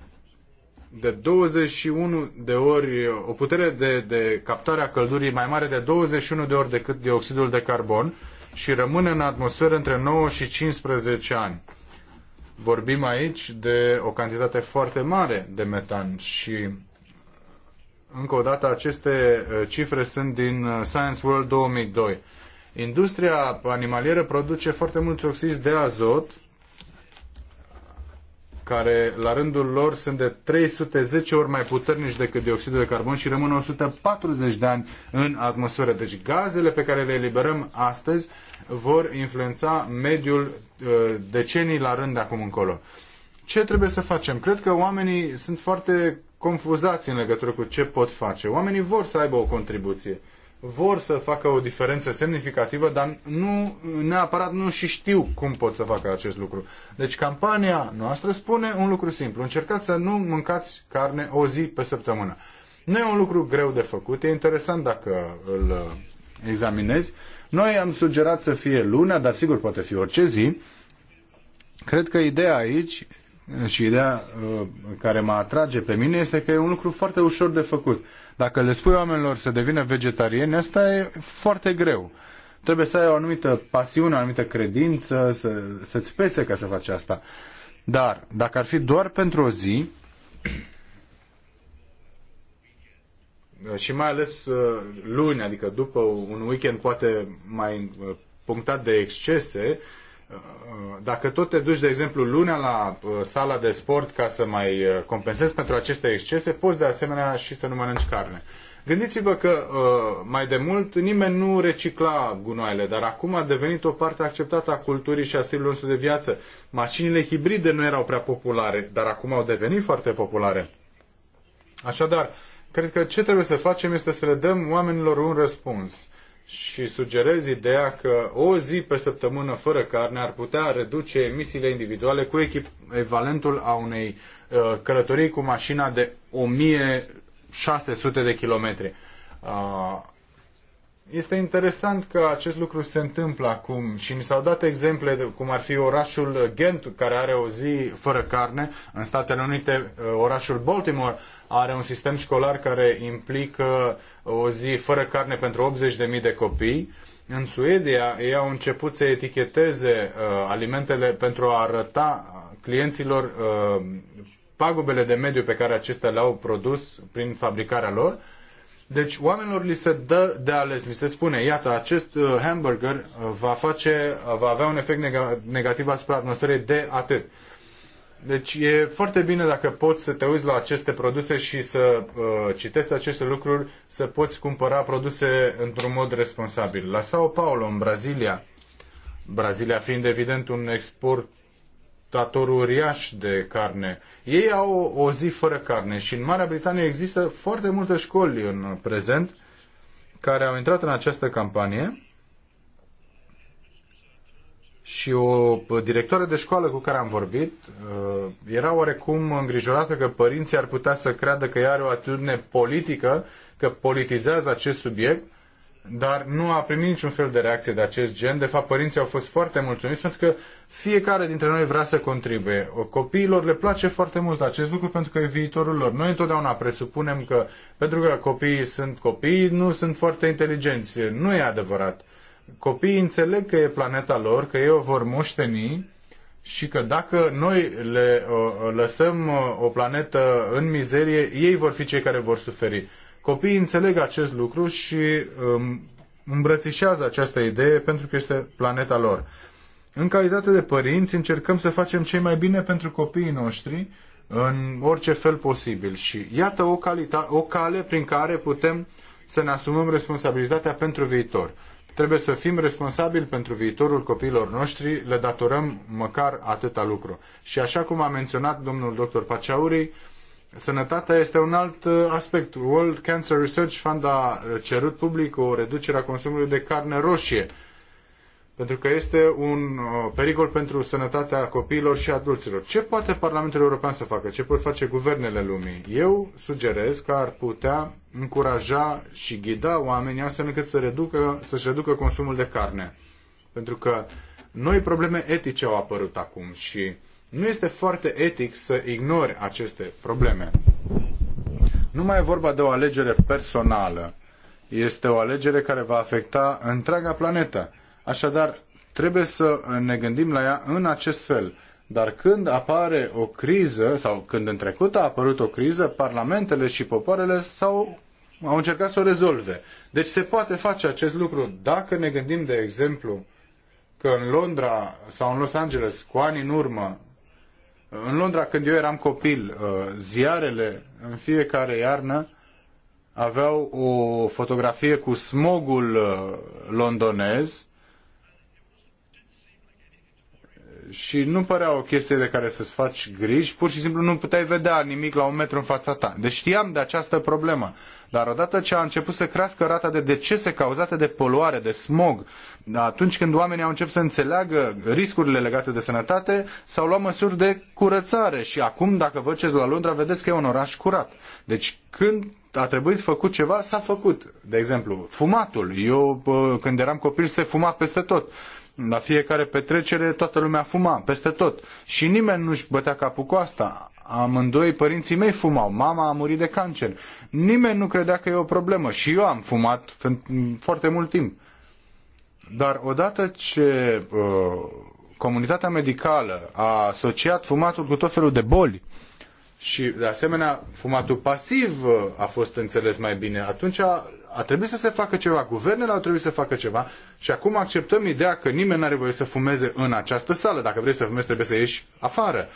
de 21 de ori, o putere de, de captare a căldurii mai mare de 21 de ori decât dioxidul de carbon și rămâne în atmosferă între 9 și 15 ani vorbim aici de o cantitate foarte mare de metan și încă o dată aceste uh, cifre sunt din uh, Science World 2002. Industria animalieră produce foarte mulți oxizi de azot care la rândul lor sunt de 310 ori mai puternici decât dioxidul de carbon și rămân 140 de ani în atmosferă. Deci gazele pe care le eliberăm astăzi vor influența mediul uh, decenii la rând de acum încolo. Ce trebuie să facem? Cred că oamenii sunt foarte confuzați în legătură cu ce pot face. Oamenii vor să aibă o contribuție vor să facă o diferență semnificativă, dar nu neapărat nu și știu cum pot să facă acest lucru. Deci campania noastră spune un lucru simplu. Încercați să nu mâncați carne o zi pe săptămână. Nu e un lucru greu de făcut, e interesant dacă îl uh, examinezi. Noi am sugerat să fie luna, dar sigur poate fi orice zi. Cred că ideea aici și ideea uh, care mă atrage pe mine este că e un lucru foarte ușor de făcut dacă le spui oamenilor să devină vegetariani, asta e foarte greu. Trebuie să ai o anumită pasiune, o anumită credință, să, să-ți pese ca să faci asta. Dar dacă ar fi doar pentru o zi, și mai ales uh, luni, adică după un weekend poate mai uh, punctat de excese, dacă tot te duci, de exemplu, lunea la uh, sala de sport ca să mai uh, compensezi pentru aceste excese, poți de asemenea și să nu mănânci carne. Gândiți-vă că uh, mai de mult nimeni nu recicla gunoaiele, dar acum a devenit o parte acceptată a culturii și a stilului nostru de viață. Mașinile hibride nu erau prea populare, dar acum au devenit foarte populare. Așadar, cred că ce trebuie să facem este să le dăm oamenilor un răspuns și sugerez ideea că o zi pe săptămână fără carne ar putea reduce emisiile individuale cu echivalentul a unei uh, călătorii cu mașina de 1600 de kilometri. Uh, este interesant că acest lucru se întâmplă acum și mi s-au dat exemple cum ar fi orașul Ghent, care are o zi fără carne, în Statele Unite uh, orașul Baltimore are un sistem școlar care implică uh, o zi fără carne pentru 80.000 de copii. În Suedia ei au început să eticheteze uh, alimentele pentru a arăta clienților uh, pagubele de mediu pe care acestea le-au produs prin fabricarea lor deci oamenilor li se dă de ales, li se spune, iată, acest uh, hamburger uh, va, face, uh, va avea un efect neg negativ asupra atmosferei de atât. Deci e foarte bine dacă poți să te uiți la aceste produse și să uh, citești aceste lucruri, să poți cumpăra produse într-un mod responsabil. La Sao Paulo, în Brazilia, Brazilia fiind evident un export dictator uriaș de carne. Ei au o zi fără carne și în Marea Britanie există foarte multe școli în prezent care au intrat în această campanie și o directoră de școală cu care am vorbit uh, era oarecum îngrijorată că părinții ar putea să creadă că ea are o atitudine politică, că politizează acest subiect dar nu a primit niciun fel de reacție de acest gen. De fapt, părinții au fost foarte mulțumiți pentru că fiecare dintre noi vrea să contribuie. Copiilor le place foarte mult acest lucru pentru că e viitorul lor. Noi întotdeauna presupunem că pentru că copiii sunt copii, nu sunt foarte inteligenți. Nu e adevărat. Copiii înțeleg că e planeta lor, că ei o vor moșteni și că dacă noi le uh, lăsăm uh, o planetă în mizerie, ei vor fi cei care vor suferi. Copiii înțeleg acest lucru și um, îmbrățișează această idee pentru că este planeta lor. În calitate de părinți încercăm să facem cei mai bine pentru copiii noștri în orice fel posibil și iată o, calita- o cale prin care putem să ne asumăm responsabilitatea pentru viitor. Trebuie să fim responsabili pentru viitorul copiilor noștri, le datorăm măcar atâta lucru. Și așa cum a menționat domnul dr. Paciauri, Sănătatea este un alt uh, aspect. World Cancer Research Fund a uh, cerut public o reducere a consumului de carne roșie, pentru că este un uh, pericol pentru sănătatea copiilor și adulților. Ce poate Parlamentul European să facă? Ce pot face guvernele lumii? Eu sugerez că ar putea încuraja și ghida oamenii astfel încât să reducă, să-și reducă consumul de carne. Pentru că noi probleme etice au apărut acum și nu este foarte etic să ignori aceste probleme. Nu mai e vorba de o alegere personală. Este o alegere care va afecta întreaga planetă. Așadar, trebuie să ne gândim la ea în acest fel. Dar când apare o criză, sau când în trecut a apărut o criză, parlamentele și popoarele s-au, au încercat să o rezolve. Deci se poate face acest lucru dacă ne gândim, de exemplu, că în Londra sau în Los Angeles, cu ani în urmă, în Londra, când eu eram copil, uh, ziarele în fiecare iarnă aveau o fotografie cu smogul uh, londonez și nu părea o chestie de care să-ți faci griji, pur și simplu nu puteai vedea nimic la un metru în fața ta. Deci știam de această problemă. Dar odată ce a început să crească rata de decese cauzate de poluare, de smog, atunci când oamenii au început să înțeleagă riscurile legate de sănătate, s-au luat măsuri de curățare și acum, dacă vă duceți la Londra, vedeți că e un oraș curat. Deci când a trebuit făcut ceva, s-a făcut. De exemplu, fumatul. Eu, când eram copil, se fuma peste tot. La fiecare petrecere, toată lumea fuma, peste tot. Și nimeni nu-și bătea capul cu asta. Amândoi părinții mei fumau. Mama a murit de cancer. Nimeni nu credea că e o problemă. Și eu am fumat foarte mult timp. Dar odată ce uh, comunitatea medicală a asociat fumatul cu tot felul de boli și, de asemenea, fumatul pasiv uh, a fost înțeles mai bine, atunci a, a trebuit să se facă ceva. Guvernele au trebuit să facă ceva și acum acceptăm ideea că nimeni nu are voie să fumeze în această sală. Dacă vrei să fumezi, trebuie să ieși afară. Uh,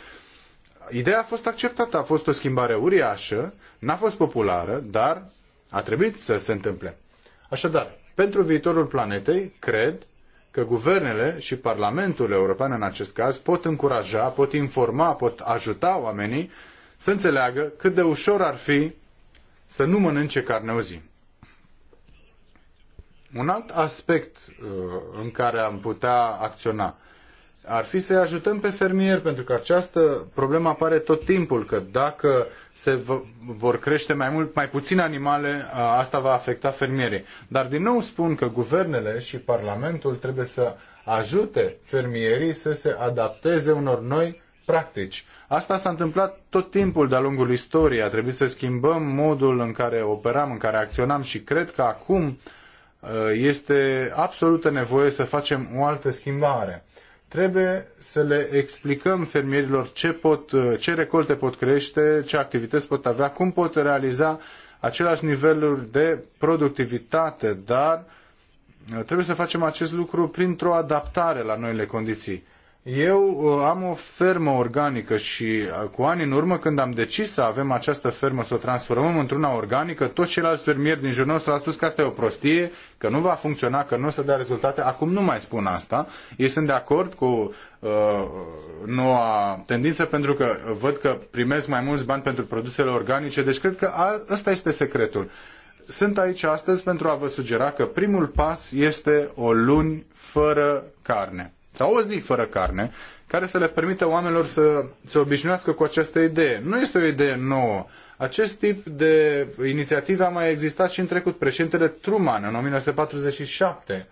ideea a fost acceptată, a fost o schimbare uriașă, n-a fost populară, dar a trebuit să se întâmple. Așadar, pentru viitorul planetei, cred că guvernele și Parlamentul European în acest caz pot încuraja, pot informa, pot ajuta oamenii să înțeleagă cât de ușor ar fi să nu mănânce carne o zi. Un alt aspect uh, în care am putea acționa ar fi să-i ajutăm pe fermieri, pentru că această problemă apare tot timpul, că dacă se vor crește mai mult, mai puține animale, asta va afecta fermierii. Dar din nou spun că guvernele și Parlamentul trebuie să ajute fermierii să se adapteze unor noi practici. Asta s-a întâmplat tot timpul de-a lungul istoriei. A trebuit să schimbăm modul în care operam, în care acționam și cred că acum este absolută nevoie să facem o altă schimbare. Trebuie să le explicăm fermierilor ce, pot, ce recolte pot crește, ce activități pot avea, cum pot realiza același niveluri de productivitate, dar trebuie să facem acest lucru printr-o adaptare la noile condiții. Eu uh, am o fermă organică și uh, cu ani în urmă, când am decis să avem această fermă, să o transformăm într-una organică, toți ceilalți fermieri din jurul nostru au spus că asta e o prostie, că nu va funcționa, că nu o să dea rezultate. Acum nu mai spun asta. Ei sunt de acord cu uh, noua tendință pentru că văd că primesc mai mulți bani pentru produsele organice, deci cred că a, ăsta este secretul. Sunt aici astăzi pentru a vă sugera că primul pas este o luni fără carne sau o zi fără carne, care să le permită oamenilor să se obișnuiască cu această idee. Nu este o idee nouă. Acest tip de inițiativă a mai existat și în trecut. Președintele Truman, în 1947,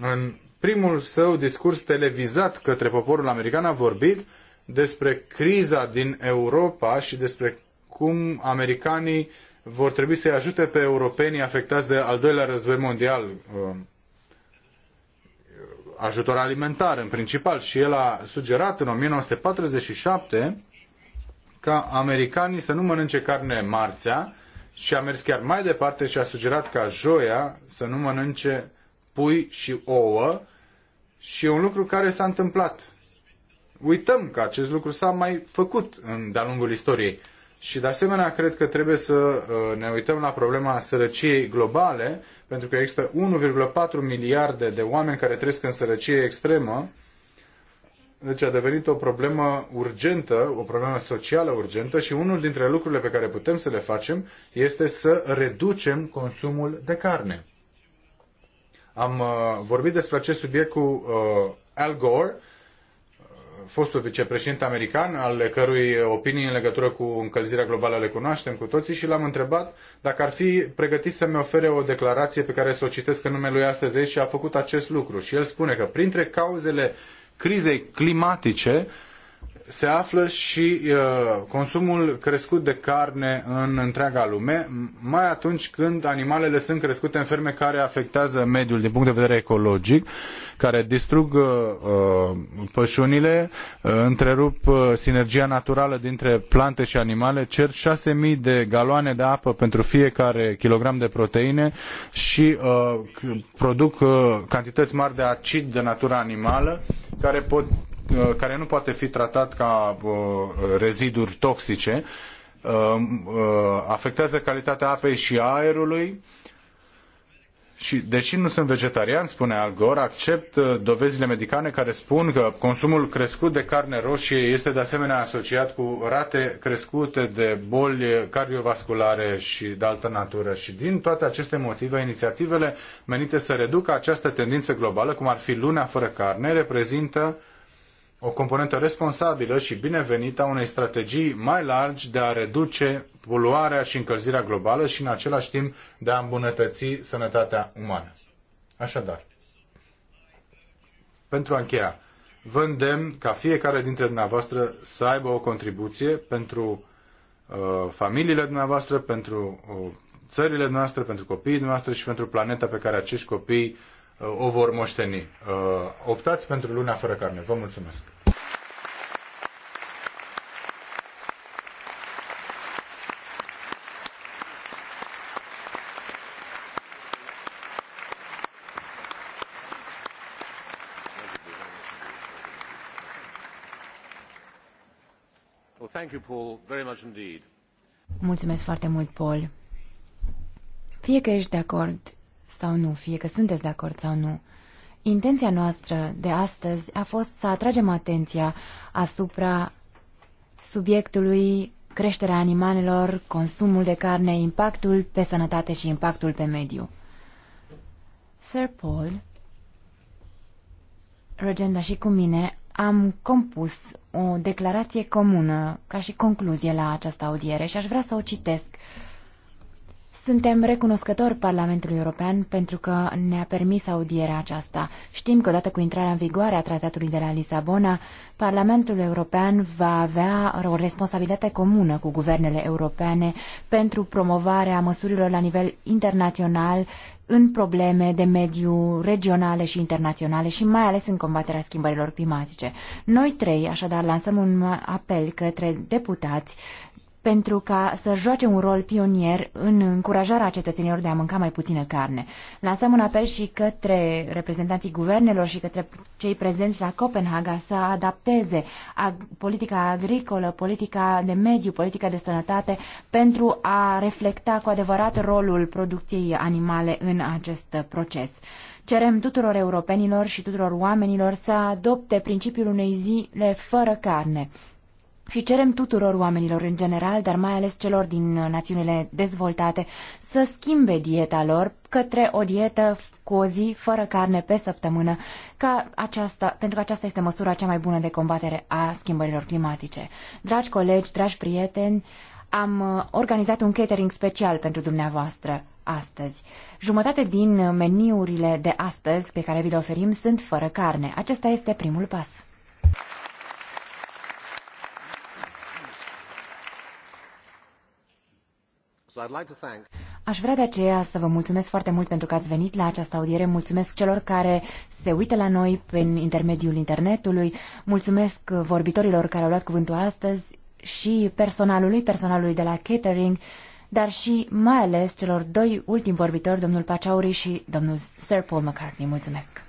în primul său discurs televizat către poporul american, a vorbit despre criza din Europa și despre cum americanii vor trebui să-i ajute pe europenii afectați de al doilea război mondial uh, ajutor alimentar în principal și el a sugerat în 1947 ca americanii să nu mănânce carne marțea și a mers chiar mai departe și a sugerat ca joia să nu mănânce pui și ouă și e un lucru care s-a întâmplat. Uităm că acest lucru s-a mai făcut în, de-a lungul istoriei. Și de asemenea, cred că trebuie să uh, ne uităm la problema sărăciei globale pentru că există 1,4 miliarde de oameni care trăiesc în sărăcie extremă. Deci a devenit o problemă urgentă, o problemă socială urgentă și unul dintre lucrurile pe care putem să le facem este să reducem consumul de carne. Am uh, vorbit despre acest subiect cu uh, Al Gore fostul vicepreședinte american, ale cărui opinii în legătură cu încălzirea globală le cunoaștem cu toții și l-am întrebat dacă ar fi pregătit să-mi ofere o declarație pe care să o citesc în numele lui astăzi și a făcut acest lucru. Și el spune că printre cauzele crizei climatice se află și uh, consumul crescut de carne în întreaga lume, mai atunci când animalele sunt crescute în ferme care afectează mediul din punct de vedere ecologic, care distrug uh, uh, pășunile, întrerup sinergia naturală dintre plante și animale, cer 6.000 de galoane de apă pentru fiecare kilogram de proteine și produc cantități mari de acid de natură animală care pot Uh, care nu poate fi tratat ca uh, reziduri toxice, uh, afectează calitatea apei și aerului. Și, deși nu sunt vegetarian, spune Al Gore, accept dovezile medicale care spun că consumul crescut de carne roșie este de asemenea asociat cu rate crescute de boli cardiovasculare și de altă natură. Și din toate aceste motive, inițiativele menite să reducă această tendință globală, cum ar fi luna fără carne, reprezintă o componentă responsabilă și binevenită a unei strategii mai largi de a reduce poluarea și încălzirea globală și în același timp de a îmbunătăți sănătatea umană. Așadar, pentru a încheia, vă îndemn ca fiecare dintre dumneavoastră să aibă o contribuție pentru uh, familiile dumneavoastră, pentru uh, țările noastre, pentru copiii noastre și pentru planeta pe care acești copii Uh, o vor moșteni. Uh, optați pentru luna fără carne. Vă mulțumesc! Mulțumesc foarte mult, Paul. Fie că ești de acord sau nu, fie că sunteți de acord sau nu. Intenția noastră de astăzi a fost să atragem atenția asupra subiectului creșterea animalelor, consumul de carne, impactul pe sănătate și impactul pe mediu. Sir Paul, Regenda și cu mine, am compus o declarație comună ca și concluzie la această audiere și aș vrea să o citesc suntem recunoscători Parlamentului European pentru că ne-a permis audierea aceasta. Știm că odată cu intrarea în vigoare a tratatului de la Lisabona, Parlamentul European va avea o responsabilitate comună cu guvernele europene pentru promovarea măsurilor la nivel internațional în probleme de mediu regionale și internaționale și mai ales în combaterea schimbărilor climatice. Noi trei, așadar, lansăm un apel către deputați pentru ca să joace un rol pionier în încurajarea cetățenilor de a mânca mai puțină carne. Lansăm un apel și către reprezentanții guvernelor și către cei prezenți la Copenhaga să adapteze ag- politica agricolă, politica de mediu, politica de sănătate pentru a reflecta cu adevărat rolul producției animale în acest proces. Cerem tuturor europenilor și tuturor oamenilor să adopte principiul unei zile fără carne și cerem tuturor oamenilor în general, dar mai ales celor din uh, națiunile dezvoltate, să schimbe dieta lor către o dietă cu o zi fără carne pe săptămână, ca aceasta, pentru că aceasta este măsura cea mai bună de combatere a schimbărilor climatice. Dragi colegi, dragi prieteni, am uh, organizat un catering special pentru dumneavoastră astăzi. Jumătate din meniurile de astăzi pe care vi le oferim sunt fără carne. Acesta este primul pas. Aș vrea de aceea să vă mulțumesc foarte mult pentru că ați venit la această audiere. Mulțumesc celor care se uită la noi prin intermediul internetului. Mulțumesc vorbitorilor care au luat cuvântul astăzi și personalului, personalului de la catering, dar și mai ales celor doi ultimi vorbitori, domnul Paciauri și domnul Sir Paul McCartney. Mulțumesc!